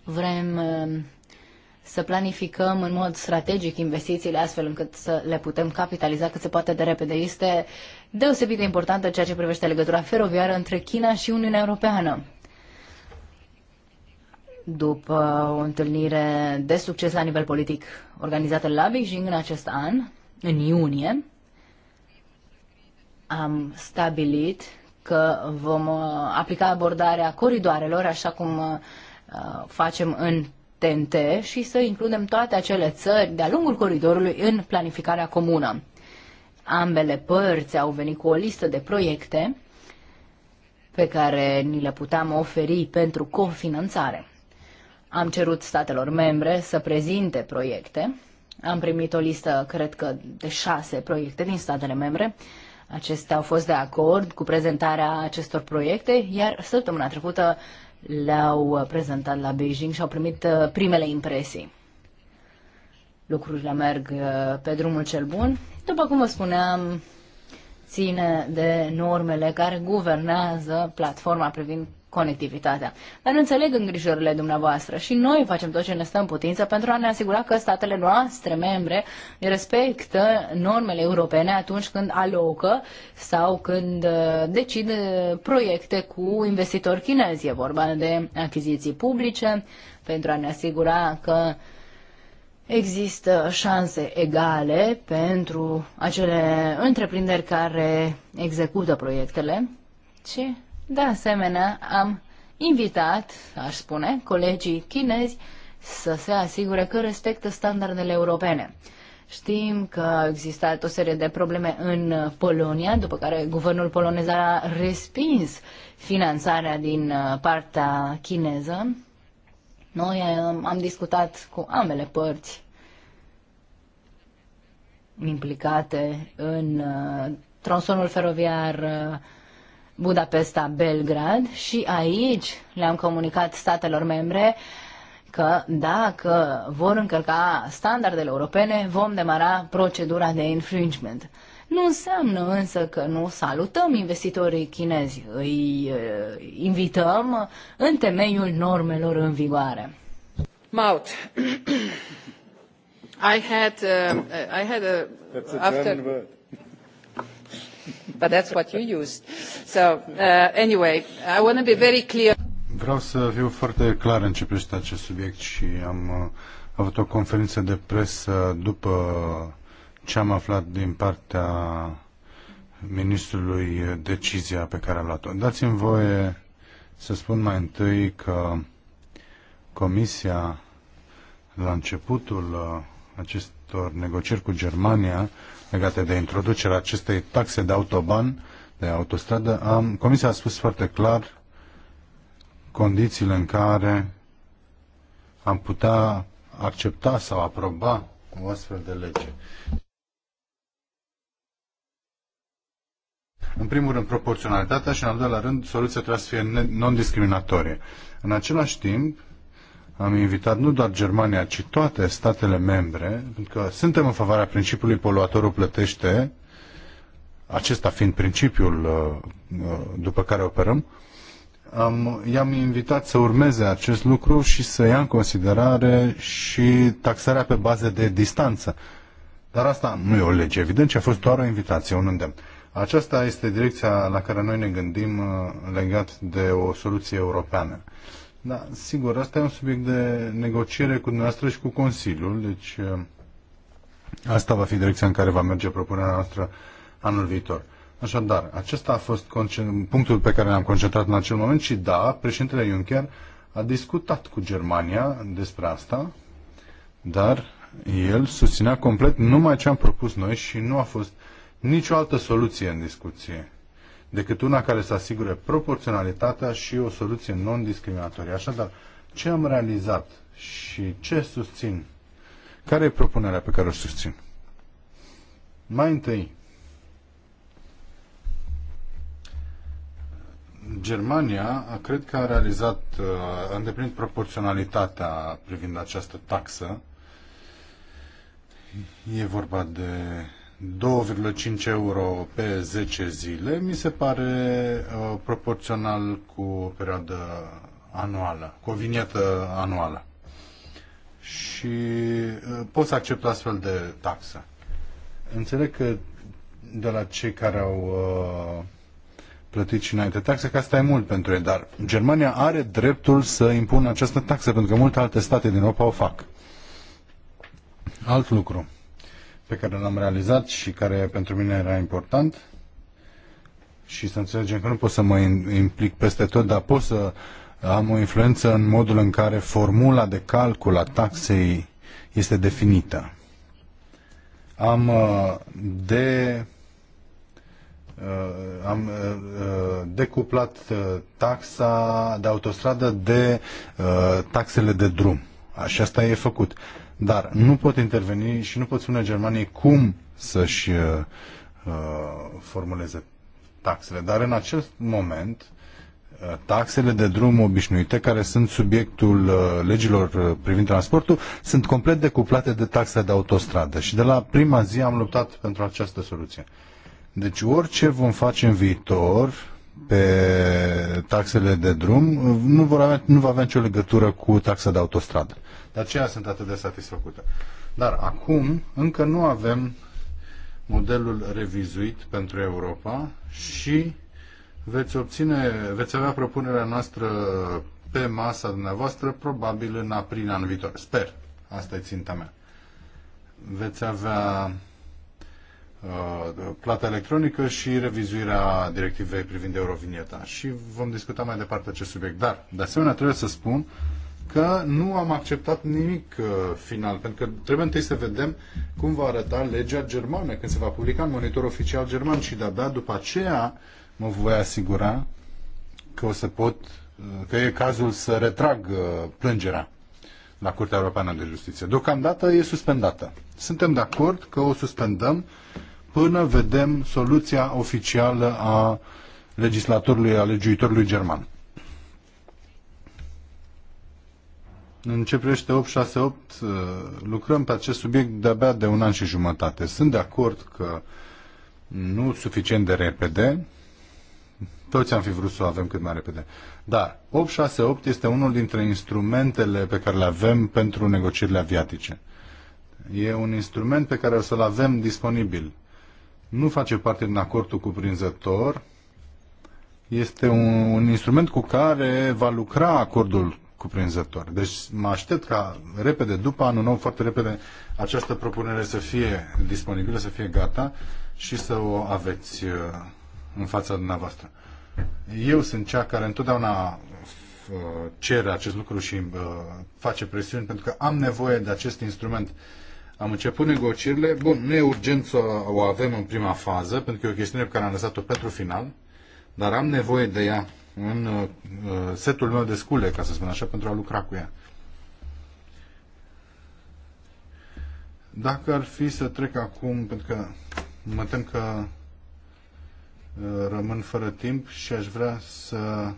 Speaker 3: Vrem să planificăm în mod strategic investițiile astfel încât să le putem capitaliza cât se poate de repede. Este deosebit de importantă ceea ce privește legătura feroviară între China și Uniunea Europeană. După o întâlnire de succes la nivel politic organizată la Beijing în acest an, în iunie, am stabilit că vom uh, aplica abordarea coridoarelor, așa cum uh, facem în TNT și să includem toate acele țări de-a lungul coridorului în planificarea comună. Ambele părți au venit cu o listă de proiecte pe care ni le puteam oferi pentru cofinanțare. Am cerut statelor membre să prezinte proiecte. Am primit o listă, cred că, de șase proiecte din statele membre. Acestea au fost de acord cu prezentarea acestor proiecte, iar săptămâna trecută le-au prezentat la Beijing și au primit uh, primele impresii. Lucrurile merg uh, pe drumul cel bun. După cum vă spuneam, ține de normele care guvernează platforma privind conectivitatea. Dar înțeleg îngrijorile dumneavoastră și noi facem tot ce ne stă în putință pentru a ne asigura că statele noastre membre respectă normele europene atunci când alocă sau când uh, decid uh, proiecte cu investitori chinezi. E vorba de achiziții publice pentru a ne asigura că există șanse egale pentru acele întreprinderi care execută proiectele. Și de asemenea, am invitat, aș spune, colegii chinezi să se asigure că respectă standardele europene. Știm că au existat o serie de probleme în Polonia, după care guvernul polonez a respins finanțarea din uh, partea chineză. Noi am discutat cu ambele părți implicate în uh, tronsonul feroviar uh, Budapesta-Belgrad și aici le-am comunicat statelor membre că dacă vor încălca standardele europene, vom demara procedura de infringement. Nu înseamnă însă că nu salutăm investitorii chinezi, îi eh, invităm în temeiul normelor în vigoare.
Speaker 1: Maut. I had, uh, I had a, That's a after, word. but that's what you used. So,
Speaker 3: uh, anyway, I want to be very clear.
Speaker 4: Vreau să fiu foarte clar în ce privește acest subiect și am uh, avut o conferință de presă după ce am aflat din partea ministrului decizia pe care a luat-o. Dați-mi voie să spun mai întâi că Comisia la începutul uh, acestor negocieri cu Germania legate de introducerea acestei taxe de autoban, de autostradă, am, Comisia a spus foarte clar condițiile în care am putea accepta sau aproba o astfel de lege. În primul rând, proporționalitatea și, în al doilea rând, soluția trebuie să fie non-discriminatorie. În același timp, am invitat nu doar Germania, ci toate statele membre, pentru că suntem în favoarea principiului poluatorul plătește, acesta fiind principiul uh, uh, după care operăm, am, i-am invitat să urmeze acest lucru și să ia în considerare și taxarea pe bază de distanță. Dar asta nu e o lege, evident, ci a fost doar o invitație, un îndemn. Aceasta este direcția la care noi ne gândim uh, legat de o soluție europeană. Da, sigur, asta e un subiect de negociere cu dumneavoastră și cu Consiliul, deci uh, asta va fi direcția în care va merge propunerea noastră anul viitor. Așadar, acesta a fost punctul pe care ne-am concentrat în acel moment și da, președintele Juncker a discutat cu Germania despre asta, dar el susținea complet numai ce am propus noi și nu a fost nicio altă soluție în discuție decât una care să asigure proporționalitatea și o soluție non-discriminatorie. Așadar, ce am realizat și ce susțin? Care e propunerea pe care o susțin? Mai întâi, Germania cred că a realizat, a îndeplinit proporționalitatea privind această taxă. E vorba de 2,5 euro pe 10 zile mi se pare uh, proporțional cu o perioadă anuală, cu o vinietă anuală. Și uh, pot să accept astfel de taxă. Înțeleg că de la cei care au uh, plătit și înainte taxe, că asta e mult pentru ei, dar Germania are dreptul să impună această taxă, pentru că multe alte state din Europa o fac. Alt lucru pe care l-am realizat și care pentru mine era important și să înțelegem că nu pot să mă implic peste tot, dar pot să am o influență în modul în care formula de calcul a taxei este definită. Am uh, de uh, am uh, decuplat taxa de autostradă de taxele de drum. Așa asta e făcut dar nu pot interveni și nu pot spune Germaniei cum să-și uh, uh, formuleze taxele. Dar în acest moment, uh, taxele de drum obișnuite, care sunt subiectul uh, legilor uh, privind transportul, sunt complet decuplate de taxa de autostradă. Și de la prima zi am luptat pentru această soluție. Deci orice vom face în viitor, pe taxele de drum uh, nu, vor avea, nu va avea nicio legătură cu taxa de autostradă. De aceea sunt atât de satisfăcută. Dar acum încă nu avem modelul revizuit pentru Europa și veți, obține, veți avea propunerea noastră pe masa dumneavoastră probabil în aprilie anul viitor. Sper. Asta e ținta mea. Veți avea uh, plata electronică și revizuirea directivei privind Eurovinieta. Și vom discuta mai departe acest subiect. Dar, de asemenea, trebuie să spun că nu am acceptat nimic uh, final, pentru că trebuie întâi să vedem cum va arăta legea germană când se va publica în monitor oficial german și de-abia după aceea mă voi asigura că o să pot, uh, că e cazul să retrag uh, plângerea la Curtea Europeană de Justiție. Deocamdată e suspendată. Suntem de acord că o suspendăm până vedem soluția oficială a legislatorului, a legiuitorului german. În ce privește 868, uh, lucrăm pe acest subiect de-abia de un an și jumătate. Sunt de acord că nu suficient de repede, toți am fi vrut să o avem cât mai repede. Dar 868 este unul dintre instrumentele pe care le avem pentru negocierile aviatice. E un instrument pe care o să-l avem disponibil. Nu face parte din acordul cuprinzător. Este un, un instrument cu care va lucra acordul cuprinzător. Deci mă aștept ca repede, după anul nou, foarte repede, această propunere să fie disponibilă, să fie gata și să o aveți uh, în fața dumneavoastră. Eu sunt cea care întotdeauna uh, cere acest lucru și uh, face presiuni pentru că am nevoie de acest instrument. Am început negocierile. Bun, nu e urgent să o avem în prima fază, pentru că e o chestiune pe care am lăsat-o pentru final, dar am nevoie de ea în uh, setul meu de scule, ca să spun așa, pentru a lucra cu ea. Dacă ar fi să trec acum, pentru că mă tem că uh, rămân fără timp și aș vrea să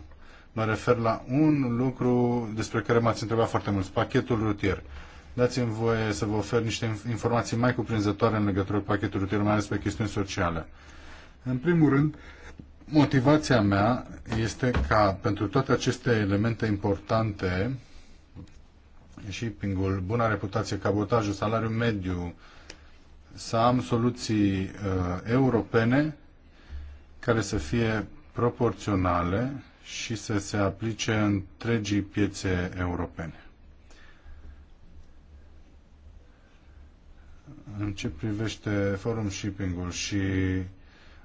Speaker 4: mă refer la un lucru despre care m-ați întrebat foarte mult, pachetul rutier. Dați-mi voie să vă ofer niște informații mai cuprinzătoare în legătură cu pachetul rutier, mai ales pe chestiuni sociale. În primul rând, Motivația mea este ca pentru toate aceste elemente importante, shipping-ul, buna reputație, cabotajul, salariul mediu, să am soluții uh, europene care să fie proporționale și să se aplice întregii piețe europene. În ce privește forum shipping-ul și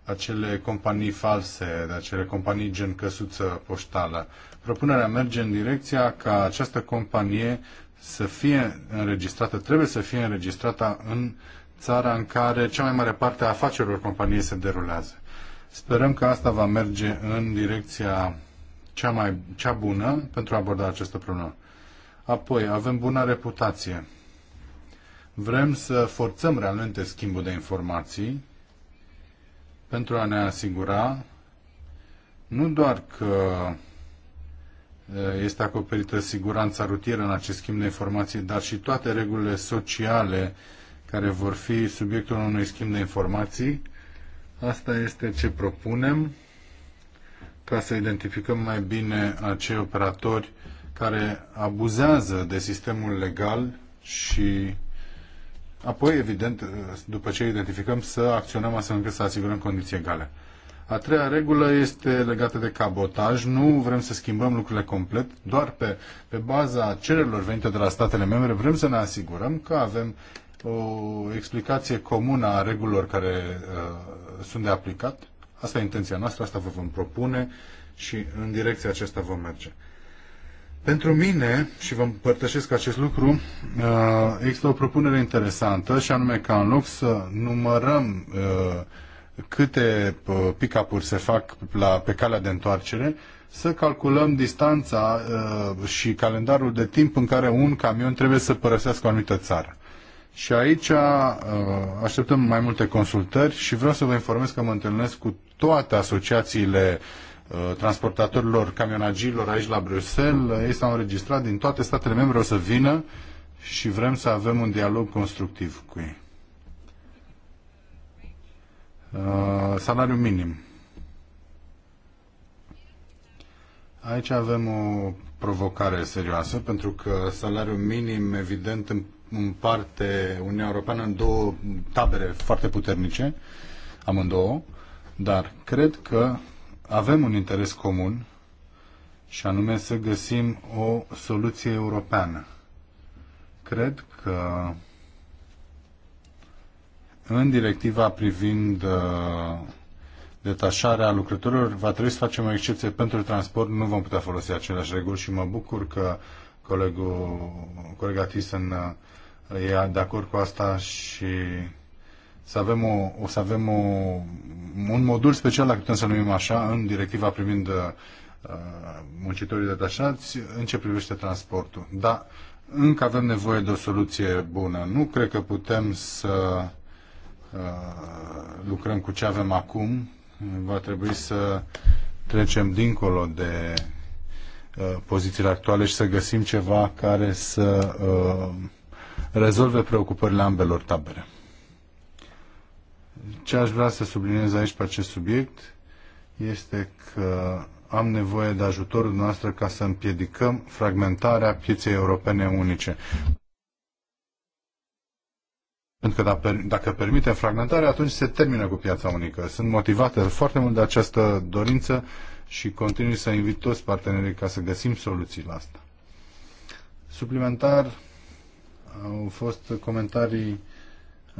Speaker 4: acele companii false, de acele companii gen căsuță poștală. Propunerea merge în direcția ca această companie să fie înregistrată, trebuie să fie înregistrată în țara în care cea mai mare parte a afacerilor companiei se derulează. Sperăm că asta va merge în direcția cea, mai, cea bună pentru a aborda această problemă. Apoi, avem bună reputație. Vrem să forțăm realmente schimbul de informații pentru a ne asigura nu doar că uh, este acoperită siguranța rutieră în acest schimb de informații, dar și toate regulile sociale care vor fi subiectul unui schimb de informații. Asta este ce propunem ca să identificăm mai bine acei operatori care abuzează de sistemul legal și Apoi, evident, după ce identificăm, să acționăm astfel încât să asigurăm condiții egale. A treia regulă este legată de cabotaj. Nu vrem să schimbăm lucrurile complet, doar pe, pe baza cererilor venite de la statele membre vrem să ne asigurăm că avem o explicație comună a regulilor care uh, sunt de aplicat. Asta e intenția noastră, asta vă vom propune și în direcția aceasta vom merge. Pentru mine, și vă împărtășesc acest lucru, uh, există o propunere interesantă și anume ca în loc să numărăm uh, câte uh, pick-up-uri se fac la, pe calea de întoarcere, să calculăm distanța și calendarul de timp în care un camion trebuie să părăsească o anumită țară. Și aici așteptăm mai multe consultări și vreau să vă informez că mă întâlnesc cu toate asociațiile uh, Uh, transportatorilor, camionagilor aici la Bruxelles. Ei s-au înregistrat din toate statele membre, o să vină și vrem să avem un dialog constructiv cu ei. Uh, salariu minim. Aici avem o provocare serioasă, pentru că salariul minim, evident, împarte Uniunea Europeană în două tabere foarte puternice, amândouă, dar cred că avem un interes comun și anume să găsim o soluție europeană. Cred că în directiva privind uh, detașarea lucrătorilor va trebui să facem o excepție pentru transport, nu vom putea folosi aceleași reguli și mă bucur că colegul, colega Thyssen uh, e de acord cu asta și să avem, o, o să avem o, un modul special, dacă putem să numim așa, în directiva privind uh, muncitorii detașați în ce privește transportul. Dar încă avem nevoie de o soluție bună. Nu cred că putem să uh, lucrăm cu ce avem acum. Va trebui să trecem dincolo de uh, pozițiile actuale și să găsim ceva care să uh, rezolve preocupările ambelor tabere. Ce aș vrea să subliniez aici pe acest subiect este că am nevoie de ajutorul noastră ca să împiedicăm fragmentarea pieței europene unice. Pentru că dacă permite fragmentarea, atunci se termină cu piața unică. Sunt motivate foarte mult de această dorință și continui să invit toți partenerii ca să găsim soluții la asta. Suplimentar au fost comentarii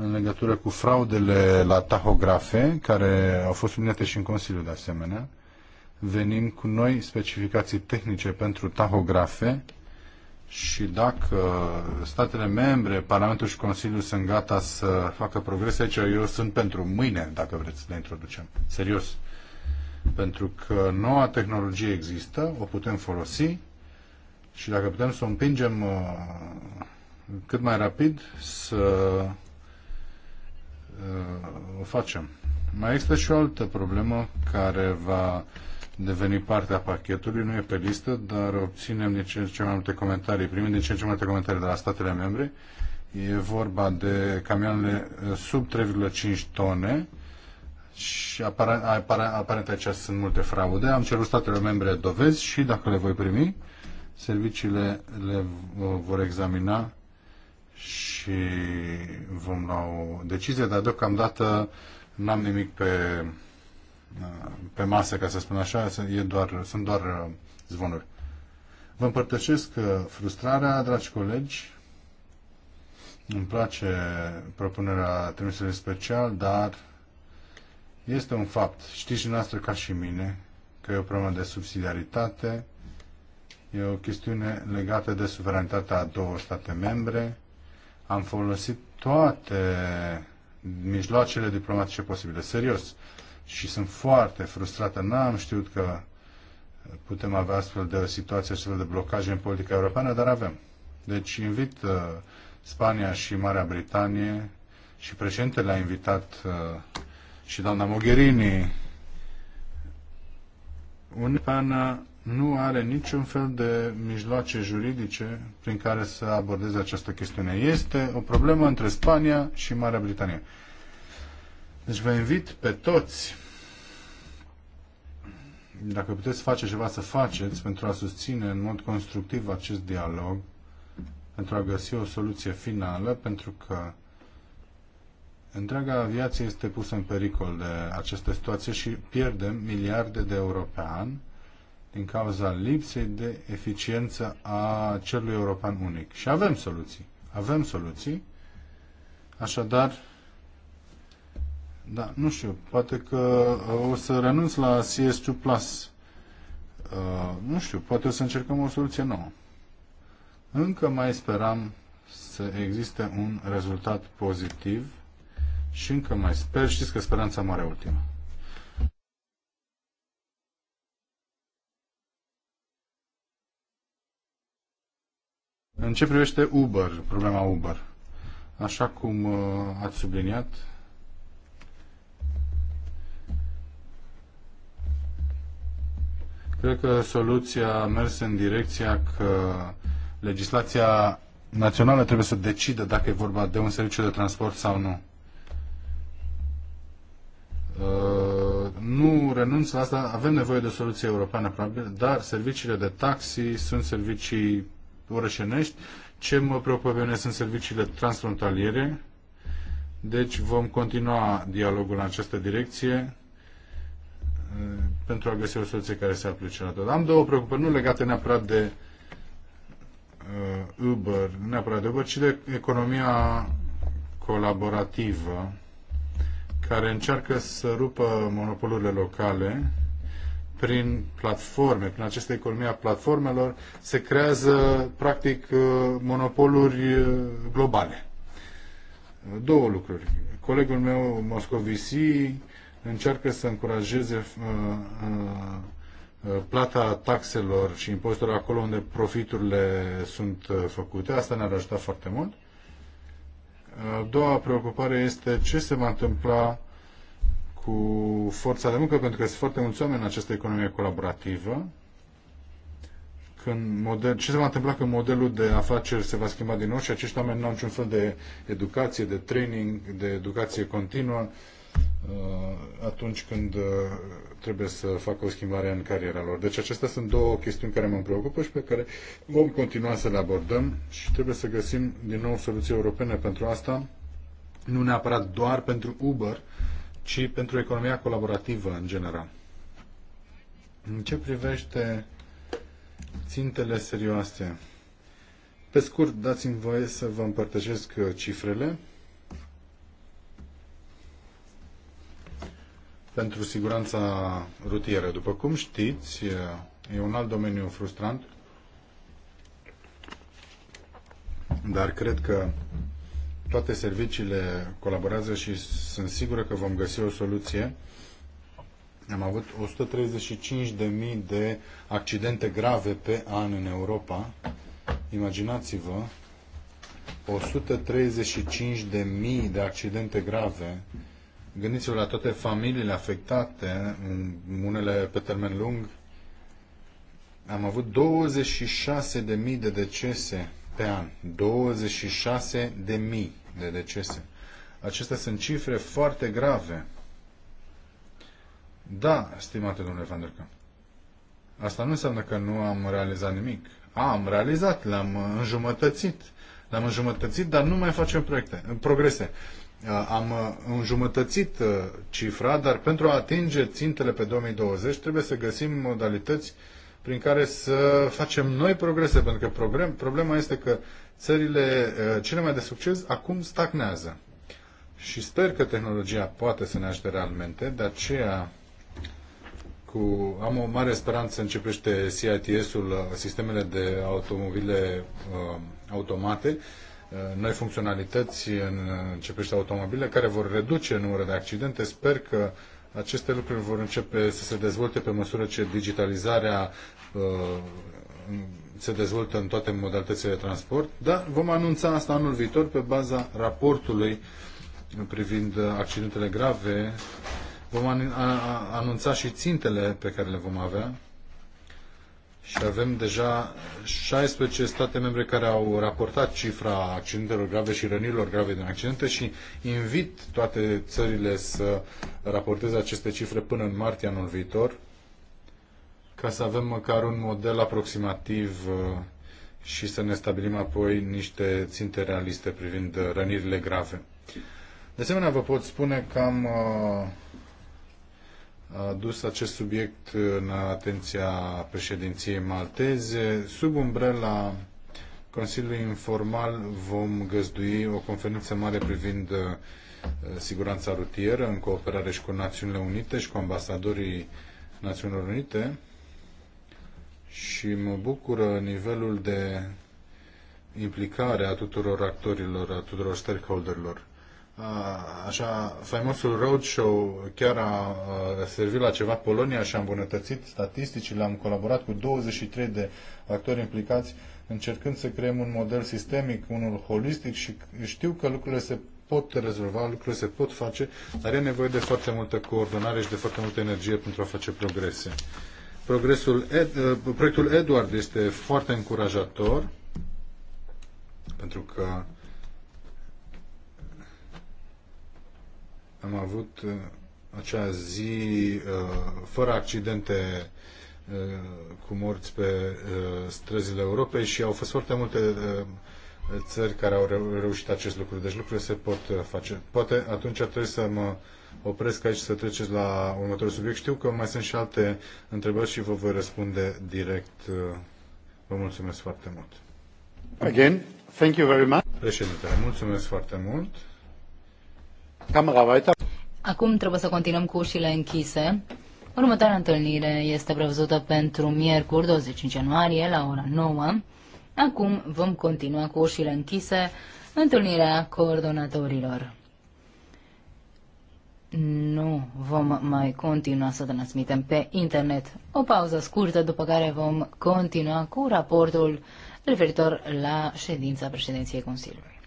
Speaker 4: în legătură cu fraudele la tahografe, care au fost subliniate și în Consiliu de asemenea. Venim cu noi specificații tehnice pentru tahografe și dacă statele membre, Parlamentul și Consiliul sunt gata să facă progrese aici, eu sunt pentru mâine, dacă vreți să le introducem. Serios. Pentru că noua tehnologie există, o putem folosi și dacă putem să o împingem uh, cât mai rapid, să Uh, o facem. Mai există și o altă problemă care va deveni parte a pachetului, nu e pe listă, dar obținem din ce în ce mai multe comentarii, primim din ce în ce mai multe comentarii de la statele membre. E vorba de camioanele uh, sub 3,5 tone și aparent, aparent aici sunt multe fraude. Am cerut statele membre dovezi și dacă le voi primi, serviciile le uh, vor examina și vom lua o decizie, dar deocamdată n-am nimic pe, pe masă, ca să spun așa, e doar, sunt doar uh, zvonuri. Vă împărtășesc uh, frustrarea, dragi colegi. Îmi place propunerea trimisului special, dar este un fapt. Știți și noastră ca și mine că e o problemă de subsidiaritate, e o chestiune legată de suveranitatea a două state membre, am folosit toate mijloacele diplomatice posibile, serios. Și sunt foarte frustrată. N-am știut că putem avea astfel de situații, astfel de blocaje în politica europeană, dar avem. Deci invit uh, Spania și Marea Britanie și președintele a invitat uh, și doamna Mogherini Uniunea Europeană nu are niciun fel de mijloace juridice prin care să abordeze această chestiune. Este o problemă între Spania și Marea Britanie. Deci vă invit pe toți, dacă puteți face ceva să faceți pentru a susține în mod constructiv acest dialog, pentru a găsi o soluție finală, pentru că întreaga aviație este pusă în pericol de această situație și pierdem miliarde de euro pe an din cauza lipsei de eficiență a cerului european unic. Și avem soluții. Avem soluții. Așadar, da, nu știu, poate că uh, o să renunț la CS2+. Plus. Uh, nu știu, poate o să încercăm o soluție nouă. Încă mai speram să existe un rezultat pozitiv și încă mai sper, știți că speranța mare ultima. În ce privește Uber, problema Uber, așa cum uh, ați subliniat, Cred că soluția a mers în direcția că legislația națională trebuie să decidă dacă e vorba de un serviciu de transport sau nu. Uh, nu renunț la asta, avem nevoie de o soluție europeană, probabil, dar serviciile de taxi sunt servicii orășenești. Ce mă preocupă pe mine sunt serviciile transfrontaliere. Deci vom continua dialogul în această direcție eh, pentru a găsi o soluție care se aplice la tot. Am două preocupări, nu legate neapărat de uh, Uber, neapărat de Uber, ci de economia colaborativă care încearcă să rupă monopolurile locale prin platforme, prin această economie a platformelor, se creează practic uh, monopoluri uh, globale. Două lucruri. Colegul meu, Moscovici, încearcă să încurajeze uh, plata taxelor și impozitelor acolo unde profiturile sunt făcute. Asta ne-ar ajuta foarte mult. A doua preocupare este ce se va întâmpla cu forța de muncă, pentru că sunt foarte mulți oameni în această economie colaborativă. Când model, ce se va întâmpla când modelul de afaceri se va schimba din nou și acești oameni nu au niciun fel de educație, de training, de educație continuă uh, atunci când uh, trebuie să facă o schimbare în cariera lor. Deci acestea sunt două chestiuni care mă preocupă și pe care vom continua să le abordăm și trebuie să găsim din nou soluții europene pentru asta, nu neapărat doar pentru Uber, ci pentru economia colaborativă în general. În ce privește țintele serioase, pe scurt, dați-mi voie să vă împărtășesc uh, cifrele. Pentru siguranța rutieră, după cum știți, uh, e un alt domeniu frustrant, dar cred că toate serviciile colaborează și sunt sigură că vom găsi o soluție. Am avut 135.000 de accidente grave pe an în Europa. Imaginați-vă, 135.000 de accidente grave. Gândiți-vă la toate familiile afectate, unele pe termen lung. Am avut 26.000 de decese pe an. 26 de mii de decese. Acestea sunt cifre foarte grave. Da, stimate domnule Van der Kamp. Asta nu înseamnă că nu am realizat nimic. A, am realizat, l am înjumătățit. l am înjumătățit, dar nu mai facem proiecte, progrese. Uh, am uh, înjumătățit uh, cifra, dar pentru a atinge țintele pe 2020 trebuie să găsim modalități uh, prin care să facem noi progrese, pentru că problem, problema este că țările eh, cele mai de succes acum stagnează. Și sper că tehnologia poate să ne ajute realmente, de aceea cu, am o mare speranță să ce CITS-ul, eh, sistemele de automobile uh, automate, uh, noi funcționalități în începește automobile care vor reduce numărul de accidente. Sper că uh, aceste lucruri vor începe să se dezvolte pe măsură ce digitalizarea uh, se dezvoltă în toate modalitățile de transport, dar vom anunța asta anul viitor pe baza raportului privind accidentele grave. Vom anunța și țintele pe care le vom avea și avem deja 16 state membre care au raportat cifra accidentelor grave și rănilor grave din accidente și invit toate țările să raporteze aceste cifre până în martie anul viitor ca să avem măcar un model aproximativ uh, și să ne stabilim apoi niște ținte realiste privind uh, rănirile grave. De asemenea, vă pot spune cam uh, dus acest subiect în atenția președinției malteze. Sub umbrela Consiliului Informal vom găzdui o conferință mare privind uh, siguranța rutieră în cooperare și cu Națiunile Unite și cu ambasadorii Națiunilor Unite și mă bucură nivelul de implicare a tuturor actorilor, a tuturor stakeholderilor așa, faimosul roadshow chiar a servit la ceva Polonia și a îmbunătățit statisticile, am colaborat cu 23 de actori implicați încercând să creăm un model sistemic, unul holistic și știu că lucrurile se pot rezolva, lucrurile se pot face, dar e nevoie de foarte multă coordonare și de foarte multă energie pentru a face progrese. Progresul Ed, uh, proiectul Edward este foarte încurajator pentru că am avut uh, acea zi uh, fără accidente uh, cu morți pe străzile Europei și au fost foarte multe țări care au reușit acest lucru. Deci lucrurile se pot face. Poate atunci trebuie să mă opresc aici să treceți la următorul subiect. Știu că mai sunt și alte întrebări și vă voi răspunde direct. Vă mulțumesc foarte mult. Again, thank you very much. Președinte, mulțumesc foarte mult. Camera weiter.
Speaker 3: Acum trebuie să continuăm cu ușile închise. Următoarea întâlnire este prevăzută pentru miercuri, 25 ianuarie, la ora 9. Acum vom continua cu ușile închise, întâlnirea coordonatorilor. Nu vom mai continua să transmitem pe internet. O pauză scurtă, după care vom continua cu raportul referitor la ședința președinției Consiliului.